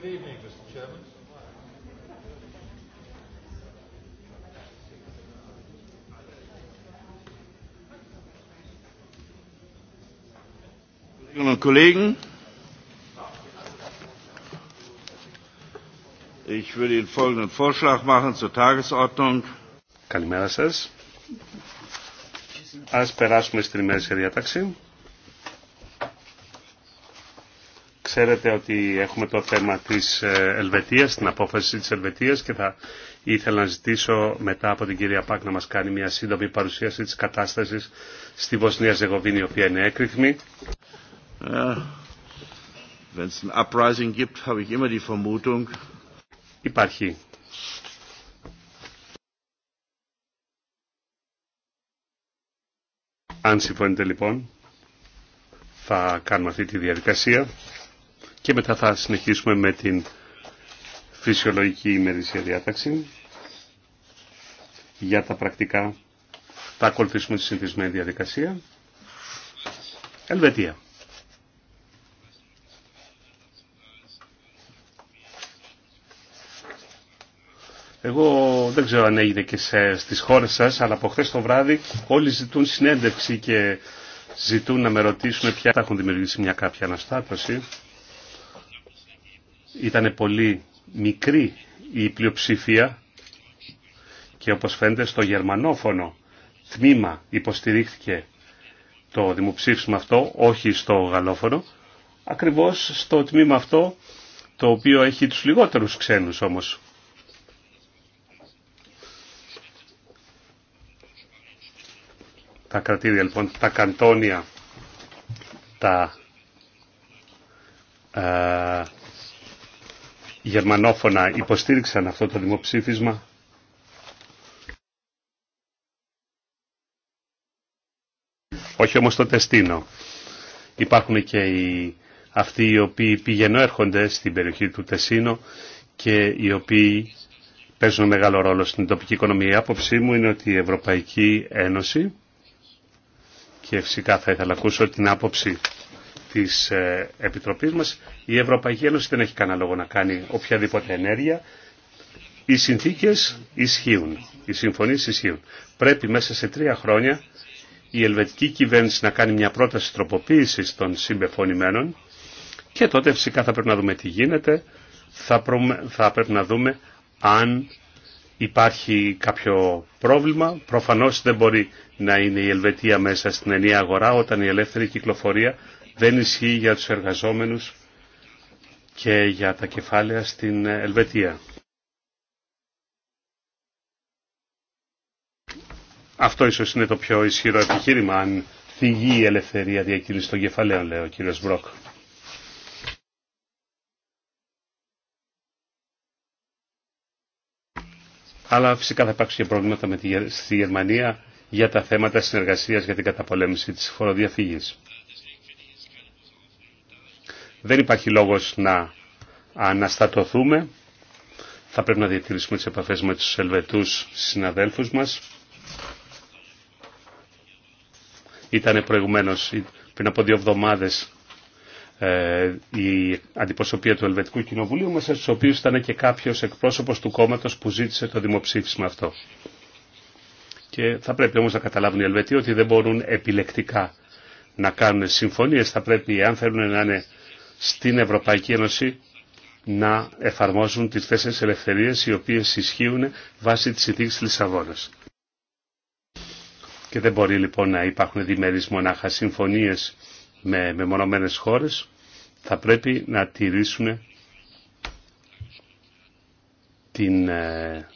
Good evening, Mr. Chairman. Kolleginnen und Kollegen, ich würde Ihnen folgenden Vorschlag machen zur Tagesordnung. Καλημέρα σας. Ας περάσουμε στην ημέρα διάταξη. Ξέρετε ότι έχουμε το θέμα της ε, Ελβετίας, την απόφαση της Ελβετίας και θα ήθελα να ζητήσω μετά από την κυρία Πάκ να μας κάνει μια σύντομη παρουσίαση της κατάστασης στη Βοσνία Ζεγοβίνη, η οποία είναι έκρηθμη. Υπάρχει Αν συμφωνείτε λοιπόν, θα κάνουμε αυτή τη διαδικασία και μετά θα συνεχίσουμε με την φυσιολογική ημερήσια διάταξη. Για τα πρακτικά θα ακολουθήσουμε τη συνηθισμένη διαδικασία. Ελβετία. Εγώ δεν ξέρω αν έγινε και σε, στις χώρες σας, αλλά από χθες το βράδυ όλοι ζητούν συνέντευξη και ζητούν να με ρωτήσουν ποια θα έχουν δημιουργήσει μια κάποια αναστάτωση ήταν πολύ μικρή η πλειοψηφία και όπως φαίνεται στο γερμανόφωνο τμήμα υποστηρίχθηκε το δημοψήφισμα αυτό, όχι στο γαλλόφωνο, ακριβώς στο τμήμα αυτό το οποίο έχει τους λιγότερους ξένους όμως. Τα κρατήρια λοιπόν, τα καντόνια, τα ε, γερμανόφωνα υποστήριξαν αυτό το δημοψήφισμα. Όχι όμως το Τεστίνο. Υπάρχουν και οι, αυτοί οι οποίοι πηγαίνουν έρχονται στην περιοχή του Τεσίνο και οι οποίοι παίζουν μεγάλο ρόλο στην τοπική οικονομία. Η άποψή μου είναι ότι η Ευρωπαϊκή Ένωση και φυσικά θα ήθελα να ακούσω την άποψη της ε, Επιτροπής μας, η Ευρωπαϊκή Ένωση δεν έχει κανένα λόγο να κάνει οποιαδήποτε ενέργεια. Οι συνθήκες ισχύουν, οι συμφωνίες ισχύουν. Πρέπει μέσα σε τρία χρόνια η ελβετική κυβέρνηση να κάνει μια πρόταση τροποποίησης των συμπεφωνημένων και τότε φυσικά θα πρέπει να δούμε τι γίνεται, θα, θα πρέπει να δούμε αν υπάρχει κάποιο πρόβλημα. Προφανώς δεν μπορεί να είναι η Ελβετία μέσα στην ενιαία αγορά όταν η ελεύθερη κυκλοφορία δεν ισχύει για τους εργαζόμενους και για τα κεφάλαια στην Ελβετία. Αυτό ίσως είναι το πιο ισχυρό επιχείρημα, αν θυγεί η ελευθερία διακίνηση των κεφαλαίων, λέει ο κύριος Μπρόκ. Αλλά φυσικά θα υπάρξουν και προβλήματα με τη, στη Γερμανία για τα θέματα συνεργασίας για την καταπολέμηση της φοροδιαφυγής. Δεν υπάρχει λόγος να αναστατωθούμε. Θα πρέπει να διατηρήσουμε τις επαφές με τους Ελβετούς συναδέλφους μας. Ήταν προηγουμένως, πριν από δύο εβδομάδες, ε, η αντιπροσωπεία του Ελβετικού Κοινοβουλίου μέσα στους οποίους ήταν και κάποιος εκπρόσωπος του κόμματος που ζήτησε το δημοψήφισμα αυτό. Και θα πρέπει όμως να καταλάβουν οι Ελβετοί ότι δεν μπορούν επιλεκτικά να κάνουν συμφωνίες. Θα πρέπει, αν θέλουν να είναι στην Ευρωπαϊκή Ένωση να εφαρμόζουν τις τέσσερις ελευθερίες οι οποίες ισχύουν βάσει της συνθήκης Λισαβόνας. Και δεν μπορεί λοιπόν να υπάρχουν διμερείς μονάχα συμφωνίες με μεμονωμένες χώρες. Θα πρέπει να τηρήσουν την, ε,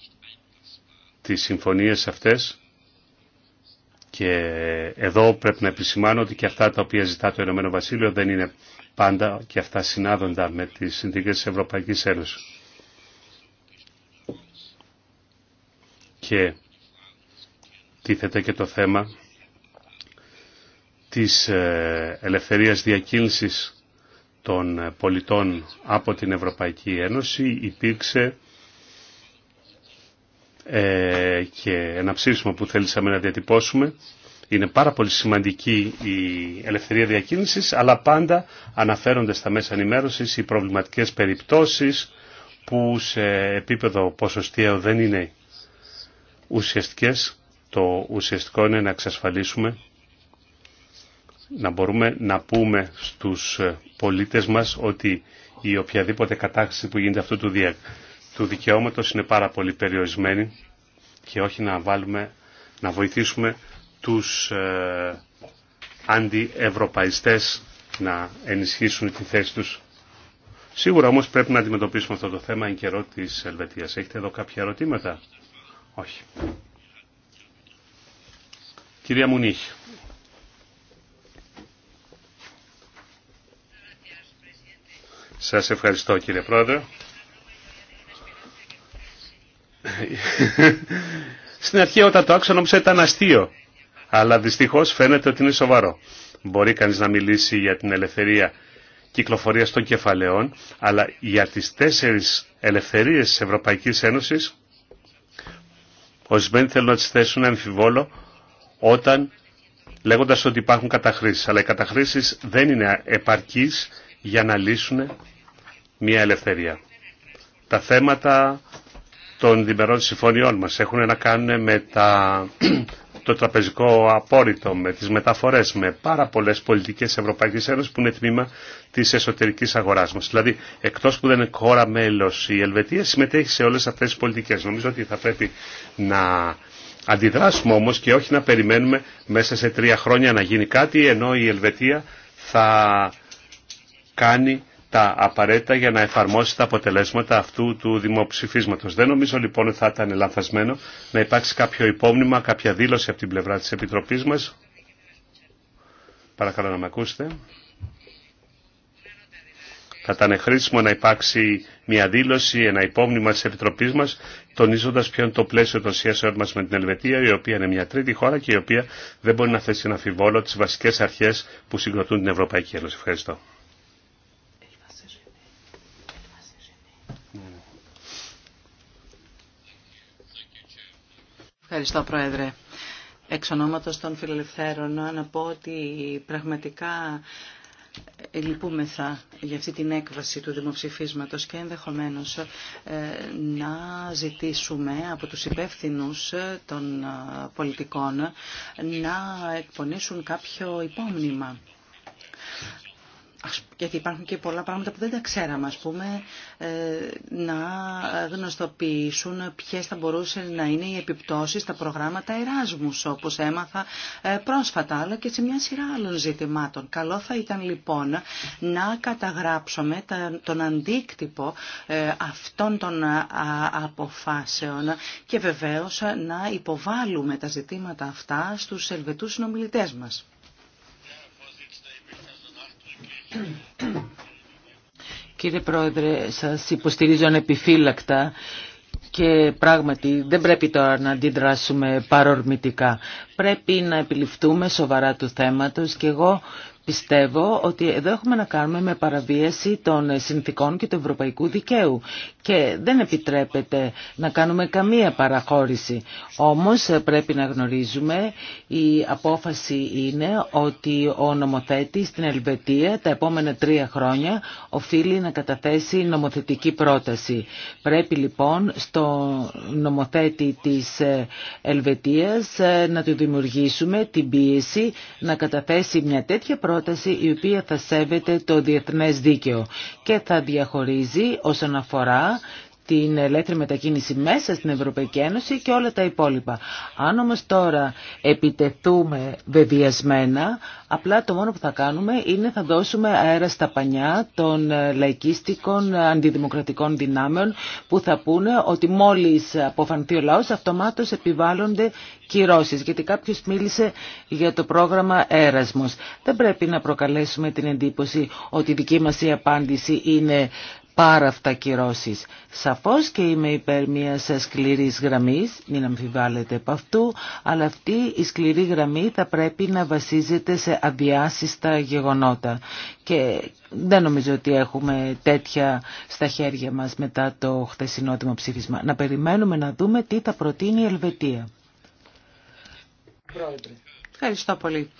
τις συμφωνίες αυτές και εδώ πρέπει να επισημάνω ότι και αυτά τα οποία ζητά το Ηνωμένο Βασίλειο δεν είναι πάντα και αυτά συνάδοντα με τις συνθήκες της Ευρωπαϊκής Ένωσης. Και τίθεται και το θέμα της ε, ελευθερίας διακίνησης των πολιτών από την Ευρωπαϊκή Ένωση υπήρξε ε, και ένα ψήφισμα που θέλησαμε να διατυπώσουμε είναι πάρα πολύ σημαντική η ελευθερία διακίνησης, αλλά πάντα αναφέρονται στα μέσα ενημέρωσης οι προβληματικές περιπτώσεις που σε επίπεδο ποσοστιαίο δεν είναι ουσιαστικές. Το ουσιαστικό είναι να εξασφαλίσουμε να μπορούμε να πούμε στους πολίτες μας ότι η οποιαδήποτε κατάχρηση που γίνεται αυτού του, δια, του δικαιώματος είναι πάρα πολύ περιορισμένη και όχι να, βάλουμε, να βοηθήσουμε τους ε, αντιευρωπαϊστές να ενισχύσουν τη θέση τους. Σίγουρα όμως πρέπει να αντιμετωπίσουμε αυτό το θέμα εν καιρό της Ελβετίας. Έχετε εδώ κάποια ερωτήματα? Όχι. Κυρία Μουνίχ. Σας ευχαριστώ κύριε Πρόεδρε. Στην αρχή όταν το άξονα μου ήταν αστείο αλλά δυστυχώς φαίνεται ότι είναι σοβαρό. Μπορεί κανείς να μιλήσει για την ελευθερία κυκλοφορίας των κεφαλαίων, αλλά για τις τέσσερις ελευθερίες της Ευρωπαϊκής Ένωσης, ορισμένοι θέλουν να τις θέσουν αμφιβόλο όταν λέγοντας ότι υπάρχουν καταχρήσεις. Αλλά οι καταχρήσεις δεν είναι επαρκείς για να λύσουν μια ελευθερία. Τα θέματα των διμερών συμφωνιών μας έχουν να κάνουν με τα το τραπεζικό απόρριτο, με τις μεταφορές, με πάρα πολλές πολιτικές Ευρωπαϊκής Ένωσης που είναι τμήμα της εσωτερικής αγοράς μας. Δηλαδή, εκτός που δεν είναι χώρα μέλος η Ελβετία, συμμετέχει σε όλες αυτές τις πολιτικές. Νομίζω ότι θα πρέπει να αντιδράσουμε όμως και όχι να περιμένουμε μέσα σε τρία χρόνια να γίνει κάτι, ενώ η Ελβετία θα κάνει τα απαραίτητα για να εφαρμόσει τα αποτελέσματα αυτού του δημοψηφίσματος. Δεν νομίζω λοιπόν ότι θα ήταν λανθασμένο να υπάρξει κάποιο υπόμνημα, κάποια δήλωση από την πλευρά της Επιτροπής μας. Παρακαλώ να με ακούσετε. Θα ήταν χρήσιμο να υπάρξει μια δήλωση, ένα υπόμνημα της Επιτροπής μας, τονίζοντας ποιο είναι το πλαίσιο των σχέσεων μας με την Ελβετία, η οποία είναι μια τρίτη χώρα και η οποία δεν μπορεί να θέσει να αμφιβόλο τις βασικές αρχές που συγκροτούν την Ευρωπαϊκή Ένωση. Ευχαριστώ. Ευχαριστώ, Πρόεδρε. Εξ ονόματος των φιλελευθέρων να πω ότι πραγματικά λυπούμεθα για αυτή την έκβαση του δημοψηφίσματος και ενδεχομένως ε, να ζητήσουμε από τους υπεύθυνους των ε, πολιτικών να εκπονήσουν κάποιο υπόμνημα γιατί υπάρχουν και πολλά πράγματα που δεν τα ξέραμε, ας πούμε, ε, να γνωστοποιήσουν ποιες θα μπορούσαν να είναι οι επιπτώσεις στα προγράμματα Εράσμους, όπως έμαθα ε, πρόσφατα, αλλά και σε μια σειρά άλλων ζητημάτων. Καλό θα ήταν λοιπόν να καταγράψουμε τον αντίκτυπο ε, αυτών των αποφάσεων και βεβαίως να υποβάλουμε τα ζητήματα αυτά στους ελβετούς συνομιλητές μας. Κύριε Πρόεδρε, σας υποστηρίζω ανεπιφύλακτα και πράγματι δεν πρέπει τώρα να αντιδράσουμε παρορμητικά. Πρέπει να επιληφθούμε σοβαρά του θέματος και εγώ Πιστεύω ότι εδώ έχουμε να κάνουμε με παραβίαση των συνθήκων και του ευρωπαϊκού δικαίου και δεν επιτρέπεται να κάνουμε καμία παραχώρηση. Όμως ε, πρέπει να γνωρίζουμε, η απόφαση είναι ότι ο νομοθέτης στην Ελβετία τα επόμενα τρία χρόνια οφείλει να καταθέσει νομοθετική πρόταση. Πρέπει λοιπόν στο νομοθέτη της ε, Ελβετίας ε, να του δημιουργήσουμε την πίεση να καταθέσει μια τέτοια πρόταση πρόταση η οποία θα σέβεται το διεθνές δίκαιο και θα διαχωρίζει όσον αφορά την ελεύθερη μετακίνηση μέσα στην Ευρωπαϊκή Ένωση και όλα τα υπόλοιπα. Αν όμως τώρα επιτεθούμε βεβαιασμένα, απλά το μόνο που θα κάνουμε είναι θα δώσουμε αέρα στα πανιά των λαϊκίστικων αντιδημοκρατικών δυνάμεων που θα πούνε ότι μόλις αποφανθεί ο λαός αυτομάτως επιβάλλονται κυρώσεις. Γιατί κάποιος μίλησε για το πρόγραμμα Έρασμος. Δεν πρέπει να προκαλέσουμε την εντύπωση ότι η δική μας απάντηση είναι πάρα αυτά κυρώσεις. Σαφώς και είμαι υπέρ μια σκληρής γραμμής, μην αμφιβάλλετε από αυτού, αλλά αυτή η σκληρή γραμμή θα πρέπει να βασίζεται σε αδιάσυστα γεγονότα. Και δεν νομίζω ότι έχουμε τέτοια στα χέρια μας μετά το χθεσινό ψήφισμα. Να περιμένουμε να δούμε τι θα προτείνει η Ελβετία. Πρόεδρε. Ευχαριστώ πολύ.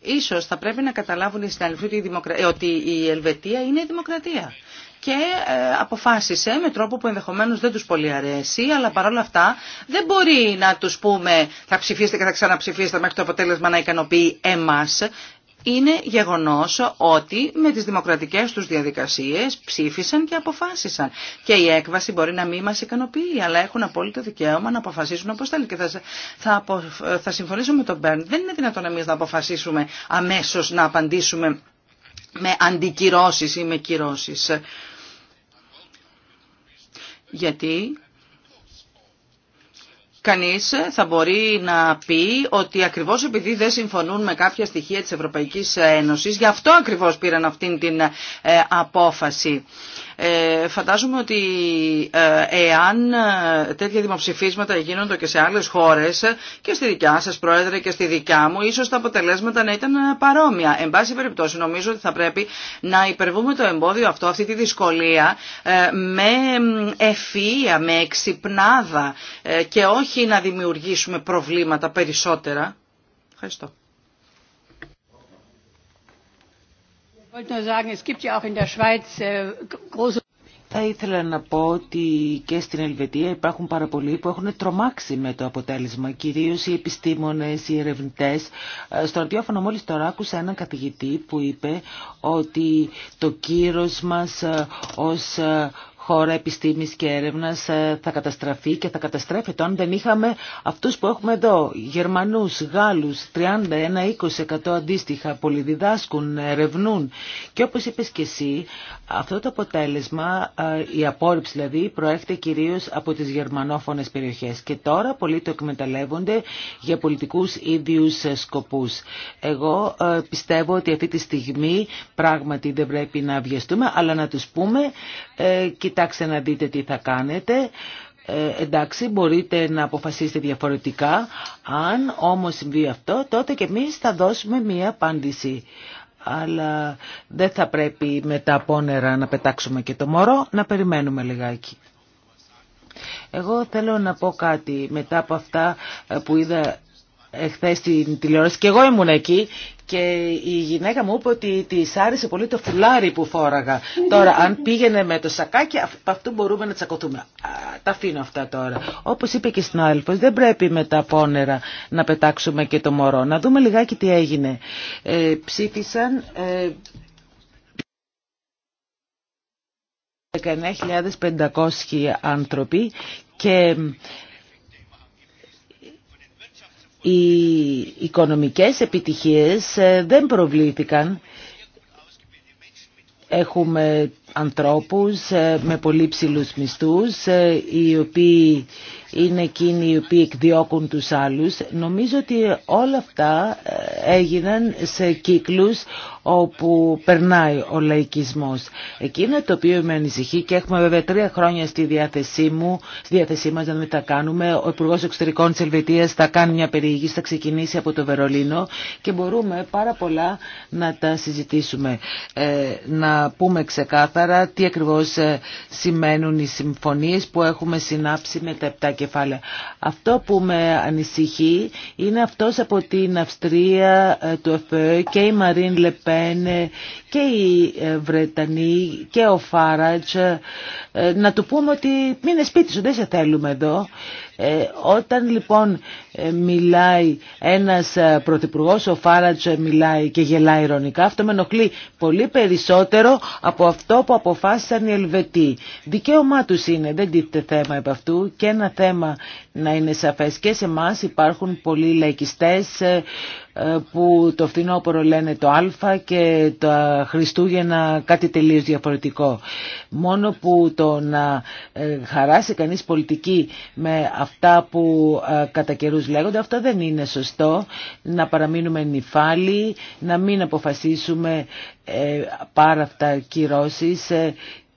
Ίσως θα πρέπει να καταλάβουν οι ότι η Ελβετία είναι η δημοκρατία και ε, αποφάσισε με τρόπο που ενδεχομένως δεν τους πολύ αρέσει, αλλά παρόλα αυτά δεν μπορεί να τους πούμε θα ψηφίσετε και θα ξαναψηφίσετε μέχρι το αποτέλεσμα να ικανοποιεί εμάς. Είναι γεγονός ότι με τις δημοκρατικές τους διαδικασίες ψήφισαν και αποφάσισαν. Και η έκβαση μπορεί να μην μας ικανοποιεί, αλλά έχουν απόλυτο δικαίωμα να αποφασίσουν όπως θέλουν. Και θα, θα, θα συμφωνήσω με τον Μπέρν. Δεν είναι δυνατόν εμείς να αποφασίσουμε αμέσως να απαντήσουμε με αντικυρώσεις ή με κυρώσει γιατί κανείς θα μπορεί να πει ότι ακριβώς επειδή δεν συμφωνούν με κάποια στοιχεία της Ευρωπαϊκής Ένωσης, γι' αυτό ακριβώς πήραν αυτήν την ε, απόφαση. Ε, φαντάζομαι ότι ε, εάν ε, τέτοια δημοψηφίσματα γίνονται και σε άλλες χώρες και στη δικιά σας πρόεδρε και στη δικιά μου, ίσως τα αποτελέσματα να ήταν παρόμοια. Εν πάση περιπτώσει νομίζω ότι θα πρέπει να υπερβούμε το εμπόδιο αυτό, αυτή τη δυσκολία με ευφυΐα, με εξυπνάδα και όχι να δημιουργήσουμε προβλήματα περισσότερα. Ευχαριστώ. Θα ήθελα να πω ότι και στην Ελβετία υπάρχουν πάρα πολλοί που έχουν τρομάξει με το αποτέλεσμα, κυρίως οι επιστήμονες, οι ερευνητές. Ε, στο ραδιόφωνο μόλις τώρα άκουσα έναν καθηγητή που είπε ότι το κύρος μας ε, ως ε, χώρα επιστήμης και έρευνας ε, θα καταστραφεί και θα καταστρέφεται αν δεν είχαμε αυτούς που έχουμε εδώ, Γερμανούς, Γάλλους, 31-20% αντίστοιχα, πολυδιδάσκουν, ερευνούν. Και όπως είπες και εσύ, αυτό το αποτέλεσμα, ε, η απόρριψη δηλαδή, προέρχεται κυρίως από τις γερμανόφωνες περιοχές και τώρα πολλοί το εκμεταλλεύονται για πολιτικούς ίδιους ε, σκοπούς. Εγώ πιστεύω ότι αυτή τη στιγμή πράγματι δεν πρέπει να βιαστούμε, αλλά να τους πούμε, κοιτάξτε να δείτε τι θα κάνετε. Ε, εντάξει, μπορείτε να αποφασίσετε διαφορετικά. Αν όμως συμβεί αυτό, τότε και εμείς θα δώσουμε μία απάντηση. Αλλά δεν θα πρέπει μετά από πόνερα να πετάξουμε και το μωρό, να περιμένουμε λιγάκι. Εγώ θέλω να πω κάτι μετά από αυτά ε, που είδα εχθέ στην τηλεόραση και εγώ ήμουν εκεί και η γυναίκα μου είπε ότι τη άρεσε πολύ το φουλάρι που φόραγα. Τώρα, αν πήγαινε με το σακάκι, από αυτού μπορούμε να τσακωθούμε. τα αφήνω αυτά τώρα. Όπω είπε και στην άλλη, δεν πρέπει με τα πόνερα να πετάξουμε και το μωρό. Να δούμε λιγάκι τι έγινε. Ε, ψήφισαν. Ε, 19.500 άνθρωποι και οι οικονομικές επιτυχίες ε, δεν προβλήθηκαν. Έχουμε ανθρώπους ε, με πολύ ψηλούς μισθούς, ε, οι οποίοι είναι εκείνοι οι οποίοι εκδιώκουν τους άλλους. Νομίζω ότι όλα αυτά ε, έγιναν σε κύκλους όπου περνάει ο λαϊκισμός. Εκείνο το οποίο με ανησυχεί και έχουμε βέβαια τρία χρόνια στη διάθεσή, μου, στη διάθεσή μας να δούμε τα κάνουμε. Ο Υπουργός Εξωτερικών της Ελβετίας θα κάνει μια περιήγηση, θα ξεκινήσει από το Βερολίνο και μπορούμε πάρα πολλά να τα συζητήσουμε. Ε, να πούμε ξεκάθαρα ξεκάθαρα τι ακριβώς ε, σημαίνουν οι συμφωνίες που έχουμε συνάψει με τα επτά κεφάλαια. Αυτό που με ανησυχεί είναι αυτός από την Αυστρία, ε, του ΕΦΕ και η Μαρίν Λεπέν και οι ε, Βρετανοί και ο Φάρατς να του πούμε ότι είναι σπίτι σου, δεν σε θέλουμε εδώ. Ε, όταν λοιπόν ε, μιλάει ένας ε, πρωθυπουργός, ο ε, μιλάει και γελάει ειρωνικά, αυτό με ενοχλεί πολύ περισσότερο από αυτό που αποφάσισαν οι Ελβετοί. Δικαίωμά τους είναι, δεν τίθεται θέμα επ' αυτού και ένα θέμα να είναι σαφές και σε εμά υπάρχουν πολλοί λαϊκιστές, που το φθινόπωρο λένε το α και το Χριστούγεννα κάτι τελείως διαφορετικό. Μόνο που το να ε, χαράσει κανείς πολιτική με αυτά που ε, κατά καιρού λέγονται, αυτό δεν είναι σωστό. Να παραμείνουμε νυφάλοι, να μην αποφασίσουμε ε, πάρα αυτά κυρώσεις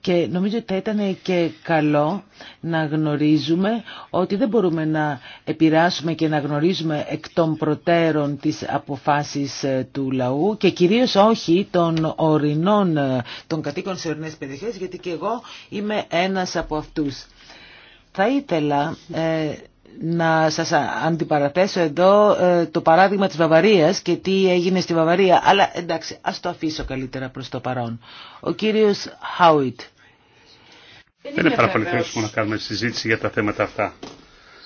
και νομίζω ότι θα ήταν και καλό να γνωρίζουμε ότι δεν μπορούμε να επηρεάσουμε και να γνωρίζουμε εκ των προτέρων τις αποφάσεις ε, του λαού και κυρίως όχι των ορεινών, ε, των κατοίκων σε ορεινές περιοχές γιατί και εγώ είμαι ένας από αυτούς. Θα ήθελα ε, να σας αντιπαραθέσω εδώ ε, το παράδειγμα της Βαβαρίας και τι έγινε στη Βαυαρία. Αλλά εντάξει, ας το αφήσω καλύτερα προς το παρόν. Ο κύριος Χάουιτ. Δεν είναι πάρα πολύ χρήσιμο να κάνουμε συζήτηση για τα θέματα αυτά.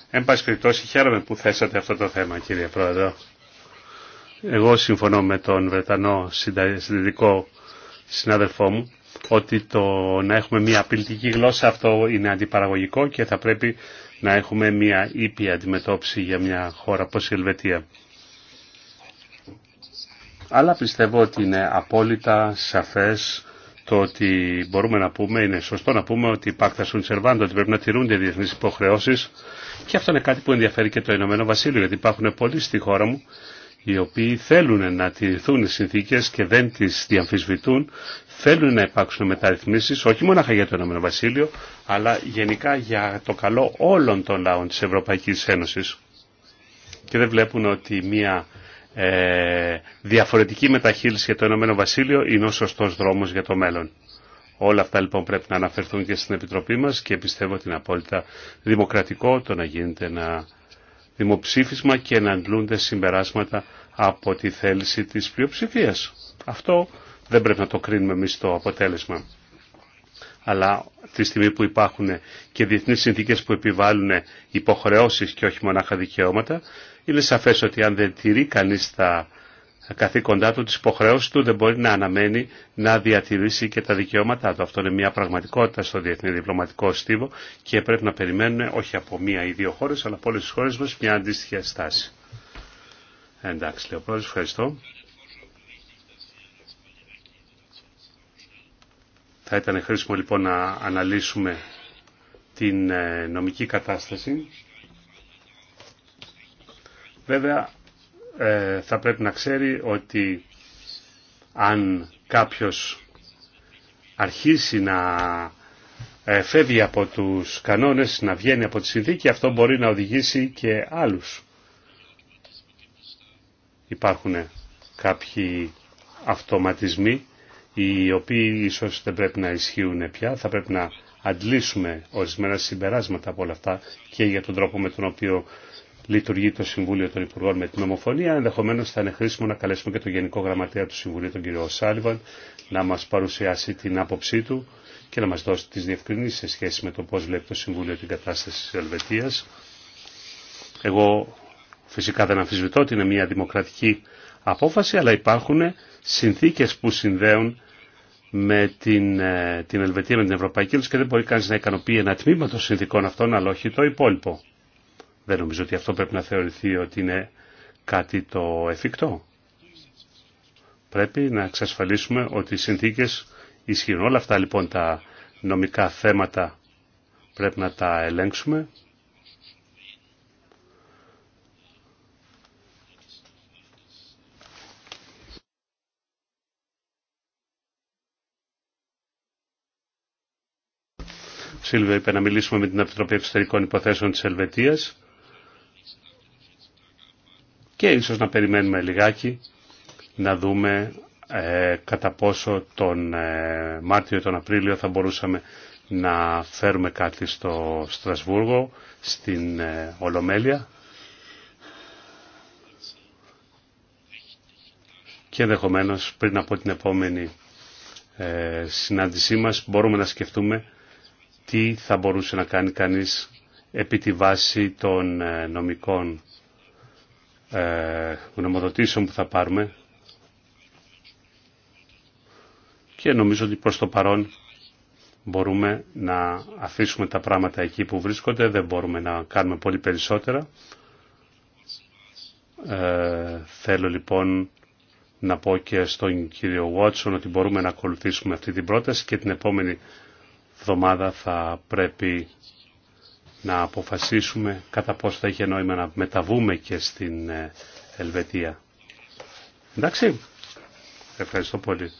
Εν πάση περιπτώσει, χαίρομαι που θέσατε αυτό το θέμα, κύριε Πρόεδρο. Εγώ συμφωνώ με τον Βρετανό συντηρητικό συνάδελφό μου ότι το να έχουμε μια απειλητική γλώσσα αυτό είναι αντιπαραγωγικό και θα πρέπει να έχουμε μια ήπια αντιμετώπιση για μια χώρα όπως η Ελβετία. Αλλά πιστεύω ότι είναι απόλυτα σαφές το ότι μπορούμε να πούμε, είναι σωστό να πούμε ότι υπάρχουν σουν ότι πρέπει να τηρούνται διεθνείς υποχρεώσεις και αυτό είναι κάτι που ενδιαφέρει και το Ηνωμένο Βασίλειο, γιατί υπάρχουν πολλοί στη χώρα μου οι οποίοι θέλουν να τηρηθούν οι συνθήκες και δεν τις διαμφισβητούν θέλουν να υπάρξουν μεταρρυθμίσεις, όχι μόνο για το Ηνωμένο Βασίλειο, αλλά γενικά για το καλό όλων των λαών της Ευρωπαϊκής Ένωσης. Και δεν βλέπουν ότι μια ε, διαφορετική μεταχείριση για το Ηνωμένο Βασίλειο είναι ο σωστός δρόμος για το μέλλον. Όλα αυτά λοιπόν πρέπει να αναφερθούν και στην Επιτροπή μας και πιστεύω ότι είναι απόλυτα δημοκρατικό το να γίνεται ένα δημοψήφισμα και να αντλούνται συμπεράσματα από τη θέληση της πλειοψηφίας. Αυτό δεν πρέπει να το κρίνουμε εμεί το αποτέλεσμα. Αλλά τη στιγμή που υπάρχουν και διεθνείς συνθήκες που επιβάλλουν υποχρεώσεις και όχι μονάχα δικαιώματα, είναι σαφές ότι αν δεν τηρεί κανείς τα καθήκοντά του, τις υποχρεώσεις του, δεν μπορεί να αναμένει να διατηρήσει και τα δικαιώματά του. Αυτό είναι μια πραγματικότητα στο διεθνή διπλωματικό στίβο και πρέπει να περιμένουμε όχι από μία ή δύο χώρες, αλλά από όλες τις χώρες μας μια αντίστοιχη στάση. Εντάξει, λέω ευχαριστώ. Θα ήταν χρήσιμο λοιπόν να αναλύσουμε την ε, νομική κατάσταση. Βέβαια ε, θα πρέπει να ξέρει ότι αν κάποιος αρχίσει να ε, φεύγει από τους κανόνες, να βγαίνει από τη συνθήκη, αυτό μπορεί να οδηγήσει και άλλους. Υπάρχουν κάποιοι αυτοματισμοί οι οποίοι ίσως δεν πρέπει να ισχύουν πια. Θα πρέπει να αντλήσουμε ορισμένα συμπεράσματα από όλα αυτά και για τον τρόπο με τον οποίο λειτουργεί το Συμβούλιο των Υπουργών με την Ομοφωνία. Ενδεχομένω θα είναι χρήσιμο να καλέσουμε και τον Γενικό Γραμματέα του Συμβουλίου, τον κύριο Σάλιβαν, να μα παρουσιάσει την άποψή του και να μα δώσει τι διευκρινήσει σε σχέση με το πώ βλέπει το Συμβούλιο την κατάσταση τη Ελβετία. Εγώ φυσικά δεν αμφισβητώ ότι είναι μια δημοκρατική απόφαση, αλλά υπάρχουν συνθήκε που συνδέουν με την, ε, την Ελβετία, με την Ευρωπαϊκή Ένωση και δεν μπορεί κανεί να ικανοποιεί ένα τμήμα των συνθήκων αυτών, αλλά όχι το υπόλοιπο. Δεν νομίζω ότι αυτό πρέπει να θεωρηθεί ότι είναι κάτι το εφικτό. Πρέπει να εξασφαλίσουμε ότι οι συνθήκες ισχύουν. Όλα αυτά λοιπόν τα νομικά θέματα πρέπει να τα ελέγξουμε Σίλβιο είπε να μιλήσουμε με την Επιτροπή Εξωτερικών Υποθέσεων της Ελβετίας και ίσως να περιμένουμε λιγάκι να δούμε ε, κατά πόσο τον ε, Μάρτιο ή τον Απρίλιο θα μπορούσαμε να φέρουμε κάτι στο Στρασβούργο, στην ε, Ολομέλεια και ενδεχομένω πριν από την επόμενη ε, συνάντησή μας μπορούμε να σκεφτούμε τι θα μπορούσε να κάνει κανείς επί τη βάση των ε, νομικών ε, γνωμοδοτήσεων που θα πάρουμε και νομίζω ότι προς το παρόν μπορούμε να αφήσουμε τα πράγματα εκεί που βρίσκονται, δεν μπορούμε να κάνουμε πολύ περισσότερα. Ε, θέλω λοιπόν να πω και στον κύριο Watson ότι μπορούμε να ακολουθήσουμε αυτή την πρόταση και την επόμενη εβδομάδα θα πρέπει να αποφασίσουμε κατά πόσο θα είχε νόημα να μεταβούμε και στην ε, Ελβετία. Εντάξει. Ευχαριστώ πολύ.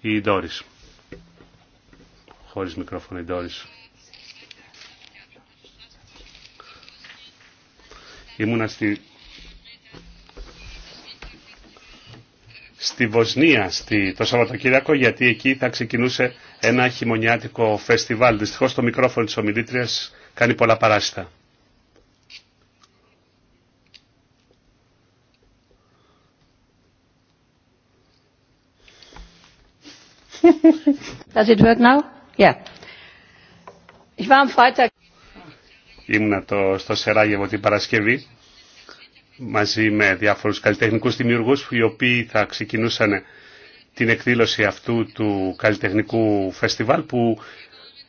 Η Ντόρις. Χωρίς μικρόφωνο η Ντόρις. Ήμουνα στη... στη Βοσνία στη... το Σαββατοκύριακο γιατί εκεί θα ξεκινούσε ένα χειμωνιάτικο φεστιβάλ. Δυστυχώς το μικρόφωνο της ομιλήτριας κάνει πολλά παράστα. Does it work now? Yeah. Ich war am Freitag. Ήμουνα το, στο Σεράγεβο την Παρασκευή μαζί με διάφορους καλλιτεχνικούς δημιουργούς οι οποίοι θα ξεκινούσαν την εκδήλωση αυτού του καλλιτεχνικού φεστιβάλ που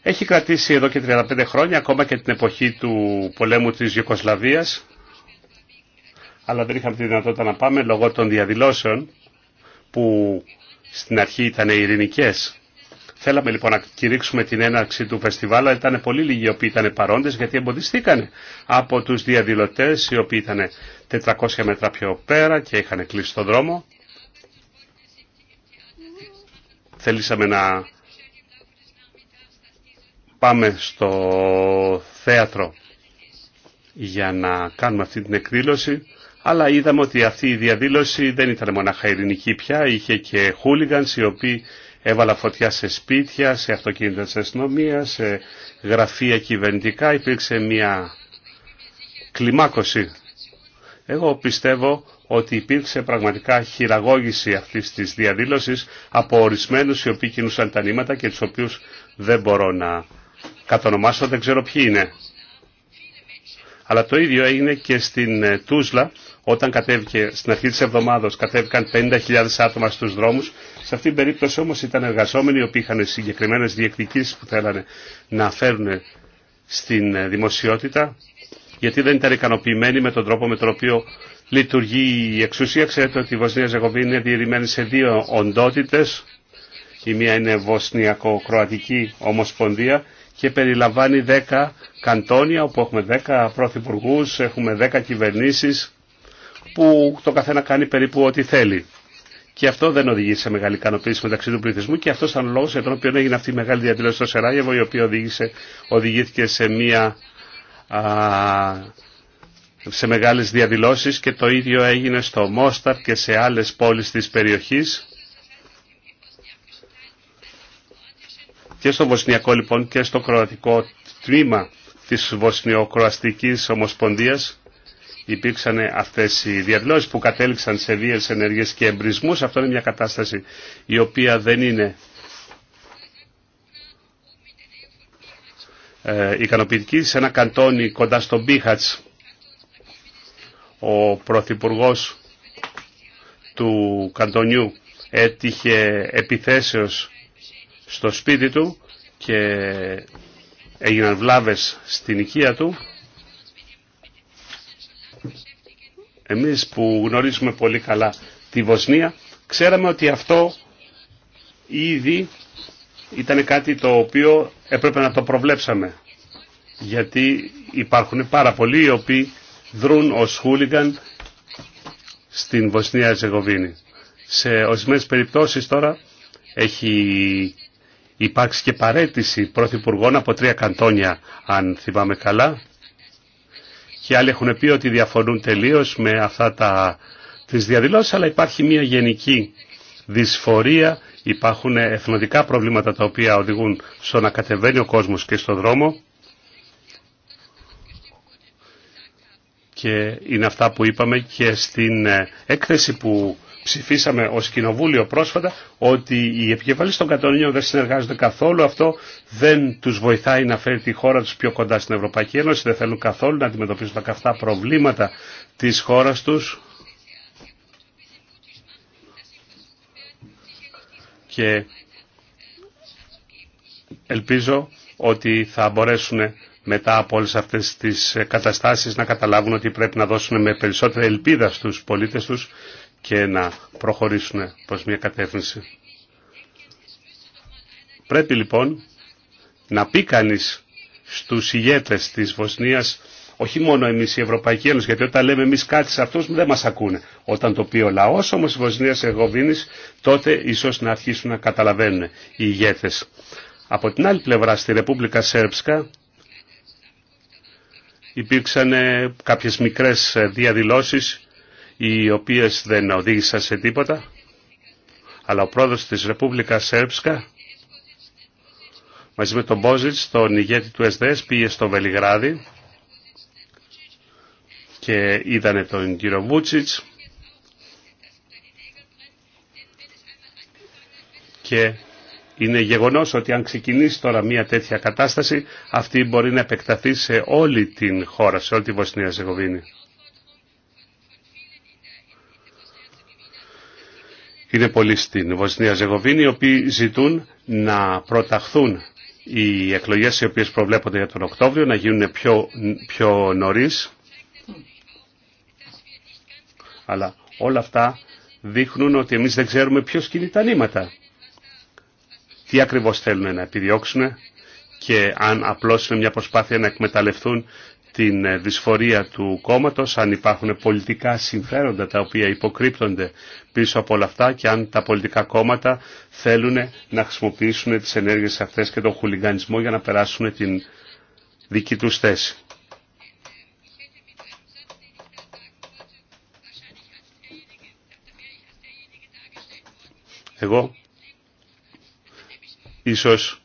έχει κρατήσει εδώ και 35 χρόνια, ακόμα και την εποχή του πολέμου της Ιουκοσλαβίας, αλλά δεν είχαμε τη δυνατότητα να πάμε λόγω των διαδηλώσεων που στην αρχή ήταν ειρηνικέ. Θέλαμε λοιπόν να κηρύξουμε την έναρξη του φεστιβάλ, αλλά ήταν πολύ λίγοι οι οποίοι ήταν παρόντες, γιατί εμποδιστήκανε από τους διαδηλωτές, οι οποίοι ήταν 400 μέτρα πιο πέρα και είχαν κλείσει τον δρόμο. Θέλησαμε να πάμε στο θέατρο για να κάνουμε αυτή την εκδήλωση, αλλά είδαμε ότι αυτή η διαδήλωση δεν ήταν μονάχα ειρηνική πια, είχε και χούλιγανς οι οποίοι έβαλα φωτιά σε σπίτια, σε αυτοκίνητα της αστυνομία, σε γραφεία κυβερνητικά, υπήρξε μια κλιμάκωση εγώ πιστεύω ότι υπήρξε πραγματικά χειραγώγηση αυτής της διαδήλωσης από ορισμένους οι οποίοι κινούσαν τα νήματα και τους οποίους δεν μπορώ να κατονομάσω, δεν ξέρω ποιοι είναι. Αλλά το ίδιο έγινε και στην ε, Τούσλα όταν κατέβηκε στην αρχή της εβδομάδας κατέβηκαν 50.000 άτομα στους δρόμους. Σε αυτήν την περίπτωση όμως ήταν εργαζόμενοι οι οποίοι είχαν συγκεκριμένες διεκδικήσεις που θέλανε να φέρουν στην ε, δημοσιότητα γιατί δεν ήταν ικανοποιημένοι με τον τρόπο με τον οποίο λειτουργεί η εξουσία. Ξέρετε ότι η Βοσνία Ζεγοβίνη είναι διαιρημένη σε δύο οντότητες. Η μία είναι Βοσνιακο-Κροατική Ομοσπονδία και περιλαμβάνει 10 καντόνια όπου έχουμε 10 πρωθυπουργού, έχουμε 10 κυβερνήσει που το καθένα κάνει περίπου ό,τι θέλει. Και αυτό δεν οδηγεί σε μεγάλη ικανοποίηση μεταξύ του πληθυσμού και αυτό ήταν ο λόγο για τον οποίο έγινε αυτή η μεγάλη διαδήλωση στο Σεράγεβο, η οποία οδηγήθηκε σε μια σε μεγάλες διαδηλώσεις και το ίδιο έγινε στο Μόσταρ και σε άλλες πόλεις της περιοχής. Και στο Βοσνιακό λοιπόν και στο Κροατικό τμήμα της Βοσνιοκροαστικής Ομοσπονδίας υπήρξαν αυτές οι διαδηλώσεις που κατέληξαν σε βίες ενέργειες και εμπρισμούς. Αυτό είναι μια κατάσταση η οποία δεν είναι Ε, ικανοποιητική σε ένα καντόνι κοντά στο Μπίχατς. Ο πρωθυπουργός του καντονιού έτυχε επιθέσεως στο σπίτι του και έγιναν βλάβες στην οικία του. Εμείς που γνωρίζουμε πολύ καλά τη Βοσνία, ξέραμε ότι αυτό ήδη ήταν κάτι το οποίο έπρεπε να το προβλέψαμε. Γιατί υπάρχουν πάρα πολλοί οι οποίοι δρούν ως χούλιγκαν στην Βοσνία Ζεγοβίνη. Σε ορισμένε περιπτώσεις τώρα έχει υπάρξει και παρέτηση πρωθυπουργών από τρία καντόνια, αν θυμάμαι καλά. Και άλλοι έχουν πει ότι διαφωνούν τελείως με αυτά τα, τις διαδηλώσεις, αλλά υπάρχει μια γενική δυσφορία υπάρχουν εθνοτικά προβλήματα τα οποία οδηγούν στο να κατεβαίνει ο κόσμος και στο δρόμο και είναι αυτά που είπαμε και στην ε, έκθεση που ψηφίσαμε ως κοινοβούλιο πρόσφατα ότι οι επικεφαλής των κατονίων δεν συνεργάζονται καθόλου. Αυτό δεν τους βοηθάει να φέρει τη χώρα τους πιο κοντά στην Ευρωπαϊκή Ένωση. Δεν θέλουν καθόλου να αντιμετωπίσουν τα καυτά προβλήματα της χώρας τους. και ελπίζω ότι θα μπορέσουν μετά από όλες αυτές τις καταστάσεις να καταλάβουν ότι πρέπει να δώσουν με περισσότερη ελπίδα στους πολίτες τους και να προχωρήσουν προς μια κατεύθυνση. Πρέπει λοιπόν να πει κανείς στους ηγέτες της Βοσνίας όχι μόνο εμεί η Ευρωπαϊκή Ένωση, γιατί όταν λέμε εμεί κάτι σε αυτού δεν μα ακούνε. Όταν το πει ο λαό όμω η Βοσνία Ερχοβίνη, τότε ίσω να αρχίσουν να καταλαβαίνουν οι ηγέτε. Από την άλλη πλευρά, στη Ρεπούμπλικα Σέρψκα υπήρξαν ε, κάποιες μικρές ε, διαδηλώσει, οι οποίες δεν οδήγησαν σε τίποτα αλλά ο πρόεδρος τη Ρεπούμπλικα Σέρψκα μαζί με τον Μπόζιτς, τον ηγέτη του ΕΣΔΕΣ, πήγε στο Βελιγράδι και είδανε τον κύριο Βούτσιτς και είναι γεγονός ότι αν ξεκινήσει τώρα μια τέτοια κατάσταση αυτή μπορεί να επεκταθεί σε όλη την χώρα, σε όλη τη Βοσνία Ζεγοβίνη. Είναι πολλοί στην Βοσνία Ζεγοβίνη οι οποίοι ζητούν να προταχθούν οι εκλογές οι οποίες προβλέπονται για τον Οκτώβριο να γίνουν πιο, πιο νωρίς αλλά όλα αυτά δείχνουν ότι εμείς δεν ξέρουμε ποιος κινεί τα νήματα. Τι ακριβώς θέλουν να επιδιώξουν και αν απλώς είναι μια προσπάθεια να εκμεταλλευτούν την ε, δυσφορία του κόμματος, αν υπάρχουν πολιτικά συμφέροντα τα οποία υποκρύπτονται πίσω από όλα αυτά και αν τα πολιτικά κόμματα θέλουν να χρησιμοποιήσουν τις ενέργειες αυτές και τον χουλιγανισμό για να περάσουν την δική τους θέση. Εγώ ίσως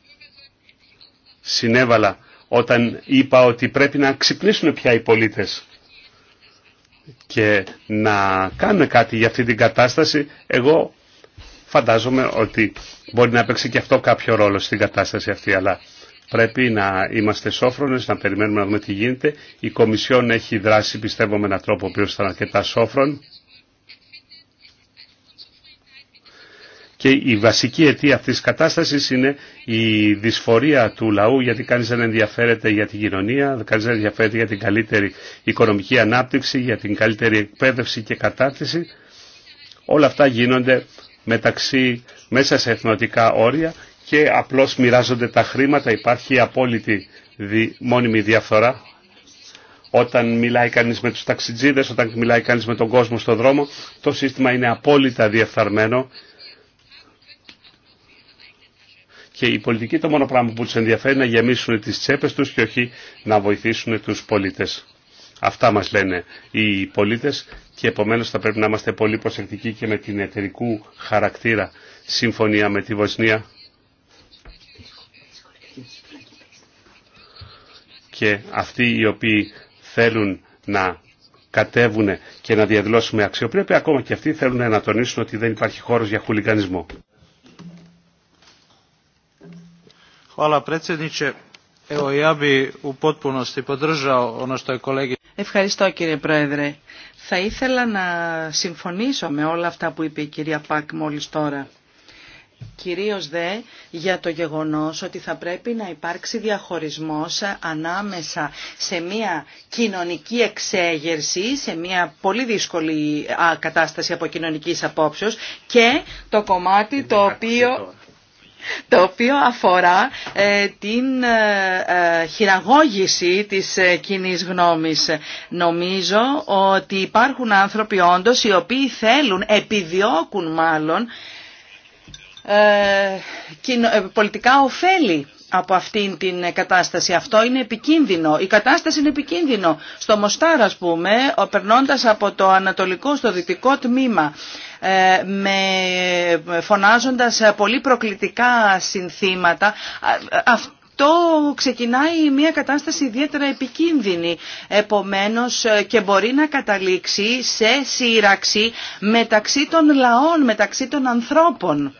συνέβαλα όταν είπα ότι πρέπει να ξυπνήσουν πια οι πολίτες και να κάνουν κάτι για αυτή την κατάσταση. Εγώ φαντάζομαι ότι μπορεί να παίξει και αυτό κάποιο ρόλο στην κατάσταση αυτή, αλλά πρέπει να είμαστε σόφρονες, να περιμένουμε να δούμε τι γίνεται. Η Κομισιόν έχει δράσει πιστεύω με έναν τρόπο ο οποίος ήταν αρκετά σόφρον. Και η βασική αιτία αυτής της κατάστασης είναι η δυσφορία του λαού γιατί κανείς δεν ενδιαφέρεται για την κοινωνία, κανείς δεν ενδιαφέρεται για την καλύτερη οικονομική ανάπτυξη, για την καλύτερη εκπαίδευση και κατάρτιση. Όλα αυτά γίνονται μεταξύ, μέσα σε εθνοτικά όρια και απλώς μοιράζονται τα χρήματα, υπάρχει απόλυτη δι, μόνιμη διαφθορά. Όταν μιλάει κανείς με τους ταξιτζίδες, όταν μιλάει κανείς με τον κόσμο στον δρόμο, το σύστημα είναι απόλυτα διεφθαρμένο και η πολιτική το μόνο πράγμα που τους ενδιαφέρει να γεμίσουν τις τσέπες τους και όχι να βοηθήσουν τους πολίτες. Αυτά μας λένε οι πολίτες και επομένως θα πρέπει να είμαστε πολύ προσεκτικοί και με την εταιρικού χαρακτήρα συμφωνία με τη Βοσνία. Και αυτοί οι οποίοι θέλουν να κατέβουν και να διαδηλώσουν με αξιοπρέπεια, ακόμα και αυτοί θέλουν να τονίσουν ότι δεν υπάρχει χώρος για χουλικανισμό. Ευχαριστώ κύριε Πρόεδρε. Θα ήθελα να συμφωνήσω με όλα αυτά που είπε η κυρία Πακ μόλις τώρα. Κυρίως δε για το γεγονός ότι θα πρέπει να υπάρξει διαχωρισμός ανάμεσα σε μια κοινωνική εξέγερση, σε μια πολύ δύσκολη κατάσταση από κοινωνικής απόψεως και το κομμάτι το οποίο το οποίο αφορά ε, την ε, ε, χειραγώγηση της κοινή γνώμης. Νομίζω ότι υπάρχουν άνθρωποι όντως οι οποίοι θέλουν, επιδιώκουν μάλλον, πολιτικά ωφέλη από αυτήν την κατάσταση. Αυτό είναι επικίνδυνο. Η κατάσταση είναι επικίνδυνο. Στο Μοστάρα, ας πούμε, περνώντας από το ανατολικό στο δυτικό τμήμα, ε, με φωνάζοντας πολύ προκλητικά συνθήματα, αυτό ξεκινάει μια κατάσταση ιδιαίτερα επικίνδυνη. Επομένως ε, και μπορεί να καταλήξει σε σύραξη μεταξύ των λαών, μεταξύ των ανθρώπων.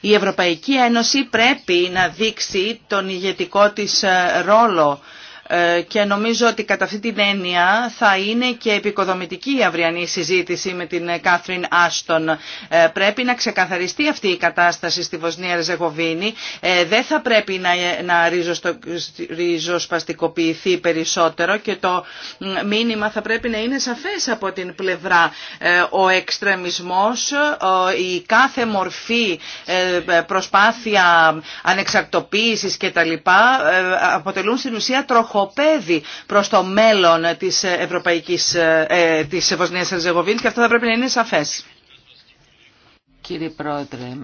Η Ευρωπαϊκή Ένωση πρέπει να δείξει τον ηγετικό της ε, ρόλο ε, και νομίζω ότι κατά αυτή την έννοια θα είναι και επικοδομητική η αυριανή συζήτηση με την ε, Κάθριν Άστον. Ε, πρέπει να ξεκαθαριστεί αυτή η κατάσταση στη Βοσνία Ρεζεγοβίνη. Δεν θα πρέπει να ριζοσπαστικοποιηθεί περισσότερο και το μήνυμα θα πρέπει να είναι σαφές από την πλευρά. Ο εξτρεμισμός, η κάθε μορφή προσπάθεια ανεξαρτοποίησης κτλ. αποτελούν στην ουσία τροχοπέδι προς το μέλλον της Ευρωπαϊκής, ε, της Βοσνίας Ερζεγοβίνης και αυτό θα πρέπει να είναι σαφές. Κύριε Πρόεδρε,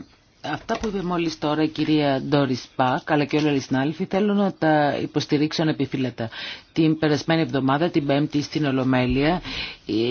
Αυτά που είπε μόλις τώρα η κυρία Ντόρις Πακ αλλά και όλοι οι συνάδελφοι θέλω να τα υποστηρίξω ανεπιφύλατα. Την περασμένη εβδομάδα, την Πέμπτη στην Ολομέλεια,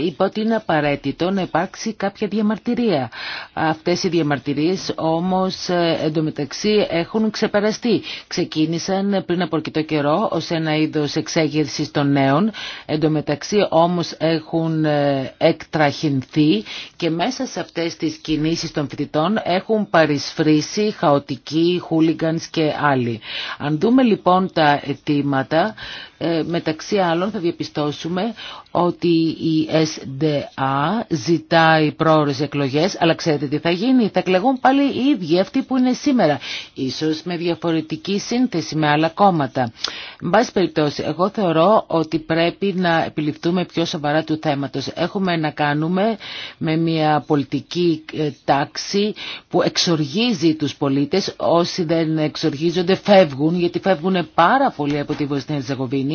είπα ότι είναι απαραίτητο να υπάρξει κάποια διαμαρτυρία. Αυτές οι διαμαρτυρίες όμως ε, εντωμεταξύ έχουν ξεπεραστεί. Ξεκίνησαν πριν από αρκετό καιρό ως ένα είδος εξέγερσης των νέων. Εντωμεταξύ όμως έχουν ε, εκτραχυνθεί και μέσα σε αυτές τις κινήσεις των φοιτητών έχουν παρισ Φρύση, χαοτική, χούλιγκανς και άλλοι. Αν δούμε λοιπόν τα αιτήματα, ε, μεταξύ άλλων θα διαπιστώσουμε ότι η SDA ζητάει πρόορες εκλογές, αλλά ξέρετε τι θα γίνει, θα εκλεγούν πάλι οι ίδιοι αυτοί που είναι σήμερα, ίσως με διαφορετική σύνθεση με άλλα κόμματα. Εν πάση περιπτώσει, εγώ θεωρώ ότι πρέπει να επιληφθούμε πιο σοβαρά του θέματος. Έχουμε να κάνουμε με μια πολιτική ε, τάξη που εξοργίζει τους πολίτες, όσοι δεν εξοργίζονται φεύγουν, γιατί φεύγουν πάρα πολύ από τη Βοσνία Ζεγοβίνη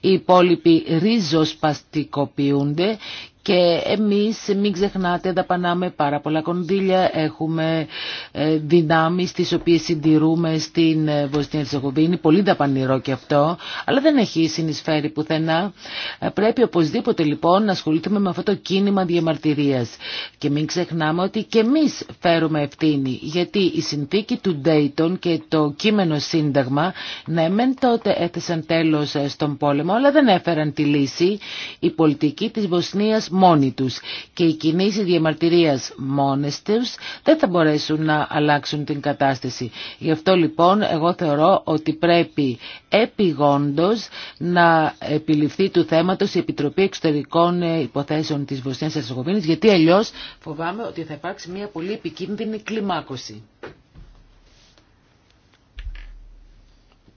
οι υπόλοιποι ρίζοσπαστικοποιούνται και εμείς, μην ξεχνάτε, δαπανάμε πάρα πολλά κονδύλια, έχουμε ε, δυνάμεις τις οποίες συντηρούμε στην ε, Βοσνία Ερσεγοβίνη. Είναι πολύ δαπανηρό και αυτό, αλλά δεν έχει συνεισφέρει πουθενά. Ε, πρέπει οπωσδήποτε λοιπόν να ασχοληθούμε με αυτό το κίνημα διαμαρτυρίας. Και μην ξεχνάμε ότι και εμείς φέρουμε ευθύνη, γιατί η συνθήκη του Ντέιτον και το κείμενο σύνταγμα, ναι μεν τότε έθεσαν τέλος στον πόλεμο, αλλά δεν έφεραν τη λύση. Η πολιτική της Βοσνίας μόνοι τους και οι κινήσει διαμαρτυρίας μόνες τους δεν θα μπορέσουν να αλλάξουν την κατάσταση. Γι' αυτό λοιπόν εγώ θεωρώ ότι πρέπει επιγόντως να επιληφθεί του θέματος η Επιτροπή Εξωτερικών Υποθέσεων της Βοσνίας Αρσεγοβίνης γιατί αλλιώς φοβάμαι ότι θα υπάρξει μια πολύ επικίνδυνη κλιμάκωση.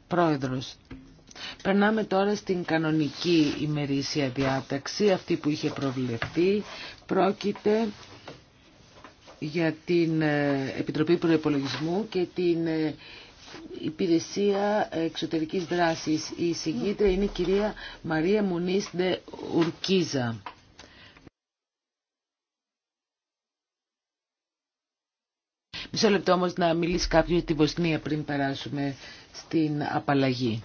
Πρόεδρος, Περνάμε τώρα στην κανονική ημερήσια διάταξη, αυτή που είχε προβλεφθεί. Πρόκειται για την ε, Επιτροπή Προϋπολογισμού και την ε, Υπηρεσία Εξωτερικής Δράσης. Η συγκίτρια είναι η κυρία Μαρία Μουνίς Ντε Ουρκίζα. Μισό λεπτό όμως να μιλήσει κάποιος για την Βοσνία πριν περάσουμε στην απαλλαγή.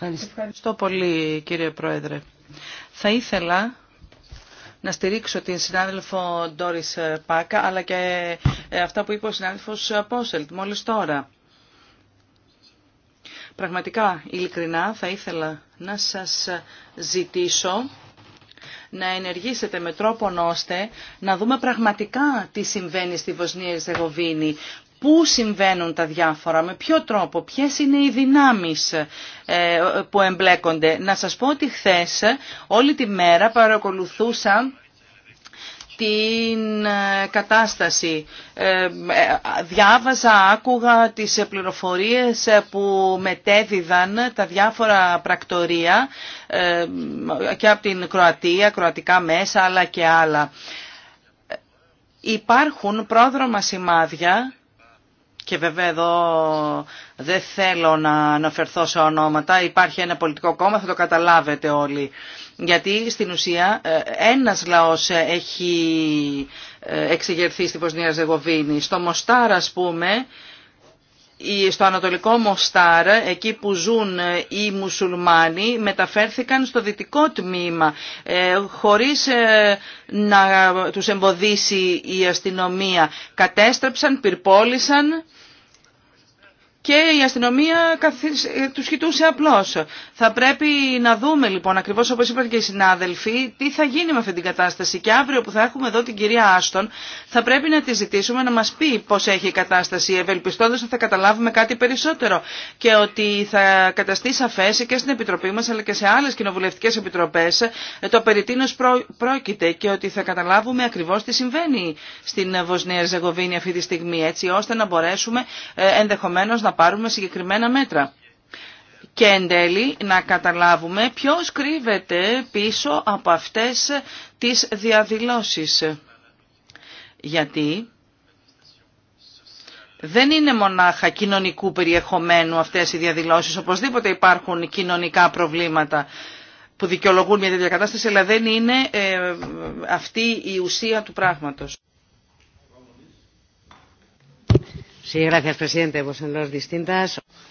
Ευχαριστώ. πολύ κύριε Πρόεδρε. Θα ήθελα να στηρίξω την συνάδελφο Ντόρις Πάκα αλλά και ε, αυτά που είπε ο συνάδελφος Απόσελτ μόλις τώρα. Πραγματικά, ειλικρινά, θα ήθελα να σας ζητήσω να ενεργήσετε με τρόπο ώστε να δούμε πραγματικά τι συμβαίνει στη Βοσνία Ερζεγοβίνη πού συμβαίνουν τα διάφορα, με ποιο τρόπο, ποιες είναι οι δυνάμεις ε, που εμπλέκονται. Να σας πω ότι χθες όλη τη μέρα παρακολουθούσα την ε, κατάσταση. Ε, διάβαζα, άκουγα τις πληροφορίες που μετέδιδαν τα διάφορα πρακτορία και από την Κροατία, κροατικά μέσα αλλά και άλλα. Υπάρχουν πρόδρομα σημάδια και βέβαια εδώ δεν θέλω να αναφερθώ σε ονόματα, υπάρχει ένα πολιτικό κόμμα, θα το καταλάβετε όλοι. Γιατί στην ουσία ε, ένας λαός έχει ε, εξηγερθεί στη Βοσνία Ζεγοβίνη. Στο Μοστάρ ας πούμε, στο Ανατολικό Μοστάρ, εκεί που ζουν ε, οι μουσουλμάνοι, μεταφέρθηκαν στο δυτικό τμήμα, χωρίς να τους εμποδίσει η αστυνομία. Κατέστρεψαν, πυρπόλησαν και η αστυνομία ε, τους κοιτούσε απλώς. Θα πρέπει να δούμε λοιπόν, ακριβώς όπως είπαν και οι συνάδελφοι, τι θα γίνει με αυτή την κατάσταση. Και αύριο που θα έχουμε εδώ την κυρία Άστον, θα πρέπει να τη ζητήσουμε να μας πει πώς έχει η κατάσταση, ευελπιστώντας ότι θα καταλάβουμε κάτι περισσότερο και ότι θα καταστεί σαφές και στην Επιτροπή μας, αλλά και σε άλλες κοινοβουλευτικές επιτροπές, ε, το περί τίνος πρόκειται και ότι θα καταλάβουμε ακριβώς τι συμβαίνει στην Βοσνία Ζεγοβίνη αυτή τη στιγμή, έτσι ώστε να μπορέσουμε ε, ενδεχομένως να πάρουμε συγκεκριμένα μέτρα. Και εν τέλει να καταλάβουμε ποιος κρύβεται πίσω από αυτές τις διαδηλώσεις. Γιατί δεν είναι μονάχα κοινωνικού περιεχομένου αυτές οι διαδηλώσεις. Οπωσδήποτε υπάρχουν κοινωνικά προβλήματα που δικαιολογούν μια τέτοια κατάσταση, αλλά δεν είναι ε, ε, αυτή η ουσία του πράγματος.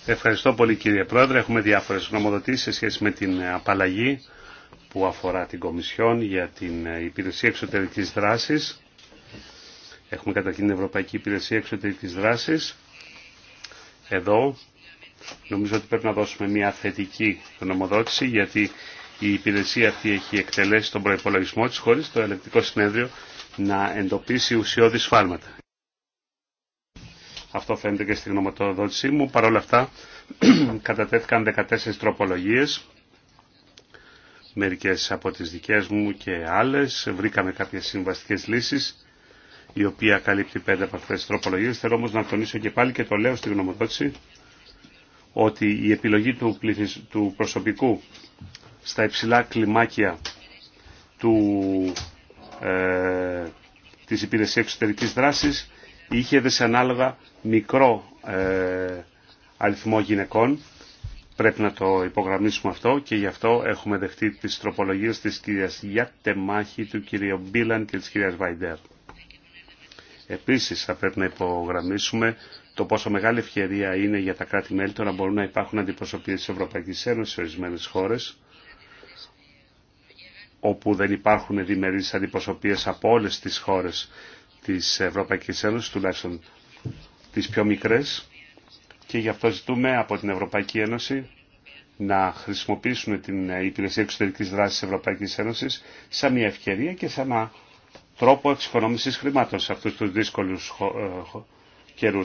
Ευχαριστώ πολύ κύριε Πρόεδρε. Έχουμε διάφορες γνωμοδοτήσεις σε σχέση με την απαλλαγή που αφορά την Κομισιόν για την Υπηρεσία Εξωτερικής Δράσης. Έχουμε καταρχήν την Ευρωπαϊκή Υπηρεσία Εξωτερικής Δράσης. Εδώ νομίζω ότι πρέπει να δώσουμε μια θετική γνωμοδότηση γιατί η υπηρεσία αυτή έχει εκτελέσει τον προπολογισμό της χωρίς το ελεκτικό συνέδριο να εντοπίσει ουσιώδη σφάλματα. Αυτό φαίνεται και στη γνωματοδότησή μου. Παρ' όλα αυτά κατατέθηκαν 14 τροπολογίες. Μερικές από τις δικές μου και άλλες. Βρήκαμε κάποιες συμβαστικές λύσεις η οποία καλύπτει πέντε από αυτές τις τροπολογίες. Θέλω όμως να τονίσω και πάλι και το λέω στη γνωμοδότηση ότι η επιλογή του, πληθυσ... του προσωπικού στα υψηλά κλιμάκια του, ε, της υπηρεσίας εξωτερικής δράσης είχε δεσανάλογα μικρό ε, αριθμό γυναικών. Πρέπει να το υπογραμμίσουμε αυτό και γι' αυτό έχουμε δεχτεί τις τροπολογίες της κυρίας Γιατεμάχη, του κυρίου Μπίλαν και της κυρίας Βαϊντέρ. Επίσης θα πρέπει να υπογραμμίσουμε το πόσο μεγάλη ευκαιρία είναι για τα κράτη-μέλη το να μπορούν να υπάρχουν αντιπροσωπείες της Ευρωπαϊκή Ένωση σε ορισμένες χώρες όπου δεν υπάρχουν διμερείς αντιπροσωπείες από όλες τις χώρες της Ευρωπαϊκής Ένωσης, τουλάχιστον τις πιο μικρές και γι' αυτό ζητούμε από την Ευρωπαϊκή Ένωση να χρησιμοποιήσουμε την ε, υπηρεσία εξωτερική δράση τη Ευρωπαϊκή Ένωση σαν μια ευκαιρία και σαν ένα τρόπο εξοικονόμηση χρημάτων σε αυτού του δύσκολου ε, καιρού.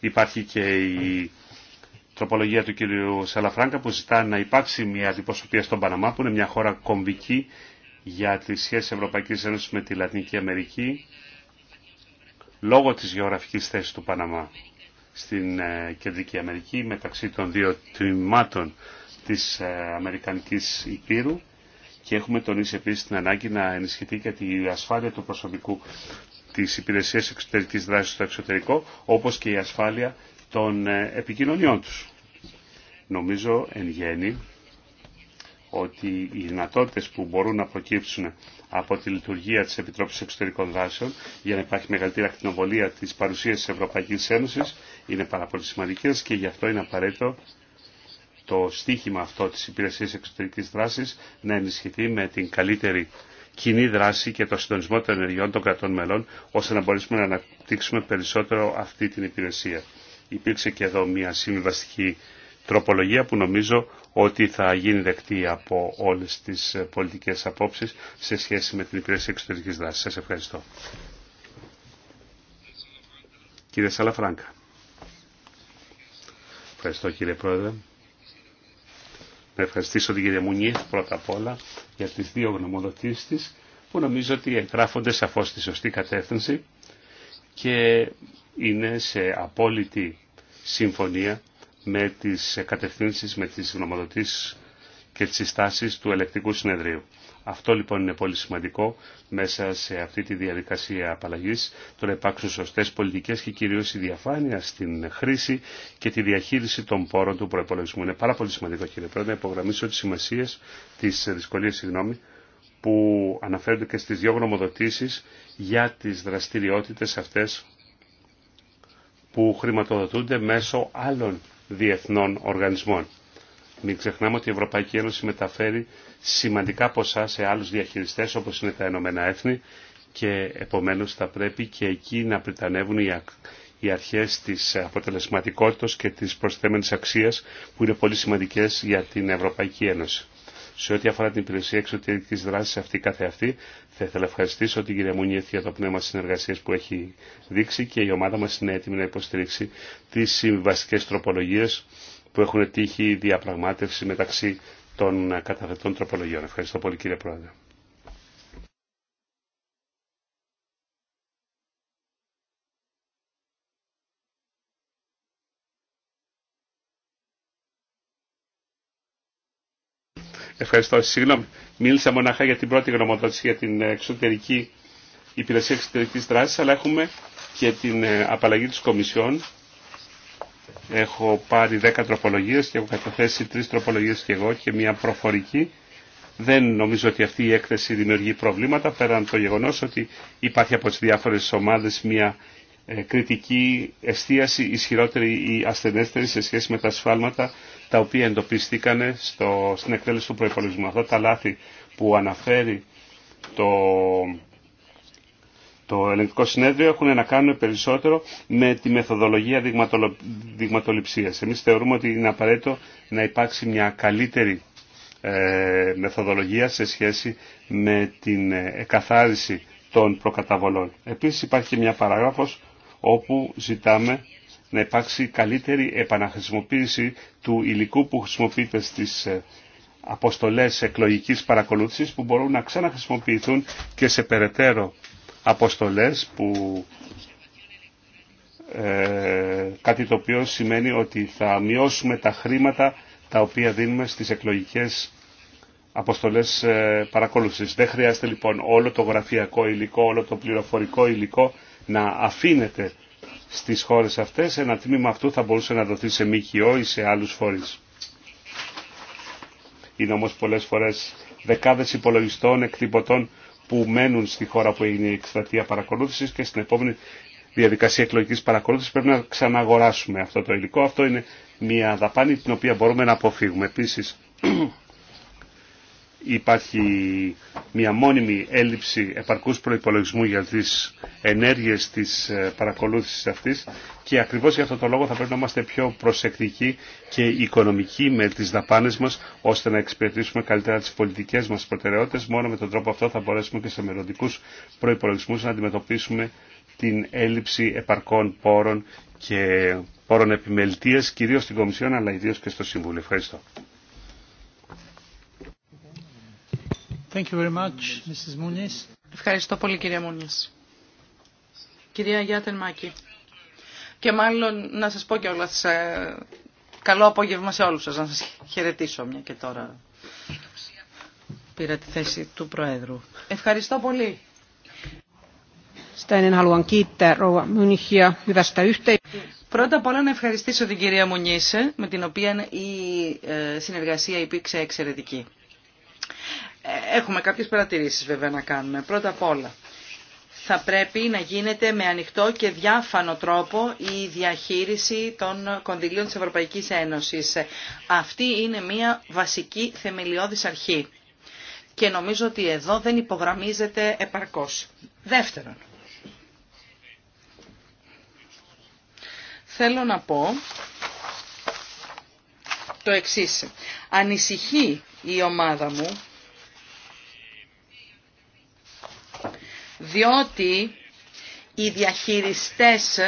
Υπάρχει και η τροπολογία του κ. Σαλαφράγκα που ζητά να υπάρξει μια αντιπροσωπεία στον Παναμά που είναι μια χώρα κομβική για τις σχέσεις Ευρωπαϊκής Ένωσης με τη Λατινική Αμερική λόγω της γεωγραφικής θέσης του Παναμά στην ε, Κεντρική Αμερική μεταξύ των δύο τμήματων της ε, Αμερικανικής Υπήρου και έχουμε τονίσει επίσης την ανάγκη να ενισχυθεί και η ασφάλεια του προσωπικού της υπηρεσίας εξωτερικής δράσης στο εξωτερικό όπως και η ασφάλεια των ε, επικοινωνιών τους. Νομίζω εν γέννη ότι οι δυνατότητες που μπορούν να προκύψουν από τη λειτουργία της Επιτρόπης Εξωτερικών Δράσεων για να υπάρχει μεγαλύτερη ακτινοβολία της παρουσίας της Ευρωπαϊκής Ένωσης είναι πάρα πολύ σημαντικές και γι' αυτό είναι απαραίτητο το στίχημα αυτό της Υπηρεσίας Εξωτερικής Δράσης να ενισχυθεί με την καλύτερη κοινή δράση και το συντονισμό των ενεργειών των κρατών μελών, ώστε να μπορέσουμε να αναπτύξουμε περισσότερο αυτή την υπηρεσία. Υπήρξε και εδώ μια συμβιβαστική τροπολογία που νομίζω ότι θα γίνει δεκτή από όλες τις πολιτικές απόψεις σε σχέση με την υπηρεσία εξωτερικής δράσης. Σας ευχαριστώ. Κύριε Σαλαφράγκα. Ευχαριστώ κύριε Πρόεδρε. Να ευχαριστήσω την κυρία Μουνή πρώτα απ' όλα για τις δύο γνωμοδοτήσεις της που νομίζω ότι εγγράφονται σαφώς στη σωστή κατεύθυνση και είναι σε απόλυτη συμφωνία με τις κατευθύνσεις, με τις γνωμοδοτήσεις και τις συστάσεις του ελεκτικού συνεδρίου. Αυτό λοιπόν είναι πολύ σημαντικό μέσα σε αυτή τη διαδικασία απαλλαγή το να υπάρξουν σωστέ πολιτικέ και κυρίω η διαφάνεια στην χρήση και τη διαχείριση των πόρων του προπολογισμού. Είναι πάρα πολύ σημαντικό κύριε Πρόεδρε να υπογραμμίσω τι σημασίε, τι δυσκολίε που αναφέρονται και στι δύο γνωμοδοτήσει για τι δραστηριότητε αυτέ που χρηματοδοτούνται μέσω άλλων διεθνών οργανισμών. Μην ξεχνάμε ότι η Ευρωπαϊκή Ένωση μεταφέρει σημαντικά ποσά σε άλλους διαχειριστές όπως είναι τα Έθνη και επομένως θα πρέπει και εκεί να πριτανεύουν οι αρχές της αποτελεσματικότητας και της προσθέμενης αξίας που είναι πολύ σημαντικές για την Ευρωπαϊκή Ένωση σε ό,τι αφορά την υπηρεσία εξωτερική δράση αυτή αυτή, Θα ήθελα να ευχαριστήσω την κυρία Μουνιέθ για το πνεύμα συνεργασία που έχει δείξει και η ομάδα μα είναι έτοιμη να υποστηρίξει τι συμβαστικέ τροπολογίε που έχουν τύχει διαπραγμάτευση μεταξύ των καταθετών τροπολογιών. Ευχαριστώ πολύ κύριε Πρόεδρε. Ευχαριστώ. Συγγνώμη. Μίλησα μονάχα για την πρώτη γνωμοδότηση για την ε, εξωτερική υπηρεσία εξωτερική δράση, αλλά έχουμε και την ε, απαλλαγή τη Κομισιόν. Έχω πάρει 10 τροπολογίε και έχω καταθέσει τρει τροπολογίε και εγώ και μια προφορική. Δεν νομίζω ότι αυτή η έκθεση δημιουργεί προβλήματα πέραν το γεγονό ότι υπάρχει από τι διάφορε ομάδε μια ε, κριτική εστίαση ισχυρότερη ή ασθενέστερη σε σχέση με τα σφάλματα τα οποία εντοπίστηκαν στο, στην εκτέλεση του προϋπολογισμού. Αυτά τα λάθη που αναφέρει το, το ελεγκτικό συνέδριο έχουν να κάνουν περισσότερο με τη μεθοδολογία δειγματοληψίας. Εμείς θεωρούμε ότι είναι απαραίτητο να υπάρξει μια καλύτερη ε, μεθοδολογία σε σχέση με την ε, εκαθάριση των προκαταβολών. Επίσης υπάρχει και μια παράγραφος όπου ζητάμε να υπάρξει καλύτερη επαναχρησιμοποίηση του υλικού που χρησιμοποιείται στις ε, αποστολές εκλογικής παρακολούθησης που μπορούν να ξαναχρησιμοποιηθούν και σε περαιτέρω αποστολές που ε, κάτι το οποίο σημαίνει ότι θα μειώσουμε τα χρήματα τα οποία δίνουμε στις εκλογικές αποστολές ε, παρακολούθησης. Δεν χρειάζεται λοιπόν όλο το γραφειακό υλικό, όλο το πληροφορικό υλικό να αφήνεται στις χώρες αυτές, ένα τμήμα αυτού θα μπορούσε να δοθεί σε ΜΚΟ ή σε άλλους φορείς. Είναι όμως πολλές φορές δεκάδες υπολογιστών, εκτυπωτών που μένουν στη χώρα που έγινε η εκστρατεία που μενουν στη χωρα που ειναι η εκστρατεια παρακολουθησης και στην επόμενη διαδικασία εκλογική παρακολούθηση πρέπει να ξαναγοράσουμε αυτό το υλικό. Αυτό είναι μια δαπάνη την οποία μπορούμε να αποφύγουμε. επίσης υπάρχει μια μόνιμη έλλειψη επαρκούς προϋπολογισμού για τις ενέργειες της ε, παρακολούθησης αυτής και ακριβώς για αυτό το λόγο θα πρέπει να είμαστε πιο προσεκτικοί και οικονομικοί με τις δαπάνες μας ώστε να εξυπηρετήσουμε καλύτερα τις πολιτικές μας προτεραιότητες. Μόνο με τον τρόπο αυτό θα μπορέσουμε και σε μελλοντικού προϋπολογισμούς να αντιμετωπίσουμε την έλλειψη επαρκών πόρων και πόρων επιμελητίας κυρίως στην Κομισιόν αλλά ιδίως και στο Συμβούλιο. Ευχαριστώ. Ευχαριστώ πολύ κυρία Μούνιες. Κυρία Γιάτεν Μάκη. Και μάλλον να σας πω κιόλας ε, καλό απόγευμα σε όλους σας, να σας χαιρετήσω μια και τώρα πήρα τη θέση του Προέδρου. Ευχαριστώ πολύ. Πρώτα απ' όλα να ευχαριστήσω την κυρία Μουνίσε, με την οποία η ε, συνεργασία υπήρξε εξαιρετική. Ε, έχουμε κάποιες παρατηρήσεις βέβαια να κάνουμε. Πρώτα απ' όλα, θα πρέπει να γίνεται με ανοιχτό και διάφανο τρόπο η διαχείριση των κονδυλίων της Ευρωπαϊκής Ένωσης. Αυτή είναι μια βασική θεμελιώδης αρχή. Και νομίζω ότι εδώ δεν υπογραμμίζεται επαρκώς. Δεύτερον, θέλω να πω το εξής. Ανησυχεί η ομάδα μου διότι οι διαχειριστές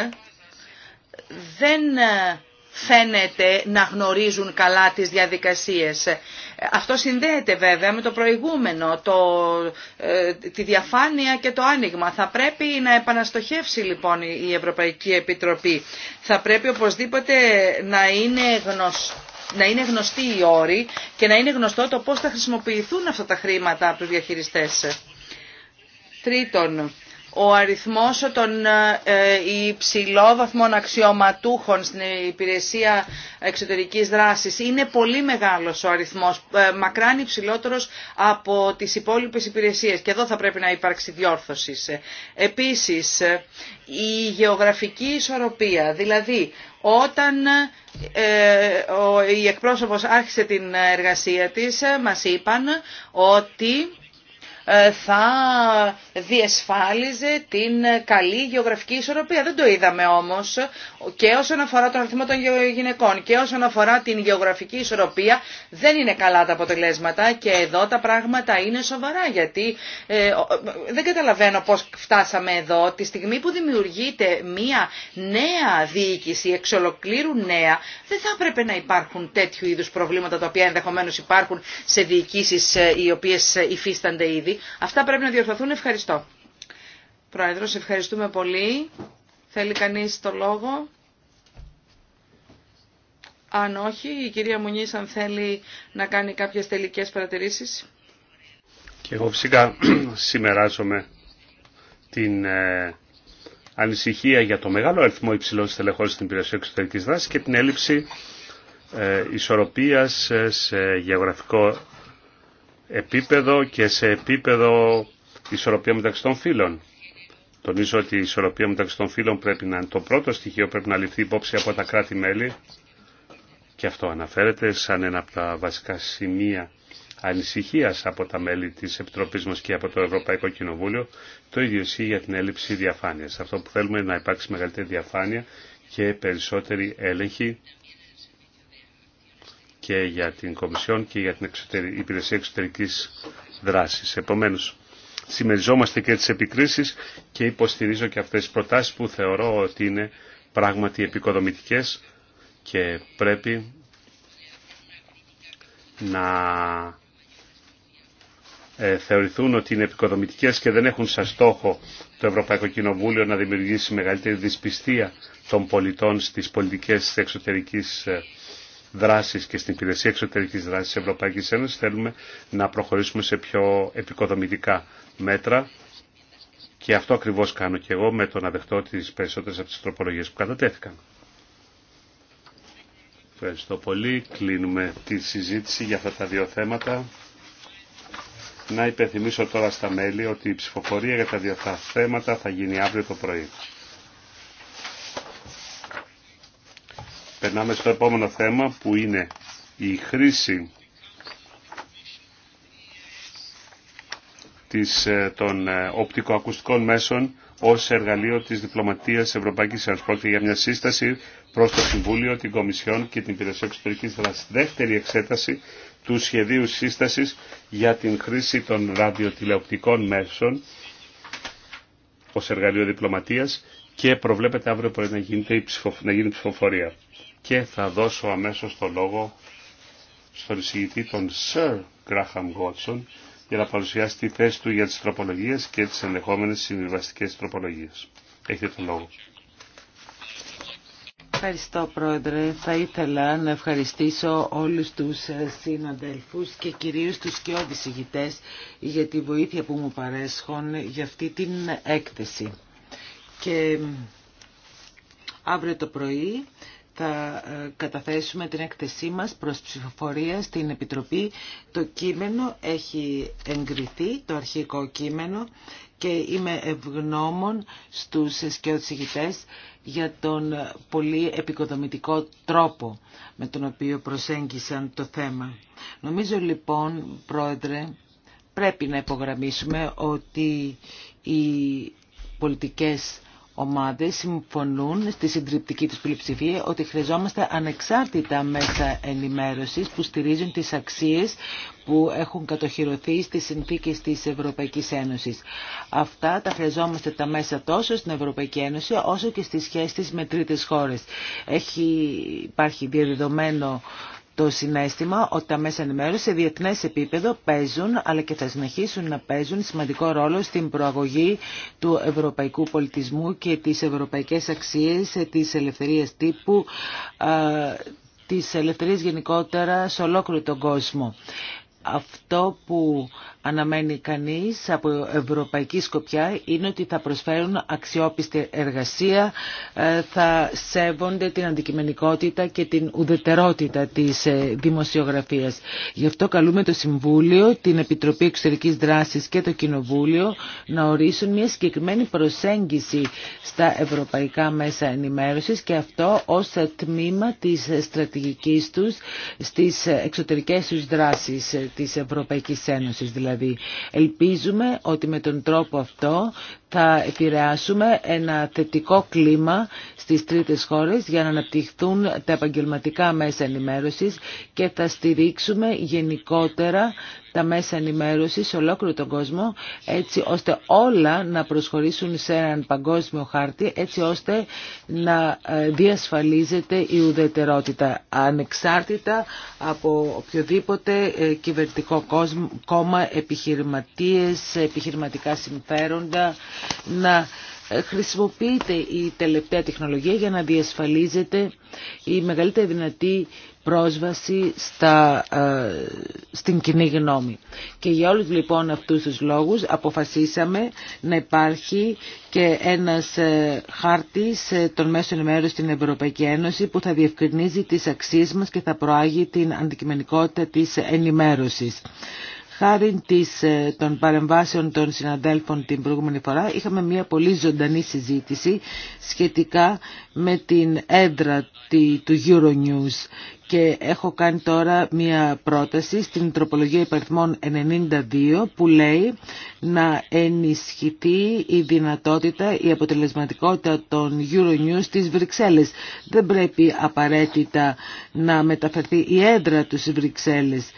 δεν ε, φαίνεται να γνωρίζουν καλά τις διαδικασίες. Αυτό συνδέεται βέβαια με το προηγούμενο, ε, τη διαφάνεια και το άνοιγμα. Θα πρέπει να επαναστοχεύσει λοιπόν η Ευρωπαϊκή Επιτροπή. Θα πρέπει οπωσδήποτε να είναι γνωστή να είναι γνωστοί οι όροι και να είναι γνωστό το πώς θα χρησιμοποιηθούν αυτά τα χρήματα από τους διαχειριστές. Τρίτον, ο αριθμός των ε, ε, υψηλόβαθμων αξιωματούχων στην υπηρεσία εξωτερικής δράσης είναι πολύ μεγάλος ο αριθμός, ε, μακράν υψηλότερος από τις υπόλοιπες υπηρεσίες και εδώ θα πρέπει να υπάρξει διόρθωση. Επίσης, η γεωγραφική ισορροπία, δηλαδή όταν η εκπρόσωπος άρχισε την εργασία της μας είπαν ότι ε, θα διεσφάλιζε την καλή γεωγραφική ισορροπία. Δεν το είδαμε όμως και όσον αφορά τον αριθμό των γυναικών και όσον αφορά την γεωγραφική ισορροπία δεν είναι καλά τα αποτελέσματα και εδώ τα πράγματα είναι σοβαρά γιατί ε, δεν καταλαβαίνω πώς φτάσαμε εδώ τη στιγμή που δημιουργείται μία νέα διοίκηση, εξ ολοκλήρου νέα, δεν θα έπρεπε να υπάρχουν τέτοιου είδους προβλήματα τα οποία ενδεχομένως υπάρχουν σε διοικήσεις ε, οι οποίες υφίστανται ήδη Αυτά πρέπει να διορθωθούν. Ευχαριστώ. Προέδρο, ευχαριστούμε πολύ. Θέλει κανεί το λόγο. Αν όχι, η κυρία Μουνή, αν θέλει να κάνει κάποιε τελικέ παρατηρήσει. Και εγώ φυσικά συμμεράζομαι την ε, ανησυχία για το μεγάλο αριθμό υψηλών στελεχών στην υπηρεσία εξωτερική δράση και την έλλειψη ε, ισορροπίας ε, σε γεωγραφικό επίπεδο και σε επίπεδο ισορροπία μεταξύ των φύλων. Τονίζω ότι η ισορροπία μεταξύ των φύλων πρέπει να είναι το πρώτο στοιχείο πρέπει να ληφθεί υπόψη από τα κράτη-μέλη και αυτό αναφέρεται σαν ένα από τα βασικά σημεία ανησυχίας από τα μέλη της Επιτροπής μας και από το Ευρωπαϊκό Κοινοβούλιο, το ίδιο ισχύει για την έλλειψη διαφάνειας. Αυτό που θέλουμε είναι να υπάρξει μεγαλύτερη διαφάνεια και περισσότερη έλεγχη και για την Κομισιόν και για την Υπηρεσία Εξωτερικής Δράσης. Επομένως, συμμεριζόμαστε και τις επικρίσεις και υποστηρίζω και αυτές τις προτάσεις που θεωρώ ότι είναι πράγματι επικοδομητικές και πρέπει να ε, θεωρηθούν ότι είναι επικοδομητικές και δεν έχουν σαν στόχο το Ευρωπαϊκό Κοινοβούλιο να δημιουργήσει μεγαλύτερη δυσπιστία των πολιτών στις πολιτικές εξωτερικής εξωτερικής και στην υπηρεσία εξωτερικής δράσης της Ευρωπαϊκής Ένωσης θέλουμε να προχωρήσουμε σε πιο επικοδομητικά μέτρα και αυτό ακριβώς κάνω και εγώ με το να δεχτώ τις περισσότερες από τις τροπολογίες που κατατέθηκαν. Ευχαριστώ πολύ. Κλείνουμε τη συζήτηση για αυτά τα δύο θέματα. Να υπενθυμίσω τώρα στα μέλη ότι η ψηφοφορία για τα δύο θέματα θα γίνει αύριο το πρωί. Περνάμε στο επόμενο θέμα που είναι η χρήση της, ε, των ε, οπτικοακουστικών μέσων ως εργαλείο της διπλωματίας Ευρωπαϊκής Ένωσης. Πρόκειται για μια σύσταση προς το Συμβούλιο, την Κομισιόν και την Υπηρεσία Εξωτερικής Δράσης. Δεύτερη εξέταση του σχεδίου σύστασης για την χρήση των ραδιοτηλεοπτικών μέσων ως εργαλείο διπλωματίας και προβλέπεται αύριο πρέπει να, γίνει ψηφοφορία και θα δώσω αμέσως το λόγο στον εισηγητή τον Sir Graham Watson για να παρουσιάσει τη θέση του για τις τροπολογίες και τις ενδεχόμενες συμβιβαστικές τροπολογίες. Έχετε τον λόγο. Ευχαριστώ Πρόεδρε. Θα ήθελα να ευχαριστήσω όλους τους ε, συναδελφούς και κυρίως τους και οδησηγητές για τη βοήθεια που μου παρέσχουν για αυτή την έκθεση. Και αύριο το πρωί θα ε, καταθέσουμε την έκθεσή μας προς ψηφοφορία στην Επιτροπή. Το κείμενο έχει εγκριθεί, το αρχικό κείμενο, και είμαι ευγνώμων στους σκιώδησηγητές για τον πολύ επικοδομητικό τρόπο με τον οποίο προσέγγισαν το θέμα. Νομίζω λοιπόν, Πρόεδρε, πρέπει να υπογραμμίσουμε ότι οι πολιτικές ομάδες συμφωνούν στη συντριπτική τους πλειοψηφία ότι χρειαζόμαστε ανεξάρτητα μέσα ενημέρωσης που στηρίζουν τις αξίες που έχουν κατοχυρωθεί στις συνθήκες της Ευρωπαϊκής Ένωσης. Αυτά τα χρειαζόμαστε τα μέσα τόσο στην Ευρωπαϊκή Ένωση όσο και στις σχέσεις με τρίτες χώρες. Έχει, υπάρχει διαδεδομένο το συνέστημα ότι τα μέσα ενημέρωση σε διεθνές επίπεδο παίζουν αλλά και θα συνεχίσουν να παίζουν σημαντικό ρόλο στην προαγωγή του ευρωπαϊκού πολιτισμού και τις ευρωπαϊκές αξίες της ελευθερίας τύπου, της ελευθερίας γενικότερα σε ολόκληρο τον κόσμο. Αυτό που αναμένει κανείς από ευρωπαϊκή σκοπιά είναι ότι θα προσφέρουν αξιόπιστη εργασία, ε, θα σέβονται την αντικειμενικότητα και την ουδετερότητα της ε, δημοσιογραφίας. Γι' αυτό καλούμε το Συμβούλιο, την Επιτροπή Εξωτερικής Δράσης και το Κοινοβούλιο να ορίσουν μια συγκεκριμένη προσέγγιση στα ευρωπαϊκά μέσα ενημέρωσης και αυτό ως τμήμα της στρατηγικής τους στις εξωτερικές τους δράσεις ε, της Ευρωπαϊκής Ένωσης. Δηλαδή δηλαδή. Ελπίζουμε ότι με τον τρόπο αυτό θα επηρεάσουμε ένα θετικό κλίμα στις τρίτες χώρες για να αναπτυχθούν τα επαγγελματικά μέσα ενημέρωσης και θα στηρίξουμε γενικότερα τα μέσα ενημέρωση σε ολόκληρο τον κόσμο έτσι ώστε όλα να προσχωρήσουν σε έναν παγκόσμιο χάρτη έτσι ώστε να ε, διασφαλίζεται η ουδετερότητα ανεξάρτητα από οποιοδήποτε ε, κυβερνητικό κόμμα, επιχειρηματίες, επιχειρηματικά συμφέροντα να ε, χρησιμοποιείται η τελευταία τεχνολογία για να διασφαλίζεται η μεγαλύτερη δυνατή πρόσβαση στα, ε, στην κοινή γνώμη. Και για όλους λοιπόν αυτούς τους λόγους αποφασίσαμε να υπάρχει και ένας ε, χάρτης ε, των μέσων ενημέρωση στην Ευρωπαϊκή Ένωση που θα διευκρινίζει τις αξίες μας και θα προάγει την αντικειμενικότητα της ενημέρωσης. Χάρη της, ε, των παρεμβάσεων των συναδέλφων την προηγούμενη φορά είχαμε μια πολύ ζωντανή συζήτηση σχετικά με την έδρα του Euronews και έχω κάνει τώρα μία πρόταση στην τροπολογία υπαριθμών 92 που λέει να ενισχυθεί η δυνατότητα, η αποτελεσματικότητα των Euronews στις Βρυξέλλες. Δεν πρέπει απαραίτητα να μεταφερθεί η έδρα τους στις Βρυξέλλες.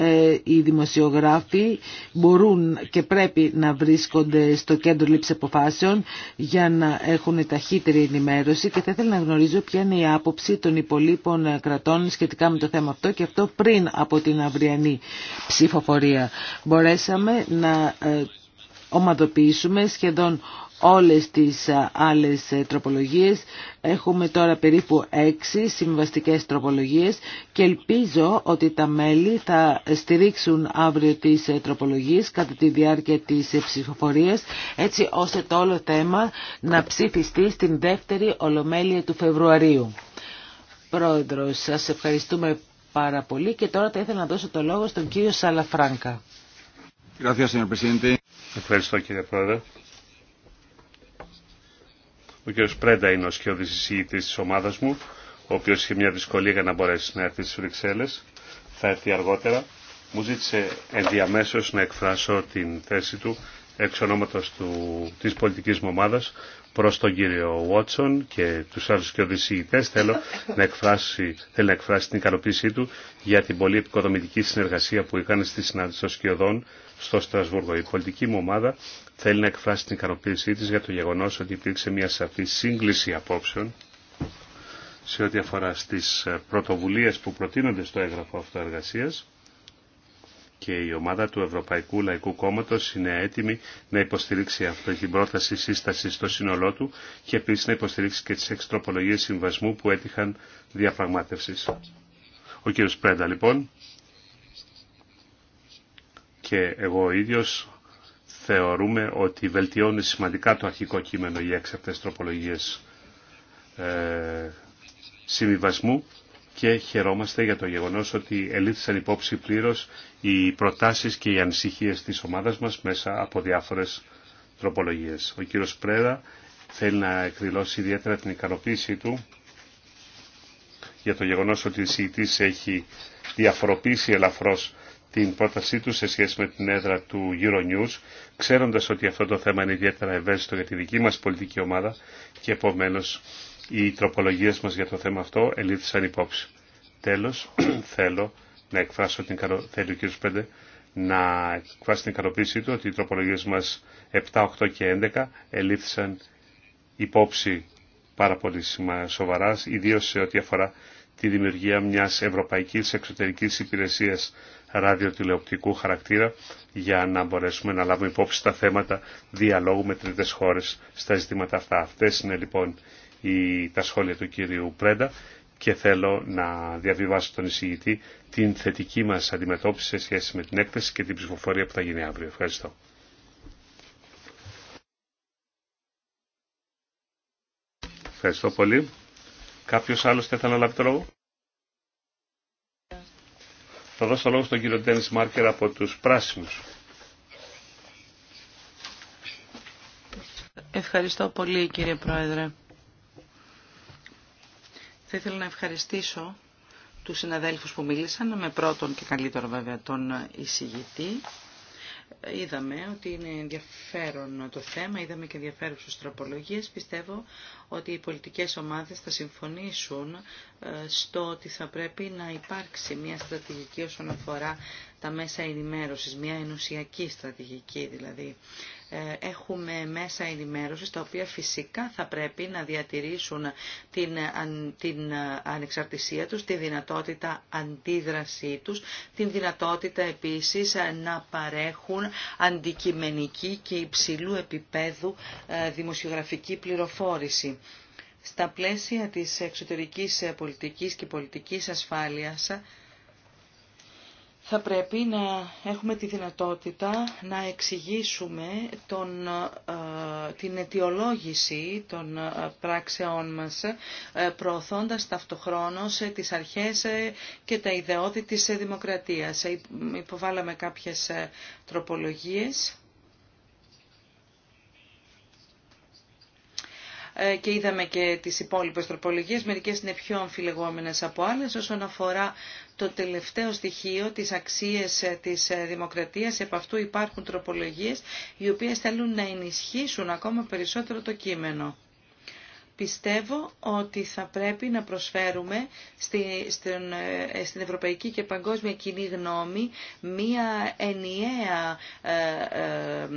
Ε, οι δημοσιογράφοι μπορούν και πρέπει να βρίσκονται στο κέντρο λήψη αποφάσεων για να έχουν ταχύτερη ενημέρωση και θα ήθελα να γνωρίζω ποια είναι η άποψη των υπολείπων κρατών σχετικά με το θέμα αυτό και αυτό πριν από την αυριανή ψηφοφορία. Μπορέσαμε να ε, ομαδοποιήσουμε σχεδόν όλες τις ε, άλλες ε, τροπολογίες. Έχουμε τώρα περίπου έξι συμβαστικές τροπολογίες και ελπίζω ότι τα μέλη θα στηρίξουν αύριο τις ε, τροπολογίες κατά τη διάρκεια της ψηφοφορίας έτσι ώστε το όλο θέμα να ψηφιστεί στην δεύτερη Ολομέλεια του Φεβρουαρίου. Πρόεδρος, σας ευχαριστούμε πάρα πολύ και τώρα θα ήθελα να δώσω το λόγο στον κύριο Σαλαφράγκα. Ευχαριστώ κύριε Πρόεδρε. Ο κ. Πρέντα είναι ο σχεδιασμό τη της ομάδας μου, ο οποίος είχε μια δυσκολία για να μπορέσει να έρθει στις Βρυξέλλε. Θα έρθει αργότερα. Μου ζήτησε ενδιαμέσως να εκφράσω την θέση του εξ ονόματος του, της πολιτικής μου ομάδας προς τον κύριο Βότσον και τους άλλους και θέλω να εκφράσει, να εκφράσει την ικανοποίησή του για την πολύ επικοδομητική συνεργασία που είχαν στη συνάντηση των Σκιωδών στο Στρασβούργο. Η πολιτική μου ομάδα θέλει να εκφράσει την ικανοποίησή της για το γεγονός ότι υπήρξε μια σαφή σύγκληση απόψεων σε ό,τι αφορά στις πρωτοβουλίες που προτείνονται στο έγγραφο αυτοεργασίας και η ομάδα του Ευρωπαϊκού Λαϊκού Κόμματος είναι έτοιμη να υποστηρίξει αυτή την πρόταση σύσταση στο σύνολό του και επίσης να υποστηρίξει και τις εξτροπολογίες συμβασμού που έτυχαν διαπραγμάτευσης. Ο κύριος Πρέντα λοιπόν και εγώ ίδιος θεωρούμε ότι βελτιώνει σημαντικά το αρχικό κείμενο οι έξι αυτές τροπολογίες ε, συμβιβασμού και χαιρόμαστε για το γεγονός ότι ελήφθησαν υπόψη πλήρως οι προτάσεις και οι ανησυχίες της ομάδας μας μέσα από διάφορες τροπολογίες. Ο κύριος Πρέδα θέλει να εκδηλώσει ιδιαίτερα την ικανοποίησή του για το γεγονός ότι η ΣΥΤΗΣ έχει διαφοροποίησει ελαφρώς την πρότασή του σε σχέση με την έδρα του Euronews, ξέροντας ότι αυτό το θέμα είναι ιδιαίτερα ευαίσθητο για τη δική μας πολιτική ομάδα και επομένως οι τροπολογίες μας για το θέμα αυτό ελήφθησαν υπόψη. Τέλος, θέλω να εκφράσω την θέλει να εκφράσει την ικανοποίησή του ότι οι τροπολογίες μας 7, 8 και 11 ελήφθησαν υπόψη πάρα πολύ σοβαρά, ιδίως σε ό,τι αφορά τη δημιουργία μιας ευρωπαϊκής εξωτερικής υπηρεσίας ραδιοτηλεοπτικού χαρακτήρα για να μπορέσουμε να λάβουμε υπόψη τα θέματα διαλόγου με τρίτες χώρες στα ζητήματα αυτά. Αυτές είναι λοιπόν η, τα σχόλια του κυρίου Πρέντα και θέλω να διαβιβάσω τον εισηγητή την θετική μας αντιμετώπιση σε σχέση με την έκθεση και την ψηφοφορία που θα γίνει αύριο. Ευχαριστώ. Ευχαριστώ πολύ. Κάποιος άλλος θα να λάβει το λόγο. Θα δώσω το λόγο στον κύριο Ντένις Μάρκερ από τους Πράσινους. Ευχαριστώ πολύ κύριε Πρόεδρε. Θα ήθελα να ευχαριστήσω τους συναδέλφους που μίλησαν, με πρώτον και καλύτερο βέβαια τον εισηγητή. Είδαμε ότι είναι ενδιαφέρον το θέμα, είδαμε και ενδιαφέρουσες τροπολογίες. Πιστεύω ότι οι πολιτικές ομάδες θα συμφωνήσουν ε, στο ότι θα πρέπει να υπάρξει μια στρατηγική όσον αφορά τα μέσα ενημέρωσης, μια ενωσιακή στρατηγική δηλαδή. Ε, έχουμε μέσα ενημέρωσης τα οποία φυσικά θα πρέπει να διατηρήσουν την, την ανεξαρτησία τους, τη δυνατότητα αντίδρασή τους, την δυνατότητα επίσης να παρέχουν αντικειμενική και υψηλού επίπεδου ε, δημοσιογραφική πληροφόρηση. Στα πλαίσια της εξωτερικής πολιτικής και πολιτικής ασφάλειας, θα πρέπει να έχουμε τη δυνατότητα να εξηγήσουμε τον, ε, την αιτιολόγηση των ε, πράξεών μας, ε, προωθώντας ταυτοχρόνως τις αρχές και τα ιδεώδη της δημοκρατίας. Υποβάλαμε κάποιες τροπολογίες. και είδαμε και τις υπόλοιπες τροπολογίες, μερικές είναι πιο αμφιλεγόμενες από άλλες όσον αφορά το τελευταίο στοιχείο, της αξίες ε, της ε, δημοκρατίας. Επ' αυτού υπάρχουν τροπολογίες οι οποίες θέλουν να ενισχύσουν ακόμα περισσότερο το κείμενο πιστεύω ότι θα πρέπει να προσφέρουμε στη ε, στην ευρωπαϊκή και παγκόσμια κοινή γνώμη μία ενιαία ε, ε,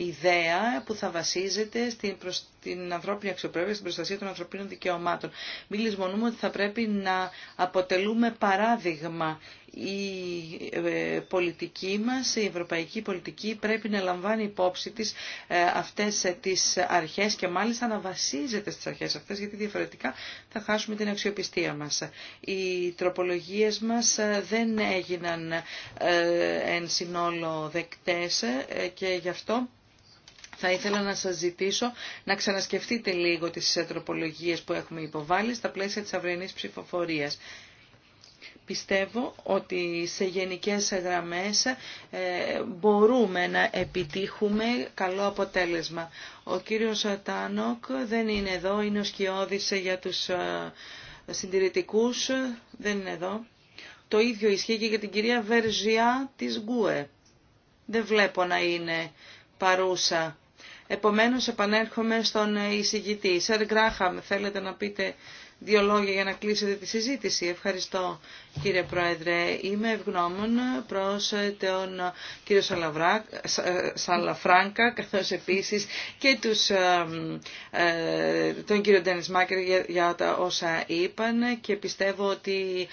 ιδέα που θα βασίζεται στην, προς, την ανθρώπινη αξιοπρέπεια, στην προστασία των ανθρωπίνων δικαιωμάτων. Μην λησμονούμε ότι θα πρέπει να αποτελούμε παράδειγμα η ε, πολιτική μας, η ευρωπαϊκή πολιτική πρέπει να λαμβάνει υπόψη της ε, αυτές ε, τις αρχές και μάλιστα να βασίζεται στις αρχές αυτές γιατί διαφορετικά θα χάσουμε την αξιοπιστία μας. Οι τροπολογίες μας δεν έγιναν εν συνόλο δεκτές και γι' αυτό θα ήθελα να σας ζητήσω να ξανασκεφτείτε λίγο τις τροπολογίες που έχουμε υποβάλει στα πλαίσια της αυριανής ψηφοφορίας πιστεύω ότι σε γενικές γραμμές ε, μπορούμε να επιτύχουμε καλό αποτέλεσμα. Ο κύριος Τάνοκ δεν είναι εδώ, είναι ο σκιώδης για τους ε, συντηρητικούς, δεν είναι εδώ. Το ίδιο ισχύει και για την κυρία Βερζιά της Γκουε. Δεν βλέπω να είναι παρούσα. Επομένως επανέρχομαι στον εισηγητή. Σερ Γκράχαμ, θέλετε να πείτε δύο λόγια για να κλείσετε τη συζήτηση. Ευχαριστώ κύριε Πρόεδρε. Είμαι ευγνώμων προς ε, τον κύριο Σαλαφράκα, ε, Σαλαφράγκα καθώς επίσης και τους, ε, τον κύριο Ντένις Μάκερ για, τα όσα είπαν και πιστεύω ότι